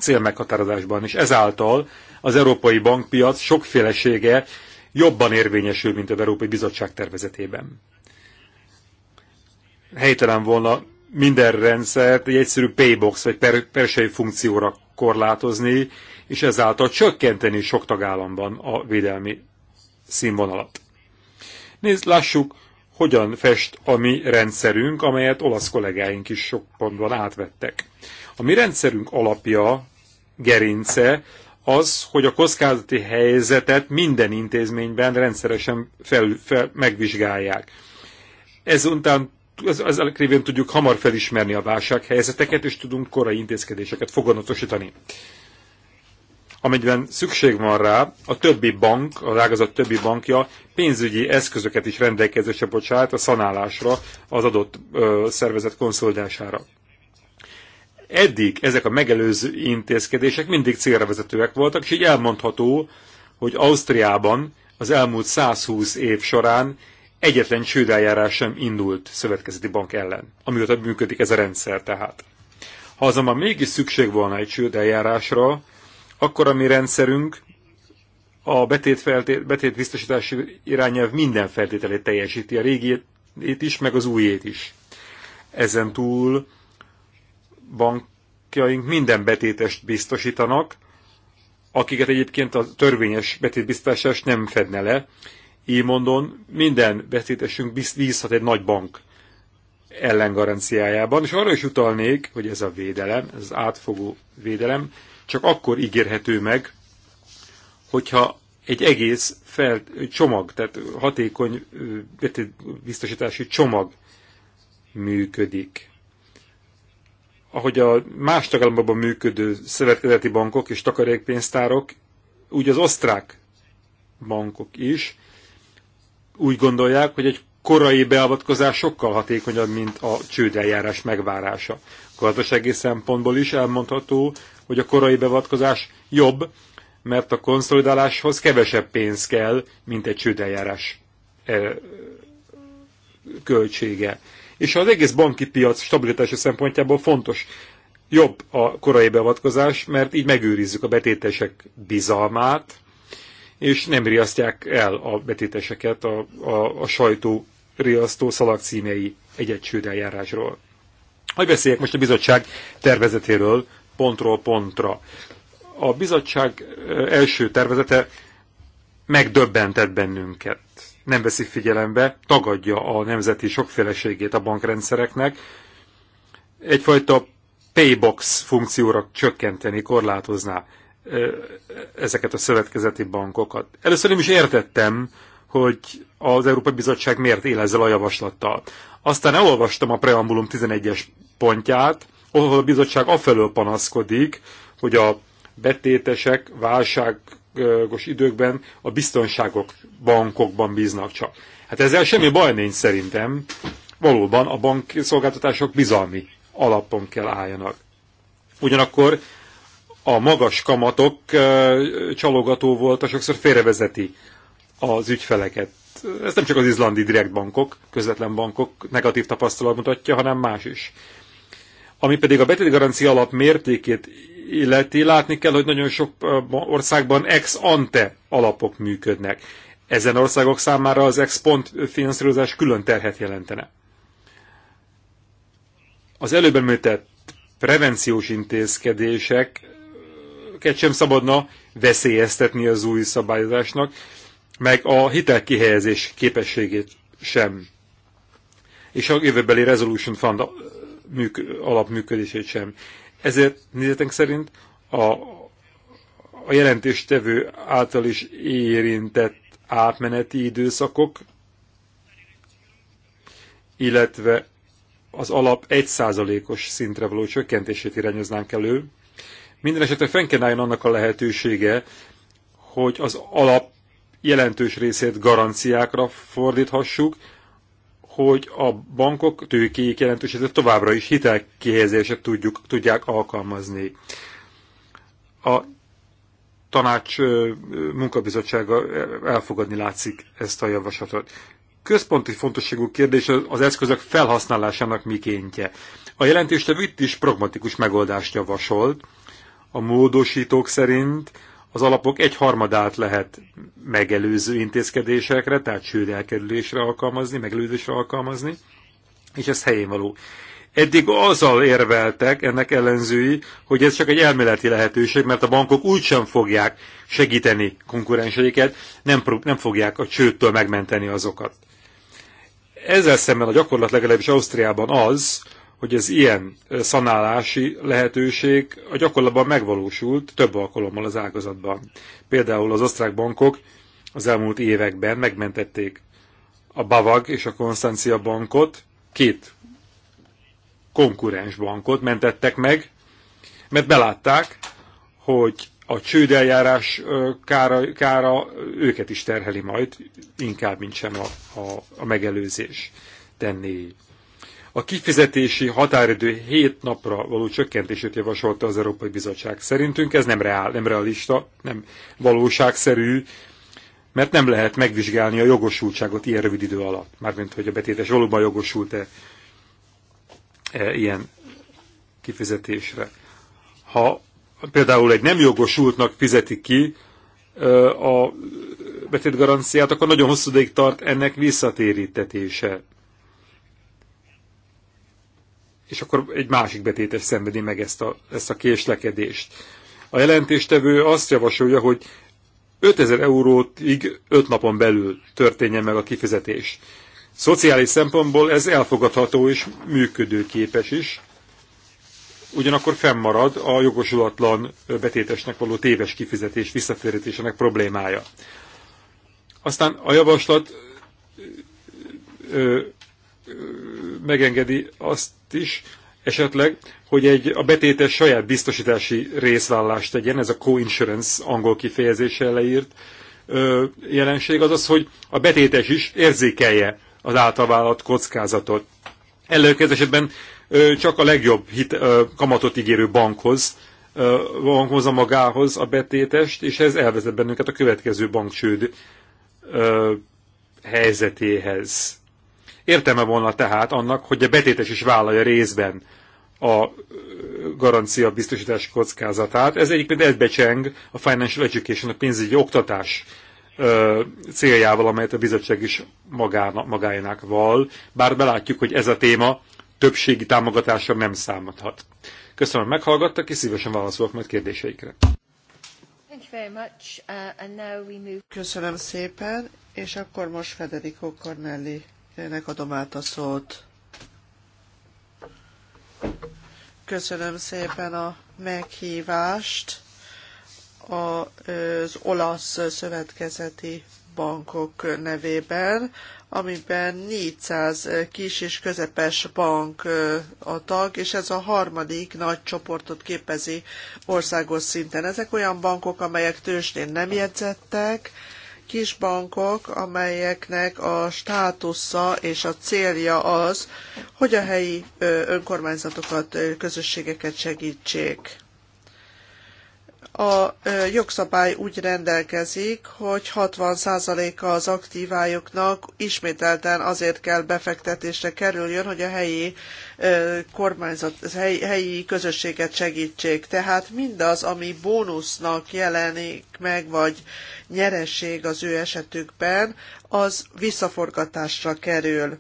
célmeghatározásban, és ezáltal az európai bankpiac sokfélesége jobban érvényesül, mint az Európai Bizottság tervezetében. Helytelen volna minden rendszert egy egyszerű paybox vagy per persei funkcióra korlátozni, és ezáltal csökkenteni sok tagállamban a védelmi színvonalat. Nézd, lássuk, hogyan fest a mi rendszerünk, amelyet olasz kollégáink is sok pontban átvettek. A mi rendszerünk alapja gerince az, hogy a kockázati helyzetet minden intézményben rendszeresen fel, fel, megvizsgálják. Ezután az elkrévén tudjuk hamar felismerni a válsághelyzeteket, és tudunk korai intézkedéseket foganatosítani. Amennyiben szükség van rá, a többi bank, az ágazat többi bankja pénzügyi eszközöket is rendelkezésre bocsát a szanálásra, az adott ö, szervezet konszolidására eddig ezek a megelőző intézkedések mindig célra vezetőek voltak, és így elmondható, hogy Ausztriában az elmúlt 120 év során egyetlen csődeljárás sem indult szövetkezeti bank ellen, amióta működik ez a rendszer tehát. Ha azonban mégis szükség volna egy csődeljárásra, akkor a mi rendszerünk a betét, betét biztosítási irányelv minden feltételét teljesíti, a régiét is, meg az újét is. Ezen túl bankjaink minden betétest biztosítanak, akiket egyébként a törvényes betétbiztosítás nem fedne le. Így mondom, minden betétesünk bízhat egy nagy bank ellengaranciájában, és arra is utalnék, hogy ez a védelem, ez az átfogó védelem, csak akkor ígérhető meg, hogyha egy egész fel, csomag, tehát hatékony biztosítási csomag működik ahogy a más tagállamokban működő szövetkezeti bankok és takarékpénztárok, úgy az osztrák bankok is úgy gondolják, hogy egy korai beavatkozás sokkal hatékonyabb, mint a csődeljárás megvárása. Gazdasági szempontból is elmondható, hogy a korai beavatkozás jobb, mert a konszolidáláshoz kevesebb pénz kell, mint egy csődeljárás eh, költsége és az egész banki piac stabilitása szempontjából fontos. Jobb a korai beavatkozás, mert így megőrizzük a betétesek bizalmát, és nem riasztják el a betéteseket a, a, a sajtó riasztó egy-egy eljárásról. Hogy beszéljek most a bizottság tervezetéről pontról pontra. A bizottság első tervezete megdöbbentett bennünket nem veszi figyelembe, tagadja a nemzeti sokféleségét a bankrendszereknek, egyfajta paybox funkcióra csökkenteni, korlátozná ezeket a szövetkezeti bankokat. Először nem is értettem, hogy az Európai Bizottság miért él ezzel a javaslattal. Aztán elolvastam a preambulum 11-es pontját, ahol a bizottság afelől panaszkodik, hogy a betétesek válság válságos időkben a biztonságok bankokban bíznak csak. Hát ezzel semmi baj nincs szerintem. Valóban a bankszolgáltatások bizalmi alapon kell álljanak. Ugyanakkor a magas kamatok csalogató volt, a sokszor félrevezeti az ügyfeleket. Ez nem csak az izlandi bankok, közvetlen bankok negatív tapasztalat mutatja, hanem más is. Ami pedig a betétgarancia alap mértékét illeti, látni kell, hogy nagyon sok országban ex ante alapok működnek. Ezen országok számára az ex pont finanszírozás külön terhet jelentene. Az előbb említett prevenciós intézkedéseket sem szabadna veszélyeztetni az új szabályozásnak, meg a hitelkihelyezés képességét sem. És a jövőbeli Resolution Fund alapműködését sem. Ezért nézetek szerint a, a jelentéstevő által is érintett átmeneti időszakok, illetve az alap 1%-os szintre való csökkentését irányoznánk elő. Minden esetre fenn kell álljon annak a lehetősége, hogy az alap jelentős részét garanciákra fordíthassuk, hogy a bankok tőkéjék jelentősét továbbra is hitelkihelyezésre tudjuk, tudják alkalmazni. A tanács munkabizottsága elfogadni látszik ezt a javaslatot. Központi fontosságú kérdés az eszközök felhasználásának mikéntje. A jelentéstevő itt is pragmatikus megoldást javasolt. A módosítók szerint az alapok egy harmadát lehet megelőző intézkedésekre, tehát csőd elkerülésre alkalmazni, megelőzésre alkalmazni, és ez helyén való. Eddig azzal érveltek ennek ellenzői, hogy ez csak egy elméleti lehetőség, mert a bankok úgysem fogják segíteni konkurenseiket, nem, nem fogják a csőttől megmenteni azokat. Ezzel szemben a gyakorlat legalábbis Ausztriában az, hogy az ilyen szanálási lehetőség a gyakorlatban megvalósult több alkalommal az ágazatban. Például az osztrák bankok az elmúlt években megmentették a Bavag és a Konstancia bankot, két konkurens bankot mentettek meg, mert belátták, hogy a csődeljárás kára, kára őket is terheli majd, inkább, mint sem a, a, a megelőzés tenni. A kifizetési határidő 7 napra való csökkentését javasolta az Európai Bizottság. Szerintünk ez nem, reál, nem realista, nem valóságszerű, mert nem lehet megvizsgálni a jogosultságot ilyen rövid idő alatt, mármint hogy a betétes valóban jogosult-e e, ilyen kifizetésre. Ha például egy nem jogosultnak fizeti ki e, a betétgaranciát, akkor nagyon hosszú ideig tart ennek visszatérítetése és akkor egy másik betétes szenvedi meg ezt a, ezt a késlekedést. A jelentéstevő azt javasolja, hogy 5000 eurótig 5 napon belül történjen meg a kifizetés. Szociális szempontból ez elfogadható és működőképes is, ugyanakkor fennmarad a jogosulatlan betétesnek való téves kifizetés visszatérítésének problémája. Aztán a javaslat ö, ö, megengedi azt is, esetleg, hogy egy, a betétes saját biztosítási részvállást tegyen, ez a co-insurance angol kifejezése leírt ö, jelenség, az az, hogy a betétes is érzékelje az általvállalt kockázatot. Előkező esetben ö, csak a legjobb hit, ö, kamatot ígérő bankhoz ö, bankhoz a magához a betétest, és ez elvezet bennünket a következő bankcsőd ö, helyzetéhez Értelme volna tehát annak, hogy a betétes is vállalja részben a garancia biztosítás kockázatát. Ez egyébként egybecseng a Financial Education, a pénzügyi oktatás céljával, amelyet a bizottság is magáénak val, bár belátjuk, hogy ez a téma többségi támogatásra nem számodhat. Köszönöm, hogy meghallgattak, és szívesen válaszolok majd kérdéseikre. Uh, Köszönöm szépen, és akkor most Federico Cornelli. Kérlek, adom át a szót. Köszönöm szépen a meghívást az olasz szövetkezeti bankok nevében, amiben 400 kis és közepes bank a tag, és ez a harmadik nagy csoportot képezi országos szinten. Ezek olyan bankok, amelyek tőzsdén nem jegyzettek, kis bankok, amelyeknek a státusza és a célja az, hogy a helyi önkormányzatokat, közösségeket segítsék. A jogszabály úgy rendelkezik, hogy 60%-a az aktívájuknak ismételten azért kell befektetésre kerüljön, hogy a helyi kormányzat, helyi közösséget segítsék. Tehát mindaz, ami bónusznak jelenik meg, vagy nyereség az ő esetükben, az visszaforgatásra kerül.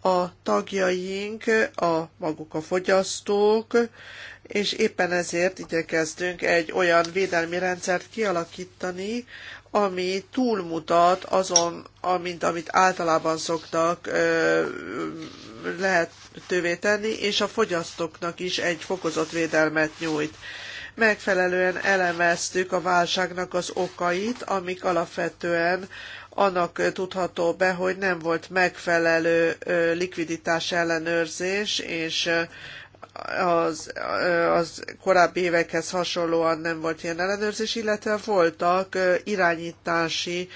A tagjaink, a maguk a fogyasztók, és éppen ezért igyekeztünk egy olyan védelmi rendszert kialakítani, ami túlmutat azon, amint, amit általában szoktak ö, lehetővé tenni, és a fogyasztóknak is egy fokozott védelmet nyújt. Megfelelően elemeztük a válságnak az okait, amik alapvetően annak tudható be, hogy nem volt megfelelő likviditás ellenőrzés, és az, az korábbi évekhez hasonlóan nem volt ilyen ellenőrzés, illetve voltak irányítási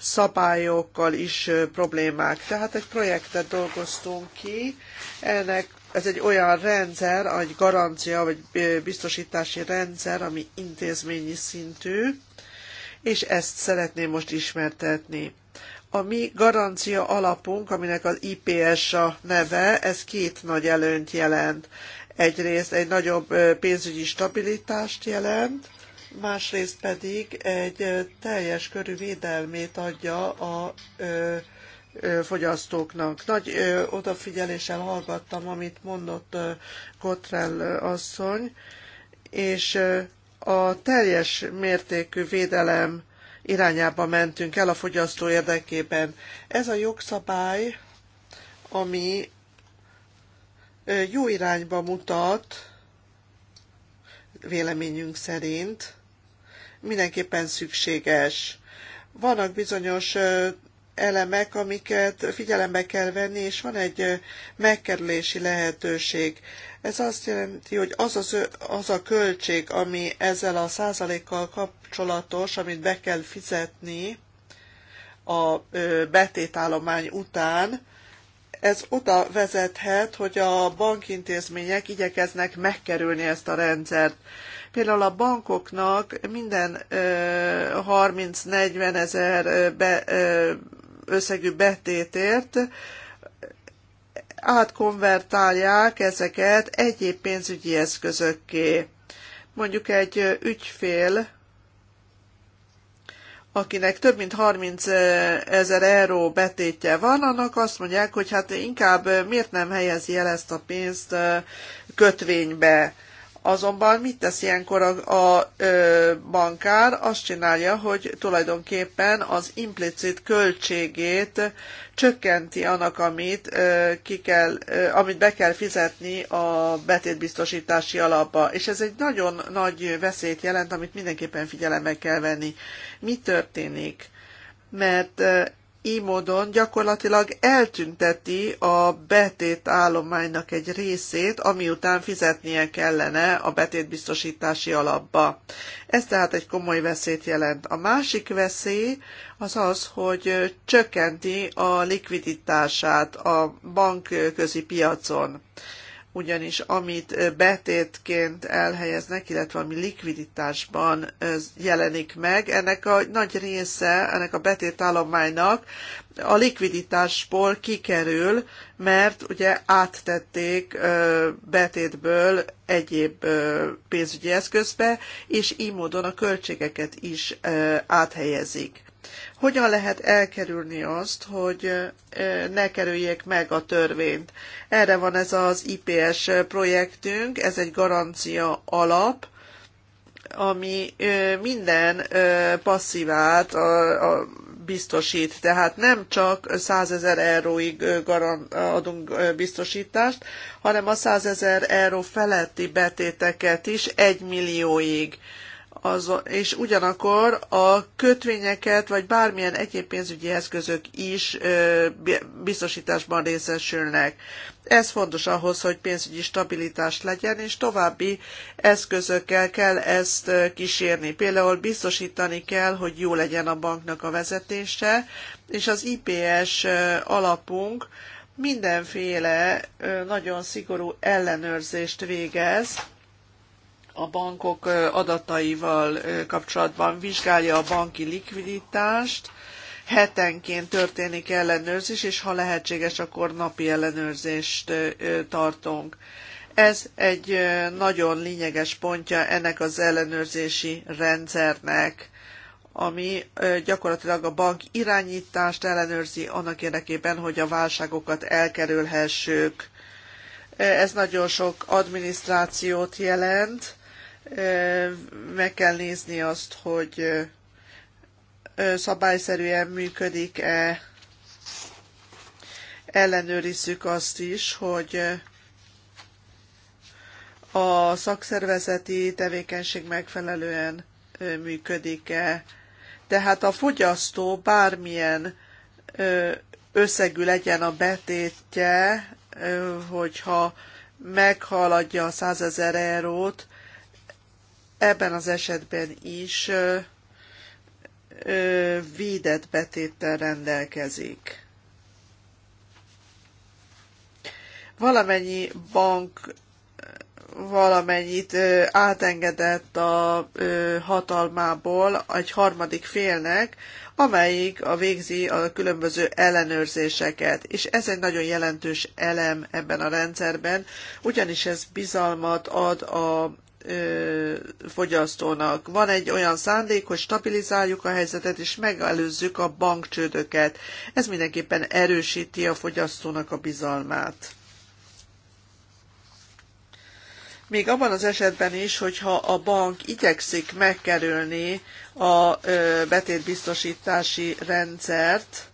szabályokkal is problémák. Tehát egy projektet dolgoztunk ki, ennek ez egy olyan rendszer, egy garancia vagy biztosítási rendszer, ami intézményi szintű, és ezt szeretném most ismertetni. A mi garancia alapunk, aminek az IPS a neve, ez két nagy előnyt jelent. Egyrészt egy nagyobb pénzügyi stabilitást jelent, másrészt pedig egy teljes körű védelmét adja a fogyasztóknak. Nagy ö, odafigyeléssel hallgattam, amit mondott ö, Gotrell asszony, és ö, a teljes mértékű védelem irányába mentünk el a fogyasztó érdekében. Ez a jogszabály, ami jó irányba mutat, véleményünk szerint, mindenképpen szükséges. Vannak bizonyos elemek, amiket figyelembe kell venni, és van egy megkerülési lehetőség. Ez azt jelenti, hogy az, az, az a költség, ami ezzel a százalékkal kapcsolatos, amit be kell fizetni a betétállomány után, ez oda vezethet, hogy a bankintézmények igyekeznek megkerülni ezt a rendszert. Például a bankoknak minden 30-40 ezer be, összegű betétért átkonvertálják ezeket egyéb pénzügyi eszközökké. Mondjuk egy ügyfél, akinek több mint 30 eh, ezer euró betétje van, annak azt mondják, hogy hát inkább miért nem helyezi el ezt a pénzt eh, kötvénybe Azonban mit tesz ilyenkor a, a ö, bankár? Azt csinálja, hogy tulajdonképpen az implicit költségét csökkenti annak, amit, ö, ki kell, ö, amit be kell fizetni a betétbiztosítási alapba. És ez egy nagyon nagy veszélyt jelent, amit mindenképpen figyelembe kell venni. Mi történik? Mert így módon gyakorlatilag eltünteti a betét állománynak egy részét, ami után fizetnie kellene a betétbiztosítási alapba. Ez tehát egy komoly veszélyt jelent. A másik veszély az az, hogy csökkenti a likviditását a bankközi piacon ugyanis amit betétként elhelyeznek, illetve ami likviditásban jelenik meg, ennek a nagy része, ennek a betétállománynak a likviditásból kikerül, mert ugye áttették betétből egyéb pénzügyi eszközbe, és így módon a költségeket is áthelyezik. Hogyan lehet elkerülni azt, hogy ne kerüljék meg a törvényt? Erre van ez az IPS projektünk, ez egy garancia alap, ami minden passzívát a, a biztosít. Tehát nem csak 100 ezer euróig adunk biztosítást, hanem a 100 ezer euró feletti betéteket is 1 millióig az, és ugyanakkor a kötvényeket, vagy bármilyen egyéb pénzügyi eszközök is biztosításban részesülnek. Ez fontos ahhoz, hogy pénzügyi stabilitás legyen, és további eszközökkel kell ezt kísérni. Például biztosítani kell, hogy jó legyen a banknak a vezetése, és az IPS alapunk mindenféle nagyon szigorú ellenőrzést végez, a bankok adataival kapcsolatban vizsgálja a banki likviditást, hetenként történik ellenőrzés, és ha lehetséges, akkor napi ellenőrzést tartunk. Ez egy nagyon lényeges pontja ennek az ellenőrzési rendszernek, ami gyakorlatilag a bank irányítást ellenőrzi annak érdekében, hogy a válságokat elkerülhessük. Ez nagyon sok adminisztrációt jelent, meg kell nézni azt, hogy szabályszerűen működik-e, ellenőrizzük azt is, hogy a szakszervezeti tevékenység megfelelően működik-e. Tehát a fogyasztó bármilyen összegű legyen a betétje, hogyha meghaladja a 100 ezer eurót, ebben az esetben is védett betéttel rendelkezik. Valamennyi bank valamennyit átengedett a hatalmából egy harmadik félnek, amelyik a végzi a különböző ellenőrzéseket. És ez egy nagyon jelentős elem ebben a rendszerben, ugyanis ez bizalmat ad a fogyasztónak. Van egy olyan szándék, hogy stabilizáljuk a helyzetet, és megelőzzük a bankcsődöket. Ez mindenképpen erősíti a fogyasztónak a bizalmát. Még abban az esetben is, hogyha a bank igyekszik megkerülni a betétbiztosítási rendszert,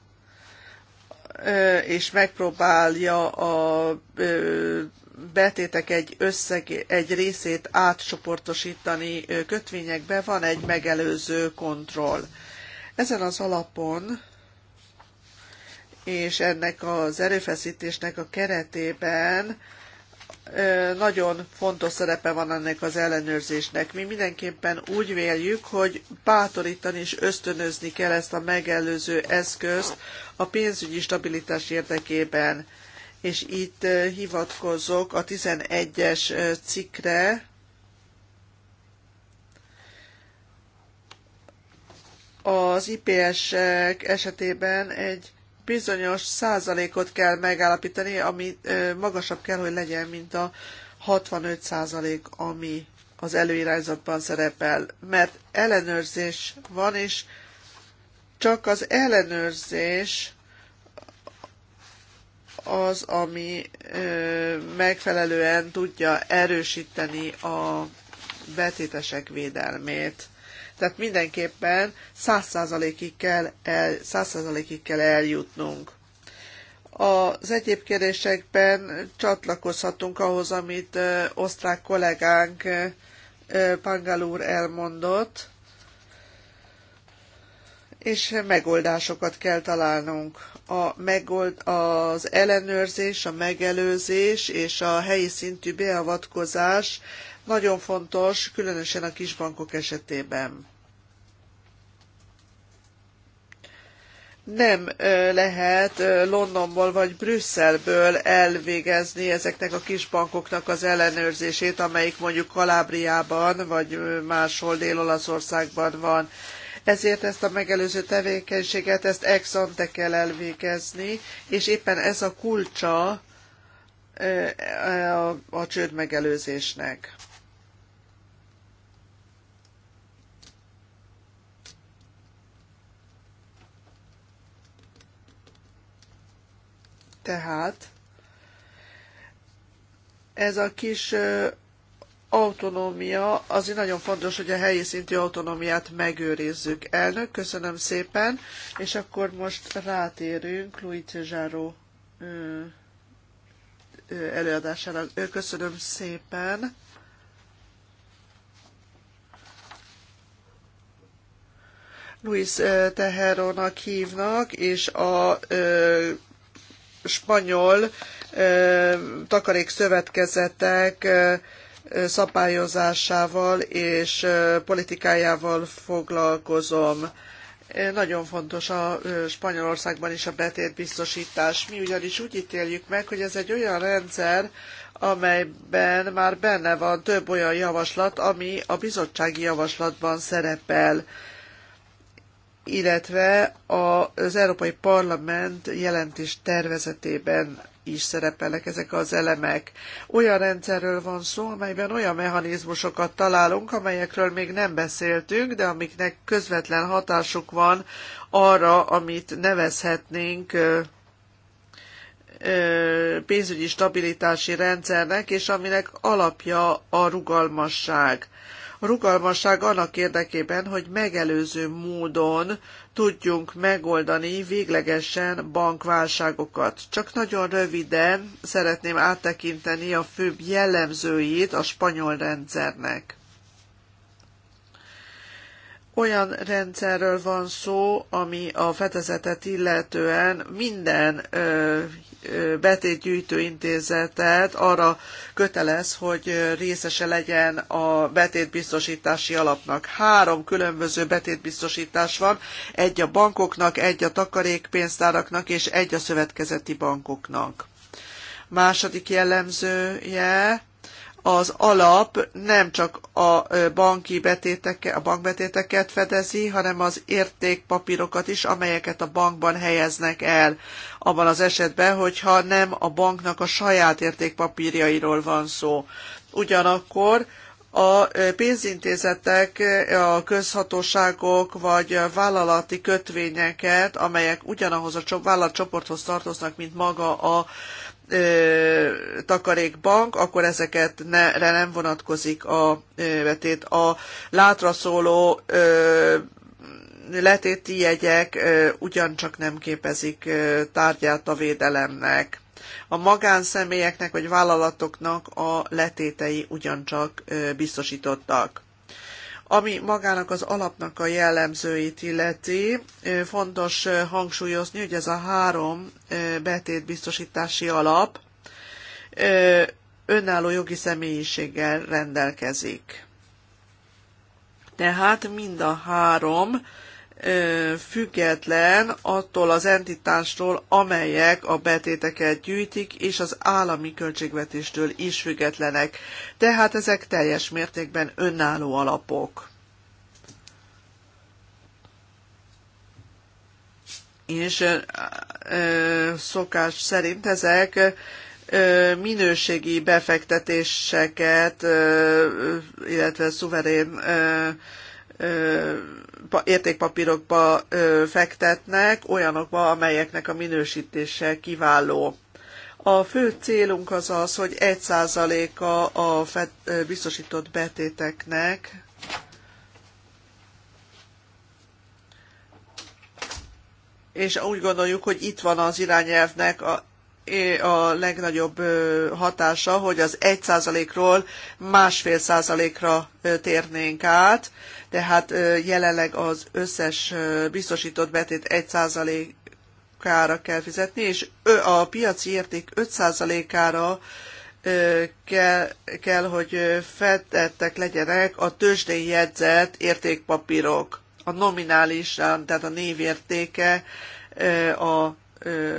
és megpróbálja a betétek egy összeg, egy részét átcsoportosítani kötvényekbe, van egy megelőző kontroll. Ezen az alapon és ennek az erőfeszítésnek a keretében nagyon fontos szerepe van ennek az ellenőrzésnek. Mi mindenképpen úgy véljük, hogy bátorítani és ösztönözni kell ezt a megelőző eszközt a pénzügyi stabilitás érdekében és itt hivatkozok a 11-es cikkre, az IPS-ek esetében egy bizonyos százalékot kell megállapítani, ami magasabb kell, hogy legyen, mint a 65 százalék, ami az előirányzatban szerepel, mert ellenőrzés van, és csak az ellenőrzés az, ami megfelelően tudja erősíteni a betétesek védelmét. Tehát mindenképpen 100%-ig kell, el, 100 kell eljutnunk. Az egyéb kérdésekben csatlakozhatunk ahhoz, amit osztrák kollégánk Pangal elmondott és megoldásokat kell találnunk. A megold, az ellenőrzés, a megelőzés és a helyi szintű beavatkozás nagyon fontos, különösen a kisbankok esetében. nem lehet Londonból vagy Brüsszelből elvégezni ezeknek a kisbankoknak az ellenőrzését, amelyik mondjuk Kalábriában vagy máshol Dél-Olaszországban van ezért ezt a megelőző tevékenységet, ezt ex ante kell elvégezni, és éppen ez a kulcsa a csőd megelőzésnek. Tehát ez a kis autonómia, azért nagyon fontos, hogy a helyi szintű autonómiát megőrizzük. Elnök, köszönöm szépen, és akkor most rátérünk Luigi Zsáró előadására. Köszönöm szépen. Luis Teherónak hívnak, és a ö, spanyol ö, szövetkezetek ö, szabályozásával és politikájával foglalkozom. Nagyon fontos a Spanyolországban is a betétbiztosítás. Mi ugyanis úgy ítéljük meg, hogy ez egy olyan rendszer, amelyben már benne van több olyan javaslat, ami a bizottsági javaslatban szerepel, illetve az Európai Parlament jelentés tervezetében is szerepelnek ezek az elemek. Olyan rendszerről van szó, amelyben olyan mechanizmusokat találunk, amelyekről még nem beszéltünk, de amiknek közvetlen hatásuk van arra, amit nevezhetnénk pénzügyi stabilitási rendszernek, és aminek alapja a rugalmasság. A rugalmasság annak érdekében, hogy megelőző módon tudjunk megoldani véglegesen bankválságokat. Csak nagyon röviden szeretném áttekinteni a főbb jellemzőit a spanyol rendszernek. Olyan rendszerről van szó, ami a fedezetet illetően minden ö, betétgyűjtő intézetet arra kötelez, hogy részese legyen a betétbiztosítási alapnak. Három különböző betétbiztosítás van, egy a bankoknak, egy a takarékpénztáraknak és egy a szövetkezeti bankoknak. Második jellemzője az alap nem csak a banki betéteke, a bankbetéteket fedezi, hanem az értékpapírokat is, amelyeket a bankban helyeznek el. Abban az esetben, hogyha nem a banknak a saját értékpapírjairól van szó. Ugyanakkor a pénzintézetek, a közhatóságok vagy vállalati kötvényeket, amelyek ugyanahoz a vállalatcsoporthoz tartoznak, mint maga a ö, takarékbank, akkor ezeket ne, re nem vonatkozik a ö, vetét. A látra szóló ö, letéti jegyek ö, ugyancsak nem képezik ö, tárgyát a védelemnek. A magánszemélyeknek vagy vállalatoknak a letétei ugyancsak ö, biztosítottak. Ami magának az alapnak a jellemzőit illeti, fontos hangsúlyozni, hogy ez a három betétbiztosítási alap önálló jogi személyiséggel rendelkezik. Tehát mind a három független attól az entitástól, amelyek a betéteket gyűjtik, és az állami költségvetéstől is függetlenek. Tehát ezek teljes mértékben önálló alapok. És szokás szerint ezek minőségi befektetéseket, illetve szuverén értékpapírokba fektetnek, olyanokba, amelyeknek a minősítése kiváló. A fő célunk az az, hogy 1%-a a biztosított betéteknek és úgy gondoljuk, hogy itt van az irányelvnek a, a legnagyobb hatása, hogy az 1%-ról másfél százalékra térnénk át, tehát jelenleg az összes biztosított betét 1%-ára kell fizetni, és a piaci érték 5%-ára kell, kell, hogy fedettek legyenek a tőzsdei jegyzett értékpapírok. A nominális, tehát a névértéke a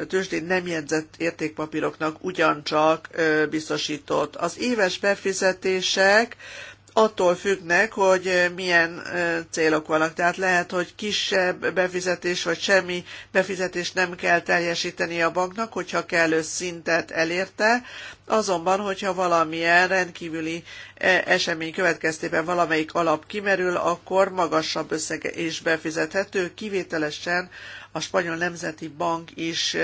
tőzsdén nem jegyzett értékpapíroknak ugyancsak biztosított. Az éves befizetések attól függnek, hogy milyen célok vannak. Tehát lehet, hogy kisebb befizetés vagy semmi befizetés nem kell teljesíteni a banknak, hogyha kellő szintet elérte, azonban, hogyha valamilyen rendkívüli e, esemény következtében valamelyik alap kimerül, akkor magasabb összege is befizethető, kivételesen a Spanyol Nemzeti Bank is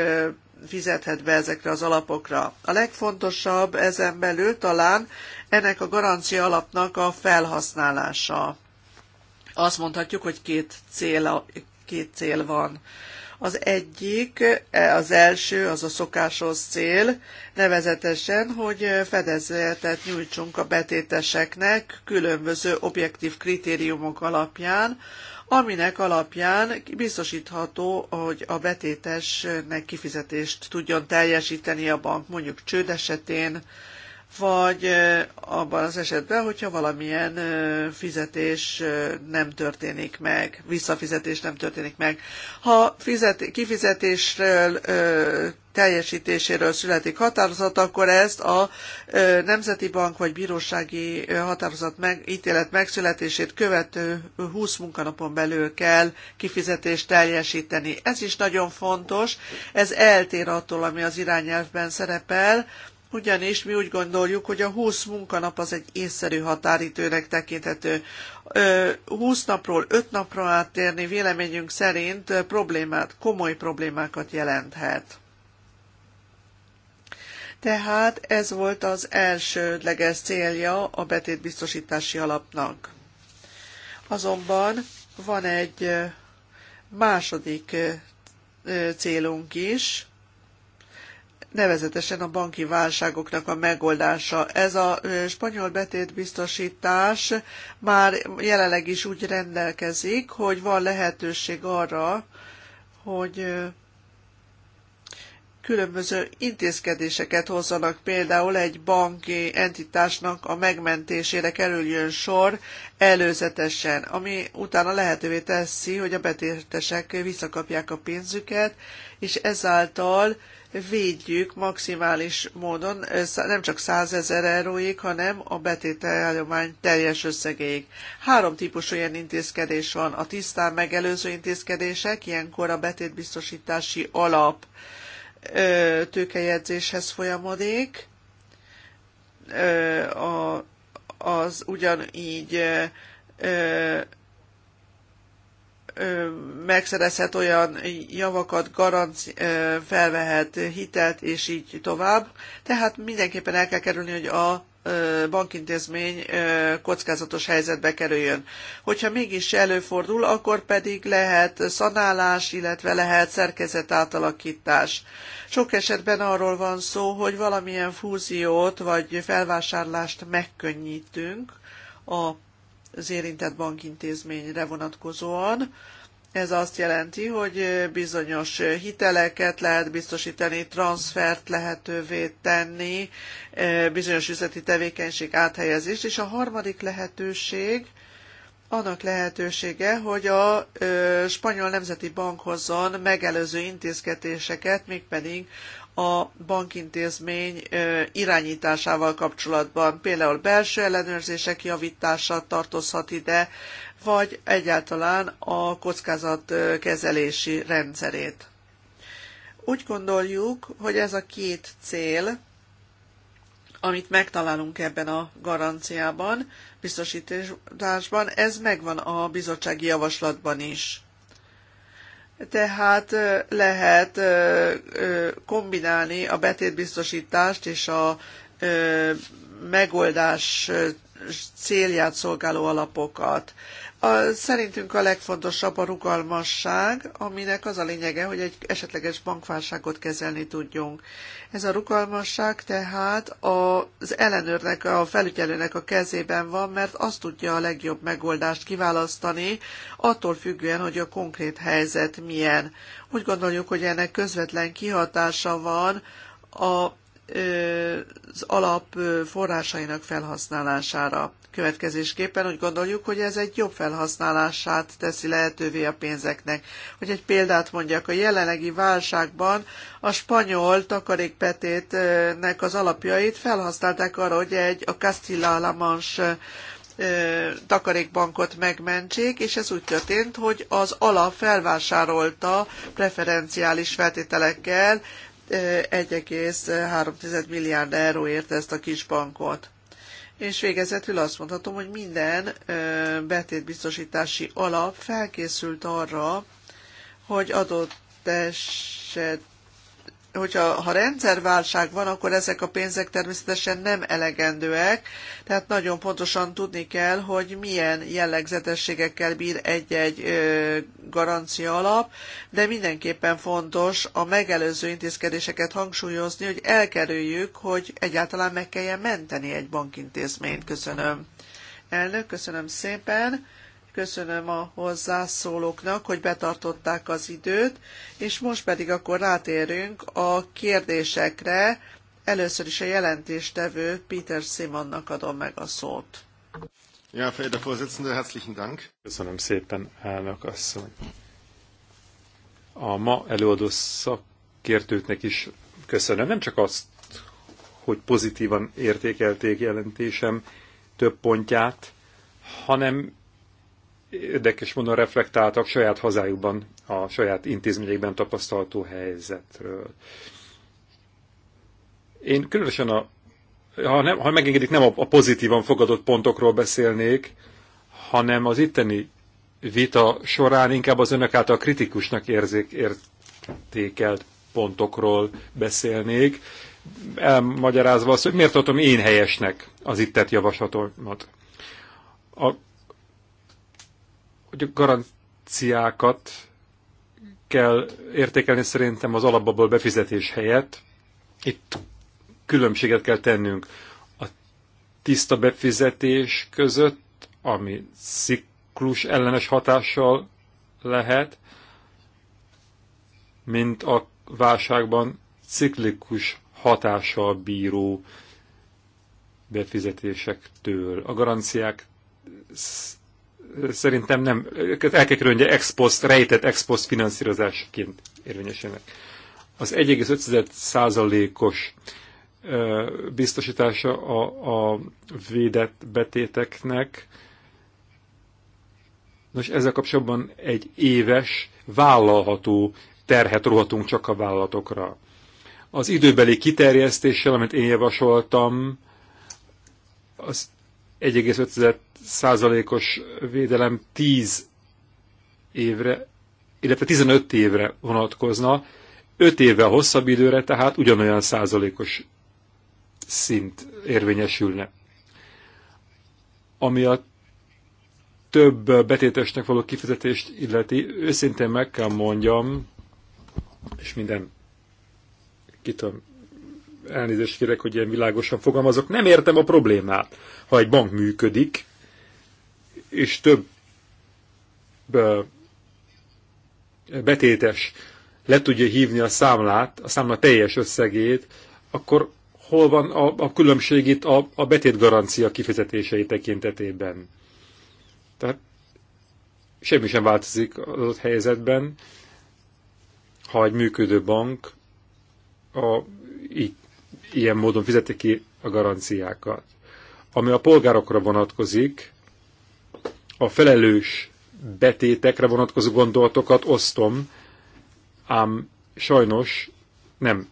fizethet be ezekre az alapokra. A legfontosabb ezen belül talán ennek a garancia alapnak a felhasználása. Azt mondhatjuk, hogy két cél, két cél van. Az egyik, az első, az a szokásos cél, nevezetesen, hogy fedezetet nyújtsunk a betéteseknek különböző objektív kritériumok alapján, aminek alapján biztosítható, hogy a betétesnek kifizetést tudjon teljesíteni a bank mondjuk csőd esetén, vagy abban az esetben, hogyha valamilyen fizetés nem történik meg, visszafizetés nem történik meg. Ha fizet, kifizetésről teljesítéséről születik határozat, akkor ezt a Nemzeti Bank vagy bírósági határozat meg, ítélet megszületését követő 20 munkanapon belül kell kifizetést teljesíteni. Ez is nagyon fontos, ez eltér attól, ami az irányelvben szerepel, ugyanis mi úgy gondoljuk, hogy a 20 munkanap az egy észszerű határidőnek tekinthető. 20 napról 5 napra áttérni véleményünk szerint problémát, komoly problémákat jelenthet. Tehát ez volt az elsődleges célja a betétbiztosítási alapnak. Azonban van egy második célunk is, nevezetesen a banki válságoknak a megoldása. Ez a spanyol betétbiztosítás már jelenleg is úgy rendelkezik, hogy van lehetőség arra, hogy különböző intézkedéseket hozzanak, például egy banki entitásnak a megmentésére kerüljön sor előzetesen, ami utána lehetővé teszi, hogy a betétesek visszakapják a pénzüket, és ezáltal védjük maximális módon, nem csak 100 ezer euróig, hanem a betételállomány teljes összegéig. Három típusú ilyen intézkedés van. A tisztán megelőző intézkedések, ilyenkor a betétbiztosítási alap tőkejegyzéshez folyamodik, az ugyanígy megszerezhet olyan javakat, garanci, felvehet hitelt, és így tovább. Tehát mindenképpen el kell kerülni, hogy a bankintézmény kockázatos helyzetbe kerüljön. Hogyha mégis előfordul, akkor pedig lehet szanálás, illetve lehet szerkezet átalakítás. Sok esetben arról van szó, hogy valamilyen fúziót vagy felvásárlást megkönnyítünk a az érintett bankintézményre vonatkozóan. Ez azt jelenti, hogy bizonyos hiteleket lehet biztosítani, transfert lehetővé tenni, eh, bizonyos üzleti tevékenység áthelyezést, és a harmadik lehetőség annak lehetősége, hogy a ö, spanyol nemzeti bank hozzon megelőző intézkedéseket, mégpedig a bankintézmény ö, irányításával kapcsolatban. Például belső ellenőrzések javítása tartozhat ide, vagy egyáltalán a kockázatkezelési rendszerét. Úgy gondoljuk, hogy ez a két cél, amit megtalálunk ebben a garanciában, biztosításban, ez megvan a bizottsági javaslatban is. Tehát lehet kombinálni a betétbiztosítást és a megoldás célját szolgáló alapokat. A, szerintünk a legfontosabb a rugalmasság, aminek az a lényege, hogy egy esetleges bankválságot kezelni tudjunk. Ez a rugalmasság tehát az ellenőrnek, a felügyelőnek a kezében van, mert azt tudja a legjobb megoldást kiválasztani, attól függően, hogy a konkrét helyzet milyen. Úgy gondoljuk, hogy ennek közvetlen kihatása van a az alap forrásainak felhasználására. Következésképpen úgy gondoljuk, hogy ez egy jobb felhasználását teszi lehetővé a pénzeknek. Hogy egy példát mondjak, a jelenlegi válságban a spanyol takarékpetétnek az alapjait felhasználták arra, hogy egy a Castilla-La Manche takarékbankot megmentsék, és ez úgy történt, hogy az alap felvásárolta preferenciális feltételekkel 1,3 milliárd euróért ezt a kis bankot. És végezetül azt mondhatom, hogy minden betétbiztosítási alap felkészült arra, hogy adott esetben hogyha ha rendszerválság van, akkor ezek a pénzek természetesen nem elegendőek, tehát nagyon pontosan tudni kell, hogy milyen jellegzetességekkel bír egy-egy garancia alap, de mindenképpen fontos a megelőző intézkedéseket hangsúlyozni, hogy elkerüljük, hogy egyáltalán meg kelljen menteni egy bankintézményt. Köszönöm. Elnök, köszönöm szépen köszönöm a hozzászólóknak, hogy betartották az időt, és most pedig akkor rátérünk a kérdésekre. Először is a jelentéstevő Peter Simonnak adom meg a szót. Ja, verehrter Vorsitzender, herzlichen Dank. Köszönöm szépen, elnök asszony. A ma előadó szakértőknek is köszönöm, nem csak azt, hogy pozitívan értékelték jelentésem több pontját, hanem érdekes módon reflektáltak saját hazájukban, a saját intézményekben tapasztaltó helyzetről. Én különösen a, ha, nem, ha megengedik, nem a, a pozitívan fogadott pontokról beszélnék, hanem az itteni vita során inkább az önök által kritikusnak érzék, értékelt pontokról beszélnék, elmagyarázva azt, hogy miért tartom én helyesnek az itt tett javaslatomat. A hogy a garanciákat kell értékelni szerintem az alapból befizetés helyett. Itt különbséget kell tennünk a tiszta befizetés között, ami ciklus ellenes hatással lehet, mint a válságban ciklikus hatással bíró befizetésektől. A garanciák szerintem nem, el kell kerülni, ex post, rejtett ex post finanszírozásként érvényesülnek. Az 1,5%-os biztosítása a, a védett betéteknek, Nos, ezzel kapcsolatban egy éves, vállalható terhet rohatunk csak a vállalatokra. Az időbeli kiterjesztéssel, amit én javasoltam, az 15 százalékos védelem 10 évre, illetve 15 évre vonatkozna, 5 évvel hosszabb időre, tehát ugyanolyan százalékos szint érvényesülne. Ami a több betétesnek való kifizetést illeti, őszintén meg kell mondjam, és minden kitöm elnézést kérek, hogy ilyen világosan fogalmazok, nem értem a problémát. Ha egy bank működik, és több betétes le tudja hívni a számlát, a számla teljes összegét, akkor hol van a, a különbség itt a, a betétgarancia kifizetései tekintetében? Tehát semmi sem változik az ott helyzetben, ha egy működő bank a, így ilyen módon fizeti ki a garanciákat. Ami a polgárokra vonatkozik, a felelős betétekre vonatkozó gondolatokat osztom, ám sajnos nem.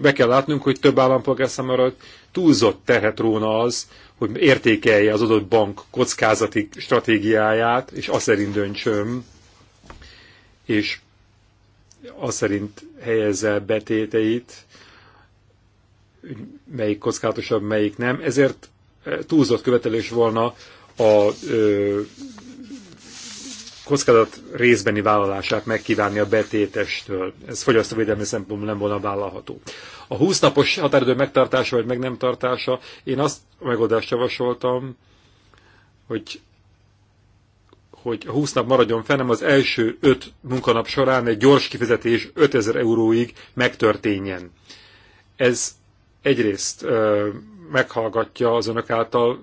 Be kell látnunk, hogy több állampolgár számára túlzott terhet róna az, hogy értékelje az adott bank kockázati stratégiáját, és azt szerint döntsöm, és az szerint helyezze el betéteit, melyik kockázatosabb, melyik nem. Ezért eh, túlzott követelés volna a ö, kockázat részbeni vállalását megkívánni a betétestől. Ez fogyasztóvédelmi szempontból nem volna vállalható. A 20 napos határidő megtartása vagy meg nem tartása, én azt a megoldást javasoltam, hogy hogy 20 nap maradjon fennem, az első 5 munkanap során egy gyors kifizetés 5000 euróig megtörténjen. Ez egyrészt ö, meghallgatja az önök által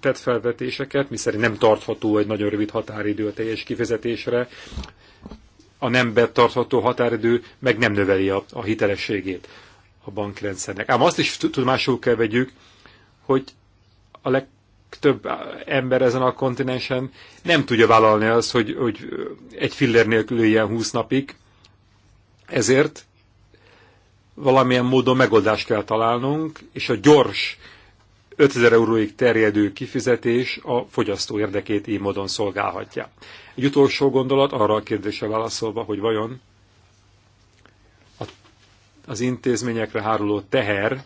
tett felvetéseket, miszerint nem tartható egy nagyon rövid határidő a teljes kifizetésre, a nem betartható határidő meg nem növeli a, a hitelességét a bankrendszernek. Ám azt is tudomásul kell vegyük, hogy a leg több ember ezen a kontinensen nem tudja vállalni azt, hogy, hogy egy filler nélkül ilyen 20 napig. Ezért valamilyen módon megoldást kell találnunk, és a gyors 5000 euróig terjedő kifizetés a fogyasztó érdekét így módon szolgálhatja. Egy utolsó gondolat arra a kérdésre válaszolva, hogy vajon az intézményekre háruló teher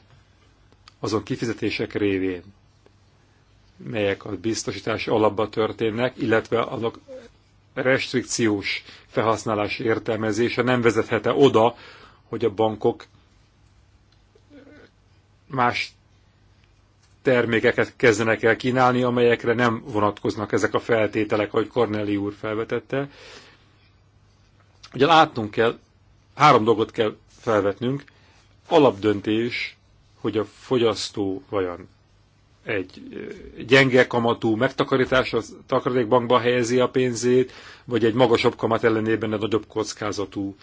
azon kifizetések révén, melyek a biztosítási alapba történnek, illetve azok restrikciós felhasználási értelmezése nem vezethet oda, hogy a bankok más termékeket kezdenek el kínálni, amelyekre nem vonatkoznak ezek a feltételek, ahogy Corneli úr felvetette. Ugye látnunk kell, három dolgot kell felvetnünk. Alapdöntés, hogy a fogyasztó vajon egy gyenge kamatú megtakarítás, a takarékbankba helyezi a pénzét, vagy egy magasabb kamat ellenében egy nagyobb kockázatú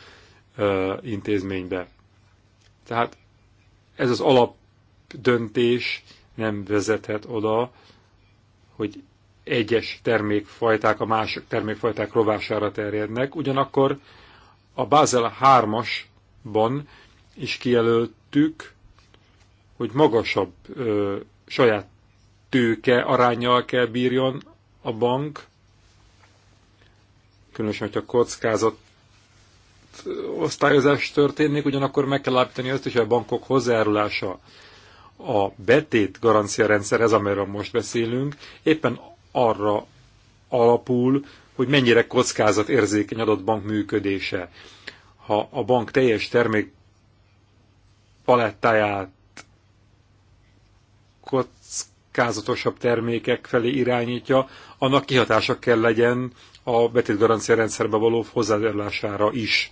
intézménybe. Tehát ez az alapdöntés nem vezethet oda, hogy egyes termékfajták a másik termékfajták rovására terjednek. Ugyanakkor a Basel 3-asban is kijelöltük, hogy magasabb ö, saját tőke arányjal kell bírjon a bank, különösen, hogyha kockázat osztályozás történik, ugyanakkor meg kell állapítani azt is, hogy a bankok hozzájárulása a betét garancia rendszer, ez amiről most beszélünk, éppen arra alapul, hogy mennyire érzékeny adott bank működése. Ha a bank teljes termék palettáját kockázat kockázatosabb termékek felé irányítja, annak kihatása kell legyen a betétgarancia rendszerbe való hozzájárulására is.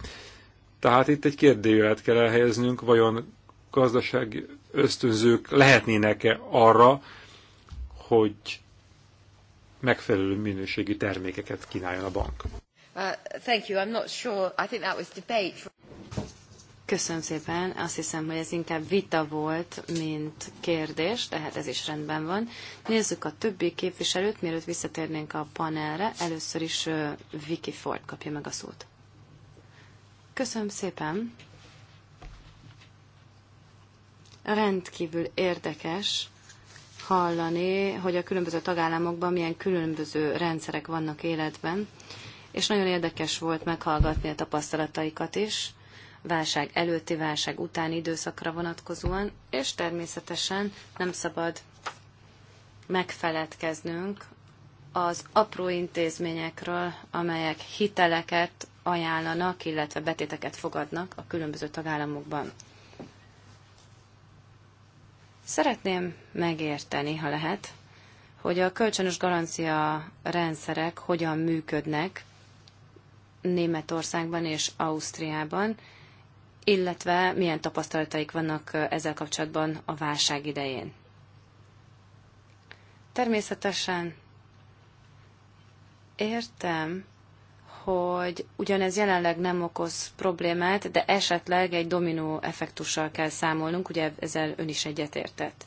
Tehát itt egy kérdőjelet kell elhelyeznünk, vajon gazdasági ösztönzők lehetnének-e arra, hogy megfelelő minőségi termékeket kínáljon a bank. Uh, thank you. I'm not sure. I think that was debate. Köszönöm szépen. Azt hiszem, hogy ez inkább vita volt, mint kérdés, tehát ez is rendben van. Nézzük a többi képviselőt, mielőtt visszatérnénk a panelre. Először is Vicky Ford kapja meg a szót. Köszönöm szépen. Rendkívül érdekes hallani, hogy a különböző tagállamokban milyen különböző rendszerek vannak életben, és nagyon érdekes volt meghallgatni a tapasztalataikat is válság előtti, válság utáni időszakra vonatkozóan, és természetesen nem szabad megfeledkeznünk az apró intézményekről, amelyek hiteleket ajánlanak, illetve betéteket fogadnak a különböző tagállamokban. Szeretném megérteni, ha lehet, hogy a kölcsönös garancia rendszerek hogyan működnek Németországban és Ausztriában, illetve milyen tapasztalataik vannak ezzel kapcsolatban a válság idején. Természetesen értem, hogy ugyanez jelenleg nem okoz problémát, de esetleg egy dominó effektussal kell számolnunk, ugye ezzel ön is egyetértett.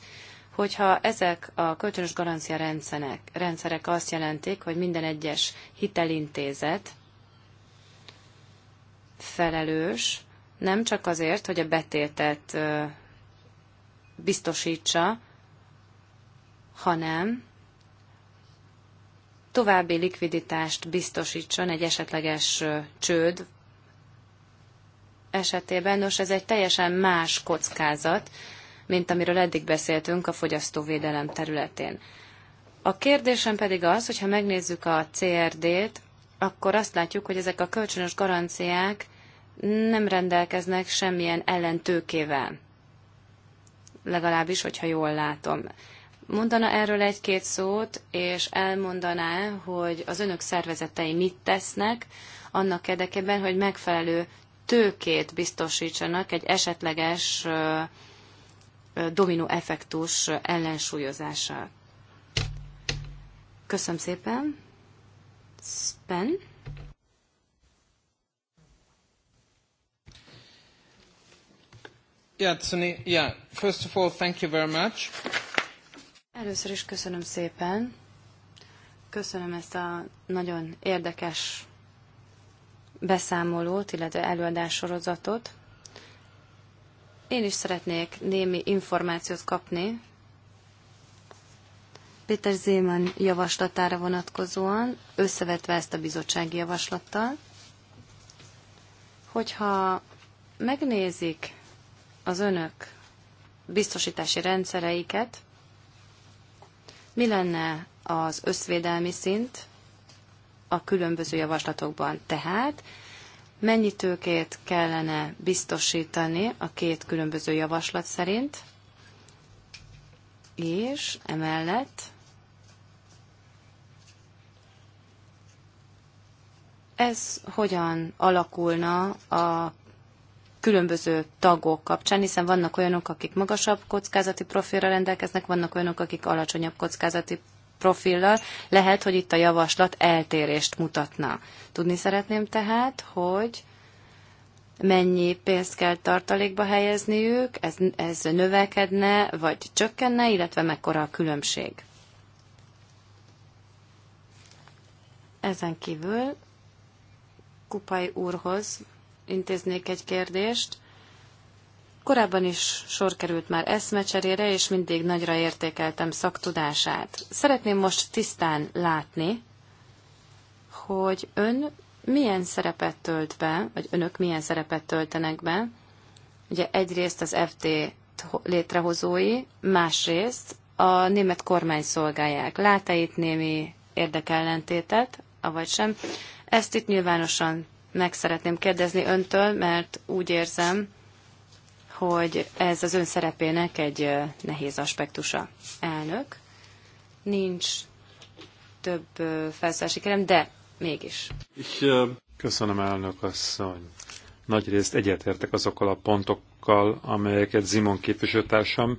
Hogyha ezek a kölcsönös garancia rendszerek, rendszerek azt jelentik, hogy minden egyes hitelintézet felelős nem csak azért, hogy a betétet biztosítsa, hanem további likviditást biztosítson egy esetleges csőd esetében. Nos, ez egy teljesen más kockázat, mint amiről eddig beszéltünk a fogyasztóvédelem területén. A kérdésem pedig az, hogyha megnézzük a CRD-t, akkor azt látjuk, hogy ezek a kölcsönös garanciák nem rendelkeznek semmilyen ellentőkével. Legalábbis, hogyha jól látom. Mondana erről egy-két szót, és elmondaná, hogy az önök szervezetei mit tesznek annak érdekében, hogy megfelelő tőkét biztosítsanak egy esetleges dominó effektus ellensúlyozása. Köszönöm szépen. Spen. Yeah, Tsuni, yeah. First of all, thank you very much. Először is köszönöm szépen. Köszönöm ezt a nagyon érdekes beszámolót, illetve előadássorozatot. Én is szeretnék némi információt kapni Péter Zéman javaslatára vonatkozóan, összevetve ezt a bizottsági javaslattal. Hogyha megnézik az önök biztosítási rendszereiket, mi lenne az összvédelmi szint a különböző javaslatokban? Tehát mennyi tőkét kellene biztosítani a két különböző javaslat szerint, és emellett ez hogyan alakulna a különböző tagok kapcsán, hiszen vannak olyanok, akik magasabb kockázati profilra rendelkeznek, vannak olyanok, akik alacsonyabb kockázati profillal. Lehet, hogy itt a javaslat eltérést mutatna. Tudni szeretném tehát, hogy mennyi pénzt kell tartalékba helyezniük, ez, ez növekedne vagy csökkenne, illetve mekkora a különbség. Ezen kívül Kupai úrhoz intéznék egy kérdést. Korábban is sor került már eszmecserére, és mindig nagyra értékeltem szaktudását. Szeretném most tisztán látni, hogy ön milyen szerepet tölt be, vagy önök milyen szerepet töltenek be. Ugye egyrészt az FT létrehozói, másrészt a német kormány szolgálják. Lát-e itt némi érdekellentétet, avagy sem? Ezt itt nyilvánosan meg szeretném kérdezni öntől, mert úgy érzem, hogy ez az ön szerepének egy nehéz aspektusa. Elnök, nincs több felszállási kérem, de mégis. Köszönöm, elnök asszony. Nagy részt egyetértek azokkal a pontokkal, amelyeket Zimon képviselőtársam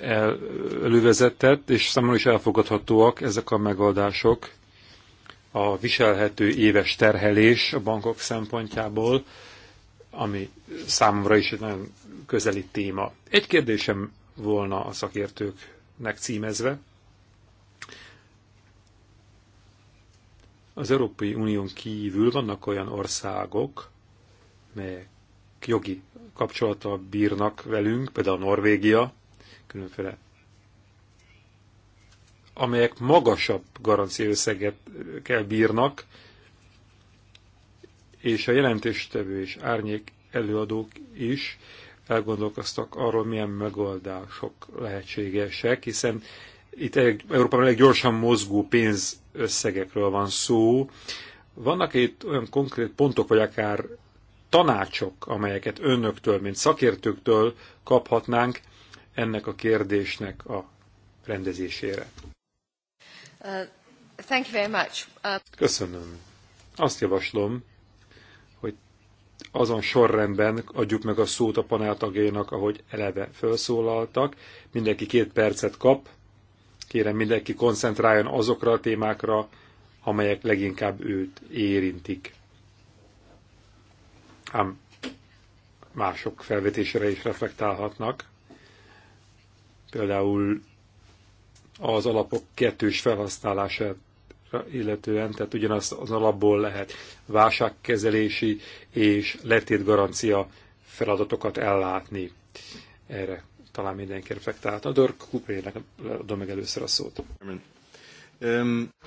elővezetett, és számomra is elfogadhatóak ezek a megoldások a viselhető éves terhelés a bankok szempontjából, ami számomra is egy nagyon közeli téma. Egy kérdésem volna a szakértőknek címezve. Az Európai Unión kívül vannak olyan országok, melyek jogi kapcsolata bírnak velünk, például Norvégia, különféle amelyek magasabb garanciaösszeget kell bírnak, és a jelentéstevő és árnyék előadók is elgondolkoztak arról, milyen megoldások lehetségesek, hiszen itt Európában elég gyorsan mozgó pénzösszegekről van szó. Vannak itt olyan konkrét pontok, vagy akár tanácsok, amelyeket önöktől, mint szakértőktől kaphatnánk ennek a kérdésnek a rendezésére? Uh, thank you very much. Uh, Köszönöm. Azt javaslom, hogy azon sorrendben adjuk meg a szót a tagjainak, ahogy eleve felszólaltak. Mindenki két percet kap. Kérem, mindenki koncentráljon azokra a témákra, amelyek leginkább őt érintik. Ám mások felvetésére is reflektálhatnak. Például az alapok kettős felhasználását illetően, tehát ugyanaz az alapból lehet válságkezelési és letét garancia feladatokat ellátni. Erre talán mindenki reflektált. A Dörk Kuprének adom meg először a szót.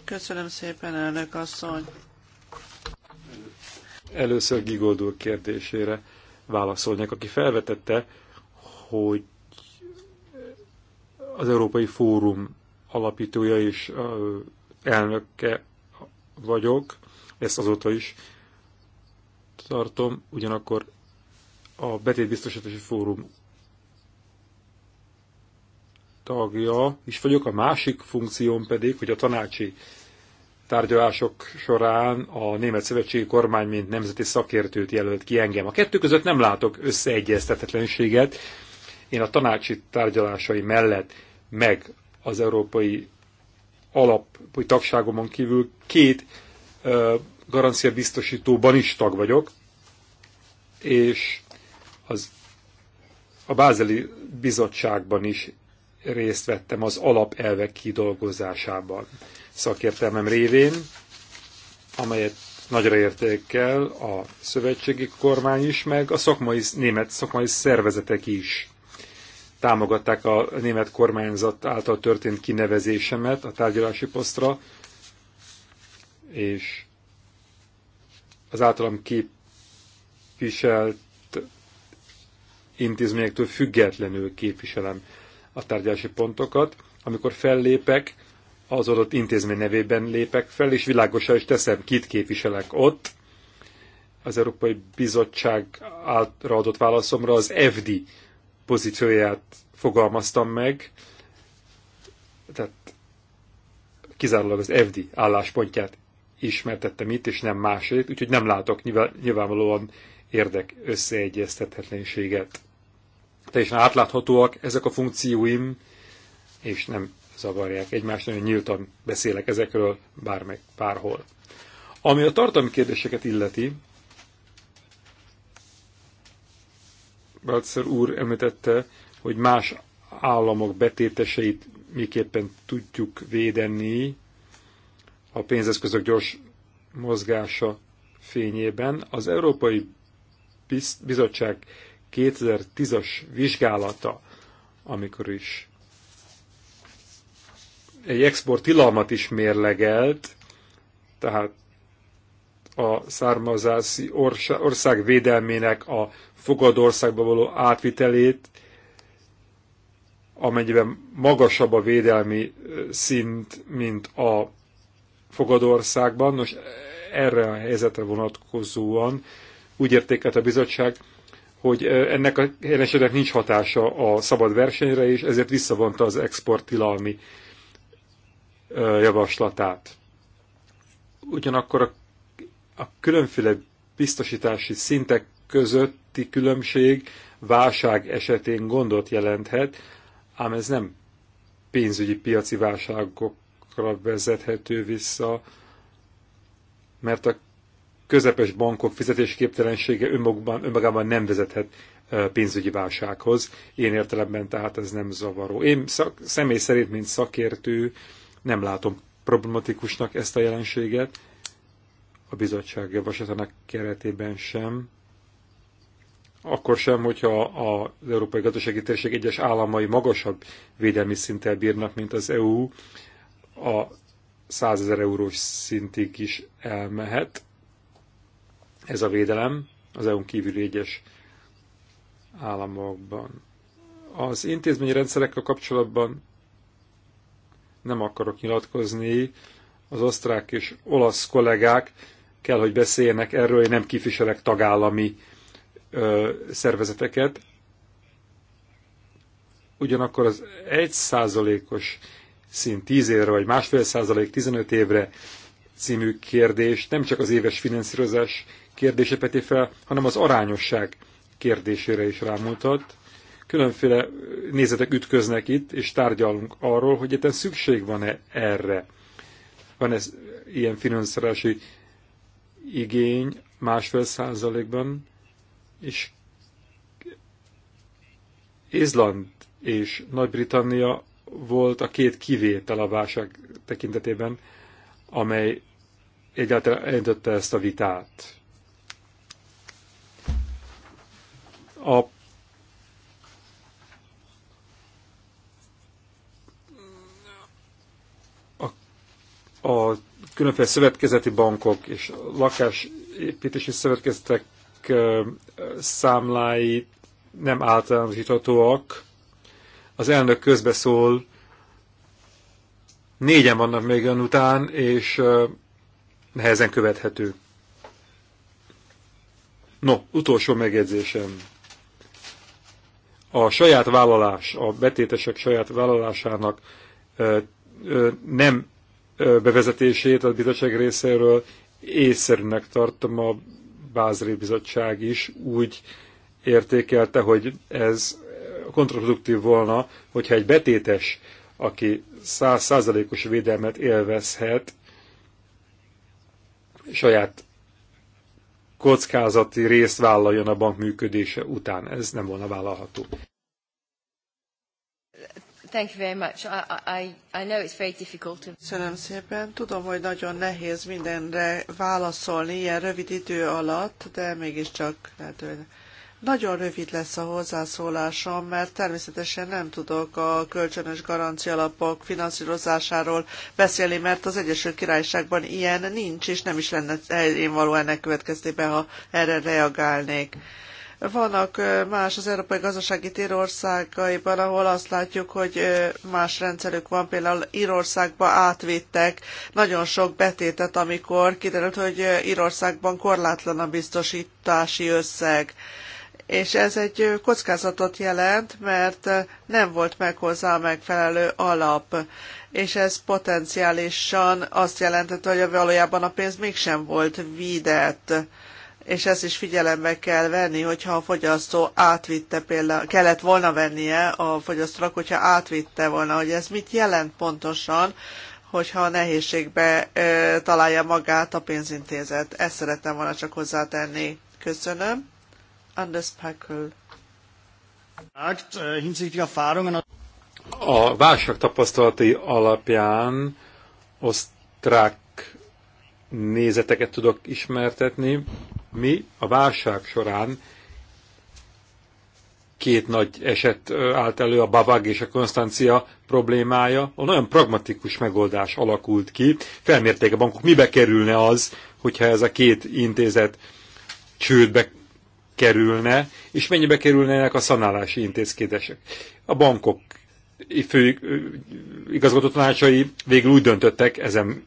Köszönöm szépen, elnök asszony. Először Gigold kérdésére válaszolnék, aki felvetette, hogy az Európai Fórum alapítója és elnöke vagyok, ezt azóta is tartom, ugyanakkor a Betétbiztosítási Fórum tagja is vagyok, a másik funkcióm pedig, hogy a tanácsi tárgyalások során a Német Szövetségi Kormány mint nemzeti szakértőt jelölt ki engem. A kettő között nem látok összeegyeztetetlenséget. Én a tanácsi tárgyalásai mellett meg az európai alap, vagy tagságomon kívül két garancia biztosítóban is tag vagyok, és az, a Bázeli Bizottságban is részt vettem az alapelvek kidolgozásában szakértelmem révén, amelyet nagyra értékkel a szövetségi kormány is, meg a szakmai, német szakmai szervezetek is támogatták a német kormányzat által történt kinevezésemet a tárgyalási posztra, és az általam képviselt intézményektől függetlenül képviselem a tárgyalási pontokat. Amikor fellépek, az adott intézmény nevében lépek fel, és világosan is teszem, kit képviselek ott. Az Európai Bizottság által adott válaszomra az FD pozícióját fogalmaztam meg, tehát kizárólag az FD álláspontját ismertettem itt, és nem másét, úgyhogy nem látok nyilvánvalóan érdek összeegyeztethetlenséget. Teljesen átláthatóak ezek a funkcióim, és nem zavarják egymást, nagyon nyíltan beszélek ezekről bármeg, bárhol. Ami a tartalmi kérdéseket illeti, Balcer úr említette, hogy más államok betéteseit miképpen tudjuk védeni a pénzeszközök gyors mozgása fényében. Az Európai Bizottság 2010-as vizsgálata, amikor is egy export tilalmat is mérlegelt, tehát a származási ország védelmének a fogadó országba való átvitelét, amennyiben magasabb a védelmi szint, mint a fogadó országban. Nos, erre a helyzetre vonatkozóan úgy értékelt a bizottság, hogy ennek a esetnek nincs hatása a szabad versenyre, és ezért visszavonta az exporttilalmi javaslatát. Ugyanakkor a a különféle biztosítási szintek közötti különbség válság esetén gondot jelenthet, ám ez nem pénzügyi piaci válságokra vezethető vissza, mert a közepes bankok fizetésképtelensége önmagában, önmagában nem vezethet pénzügyi válsághoz. Én értelemben tehát ez nem zavaró. Én szak, személy szerint, mint szakértő nem látom problematikusnak ezt a jelenséget, a bizottság javaslatának keretében sem, akkor sem, hogyha az Európai Gazdasági Térség egyes államai magasabb védelmi szinttel bírnak, mint az EU, a 100 ezer eurós szintig is elmehet ez a védelem az EU-n kívüli egyes államokban. Az rendszerekkel kapcsolatban nem akarok nyilatkozni, az osztrák és olasz kollégák kell, hogy beszéljenek erről, én nem kifiselek tagállami ö, szervezeteket. Ugyanakkor az egy százalékos szint 10 évre, vagy másfél százalék 15 évre című kérdés nem csak az éves finanszírozás kérdése peti fel, hanem az arányosság kérdésére is rámutat. Különféle nézetek ütköznek itt, és tárgyalunk arról, hogy egyetlen szükség van-e erre. Van ez ilyen finanszírozási igény másfél százalékban, és Izland és Nagy-Britannia volt a két kivétel a válság tekintetében, amely egyáltalán elindította ezt a vitát. A a, a különféle szövetkezeti bankok és lakásépítési szövetkezetek számlái nem általánosíthatóak. Az elnök közbeszól, négyen vannak még ön után, és nehezen követhető. No, utolsó megjegyzésem. A saját vállalás, a betétesek saját vállalásának nem bevezetését a bizottság részéről észszerűnek tartom a Bázri Bizottság is úgy értékelte, hogy ez kontraproduktív volna, hogyha egy betétes, aki százszázalékos védelmet élvezhet, saját kockázati részt vállaljon a bank működése után. Ez nem volna vállalható. Thank you very much. I, I, I know it's very difficult Köszönöm szépen. Tudom, hogy nagyon nehéz mindenre válaszolni ilyen rövid idő alatt, de mégiscsak lehetőleg. Nagyon rövid lesz a hozzászólásom, mert természetesen nem tudok a kölcsönös garancia alapok finanszírozásáról beszélni, mert az Egyesült Királyságban ilyen nincs, és nem is lenne én való ennek következtében, ha erre reagálnék. Vannak más az európai gazdasági térországaiban, ahol azt látjuk, hogy más rendszerük van, például Írországba átvittek nagyon sok betétet, amikor kiderült, hogy Írországban korlátlan a biztosítási összeg és ez egy kockázatot jelent, mert nem volt meg hozzá a megfelelő alap, és ez potenciálisan azt jelentette, hogy valójában a pénz mégsem volt védett és ezt is figyelembe kell venni, hogyha a fogyasztó átvitte például, kellett volna vennie a fogyasztónak, hogyha átvitte volna, hogy ez mit jelent pontosan, hogyha a nehézségbe ö, találja magát a pénzintézet. Ezt szeretem volna csak hozzátenni. Köszönöm. Anders Packel. A válság tapasztalati alapján osztrák nézeteket tudok ismertetni. Mi a válság során két nagy eset állt elő, a Bavag és a Konstancia problémája, a nagyon pragmatikus megoldás alakult ki. Felmérték a bankok, mibe kerülne az, hogyha ez a két intézet csődbe kerülne, és mennyibe kerülnének a szanálási intézkedések. A bankok fő igazgató tanácsai végül úgy döntöttek ezen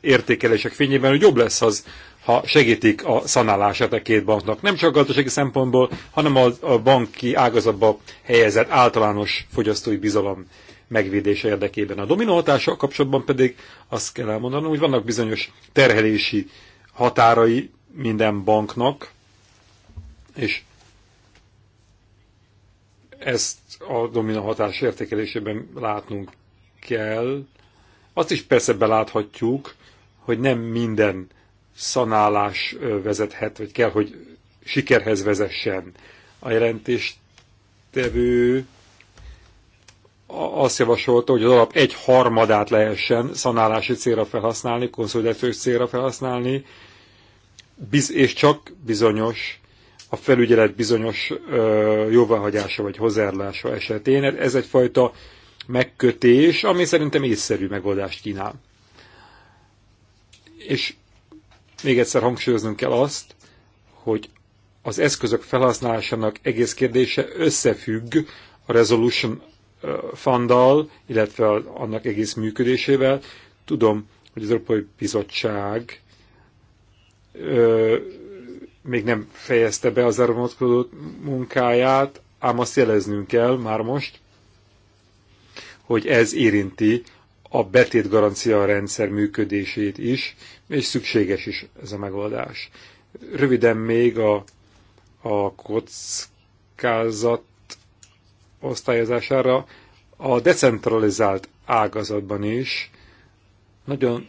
értékelések fényében, hogy jobb lesz az, ha segítik a szanálását a két banknak. Nem csak gazdasági szempontból, hanem a, a banki ágazatba helyezett általános fogyasztói bizalom megvédése érdekében. A dominó hatása kapcsolatban pedig azt kell elmondanom, hogy vannak bizonyos terhelési határai minden banknak, és ezt a dominó hatás értékelésében látnunk kell. Azt is persze beláthatjuk, hogy nem minden szanálás vezethet, vagy kell, hogy sikerhez vezessen. A jelentéstevő azt javasolta, hogy az alap egy harmadát lehessen szanálási célra felhasználni, konszolidációs célra felhasználni, és csak bizonyos a felügyelet bizonyos jóváhagyása vagy hozzájárulása esetén. Ez egyfajta megkötés, ami szerintem észszerű megoldást kínál. És még egyszer hangsúlyoznunk kell azt, hogy az eszközök felhasználásának egész kérdése összefügg a Resolution Funddal, illetve annak egész működésével. Tudom, hogy az Európai Bizottság ö, még nem fejezte be az erre munkáját, ám azt jeleznünk kell már most, hogy ez érinti a betét garancia rendszer működését is, és szükséges is ez a megoldás. Röviden még a, a kockázat osztályozására a decentralizált ágazatban is nagyon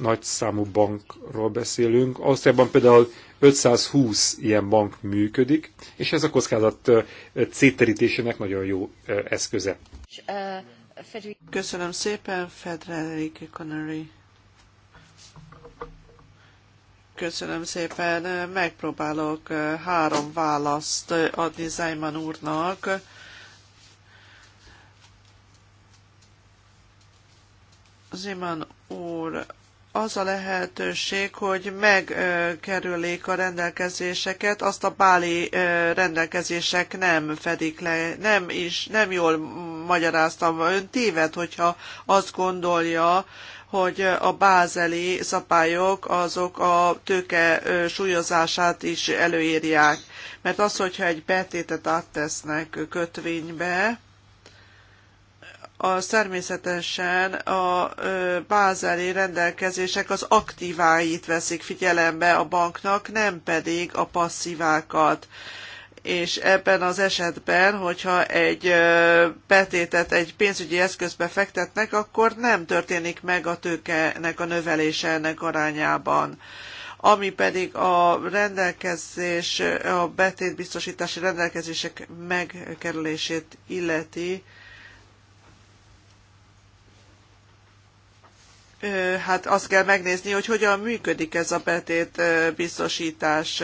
nagy számú bankról beszélünk. Ausztriában például 520 ilyen bank működik, és ez a kockázat céterítésének nagyon jó eszköze. Köszönöm szépen, Federico Connery. Köszönöm szépen. Megpróbálok eh, három választ eh, adni Zajman úrnak. Zimán úr az a lehetőség, hogy megkerülik a rendelkezéseket, azt a báli rendelkezések nem fedik le, nem is, nem jól magyaráztam, ön téved, hogyha azt gondolja, hogy a bázeli szabályok azok a tőke súlyozását is előírják. Mert az, hogyha egy betétet áttesznek kötvénybe, az természetesen a bázeli rendelkezések az aktíváit veszik figyelembe a banknak, nem pedig a passzívákat és ebben az esetben, hogyha egy betétet egy pénzügyi eszközbe fektetnek, akkor nem történik meg a tőkenek a növelése ennek arányában. Ami pedig a rendelkezés, a betétbiztosítási rendelkezések megkerülését illeti, hát azt kell megnézni, hogy hogyan működik ez a betét biztosítás.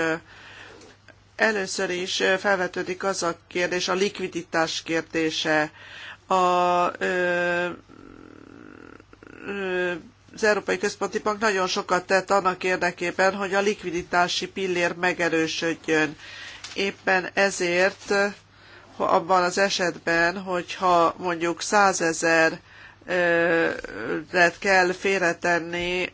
Először is felvetődik az a kérdés, a likviditás kérdése. A, ö, ö, az Európai Központi Bank nagyon sokat tett annak érdekében, hogy a likviditási pillér megerősödjön. Éppen ezért abban az esetben, hogyha mondjuk százezer tehát kell félretenni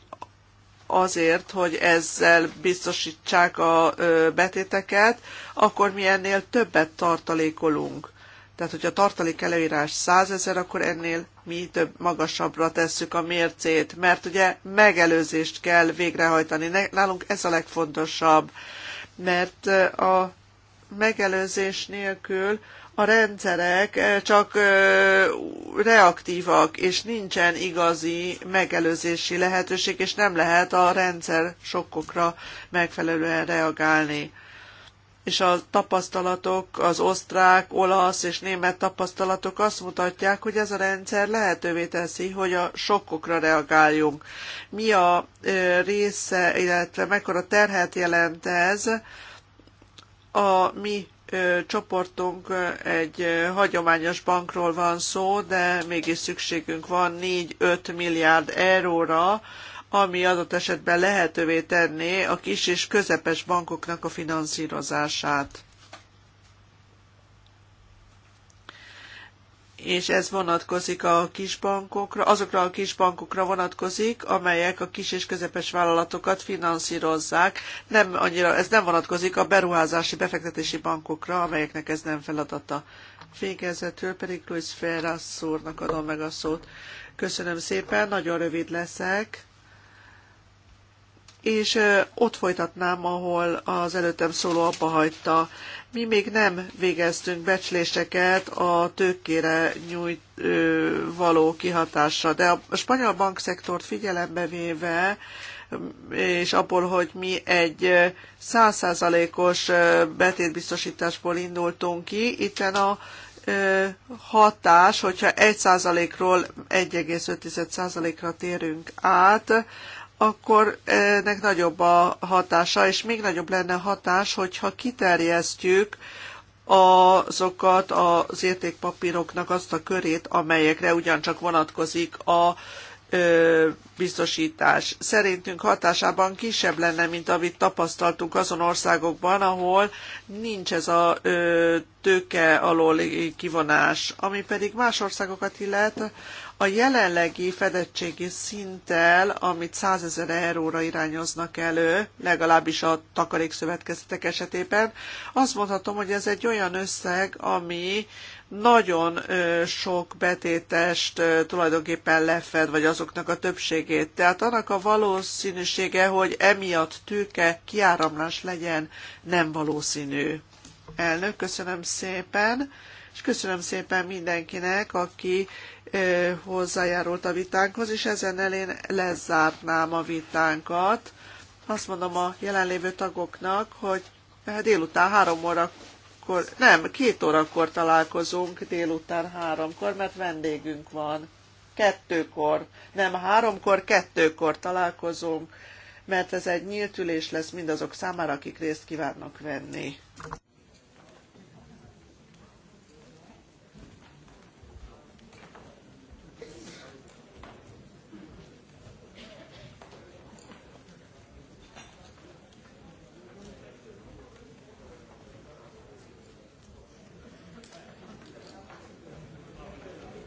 azért, hogy ezzel biztosítsák a betéteket, akkor mi ennél többet tartalékolunk. Tehát, hogyha a tartalék előírás 100 ezer, akkor ennél mi több magasabbra tesszük a mércét, mert ugye megelőzést kell végrehajtani. Nálunk ez a legfontosabb, mert a megelőzés nélkül a rendszerek eh, csak eh, reaktívak, és nincsen igazi megelőzési lehetőség, és nem lehet a rendszer sokkokra megfelelően reagálni. És a tapasztalatok, az osztrák, olasz és német tapasztalatok azt mutatják, hogy ez a rendszer lehetővé teszi, hogy a sokkokra reagáljunk. Mi a eh, része, illetve mekkora terhet jelent ez a mi csoportunk egy hagyományos bankról van szó, de mégis szükségünk van 4-5 milliárd euróra, ami adott esetben lehetővé tenné a kis és közepes bankoknak a finanszírozását. és ez vonatkozik a kisbankokra, azokra a kisbankokra vonatkozik, amelyek a kis és közepes vállalatokat finanszírozzák. Nem annyira, ez nem vonatkozik a beruházási, befektetési bankokra, amelyeknek ez nem feladata. Végezetül pedig Luis Ferraz úrnak adom meg a szót. Köszönöm szépen, nagyon rövid leszek és ott folytatnám, ahol az előttem szóló apa hagyta. Mi még nem végeztünk becsléseket a tőkére nyújt ö, való kihatásra, de a spanyol bankszektort figyelembe véve, és abból, hogy mi egy százszázalékos betétbiztosításból indultunk ki, itten a hatás, hogyha 1%-ról 1,5%-ra térünk át, akkor ennek nagyobb a hatása, és még nagyobb lenne a hatás, hogyha kiterjesztjük azokat az értékpapíroknak azt a körét, amelyekre ugyancsak vonatkozik a biztosítás. Szerintünk hatásában kisebb lenne, mint amit tapasztaltunk azon országokban, ahol nincs ez a tőke alól kivonás, ami pedig más országokat illet, a jelenlegi fedettségi szinttel, amit 100 ezer euróra irányoznak elő, legalábbis a takarékszövetkezetek esetében, azt mondhatom, hogy ez egy olyan összeg, ami nagyon sok betétest tulajdonképpen lefed, vagy azoknak a többségét. Tehát annak a valószínűsége, hogy emiatt tőke kiáramlás legyen, nem valószínű. Elnök, köszönöm szépen és köszönöm szépen mindenkinek, aki ö, hozzájárult a vitánkhoz, és ezen elén lezárnám a vitánkat. Azt mondom a jelenlévő tagoknak, hogy hát délután három órakor, nem, két órakor találkozunk délután háromkor, mert vendégünk van. Kettőkor, nem háromkor, kettőkor találkozunk, mert ez egy nyílt ülés lesz mindazok számára, akik részt kívánnak venni.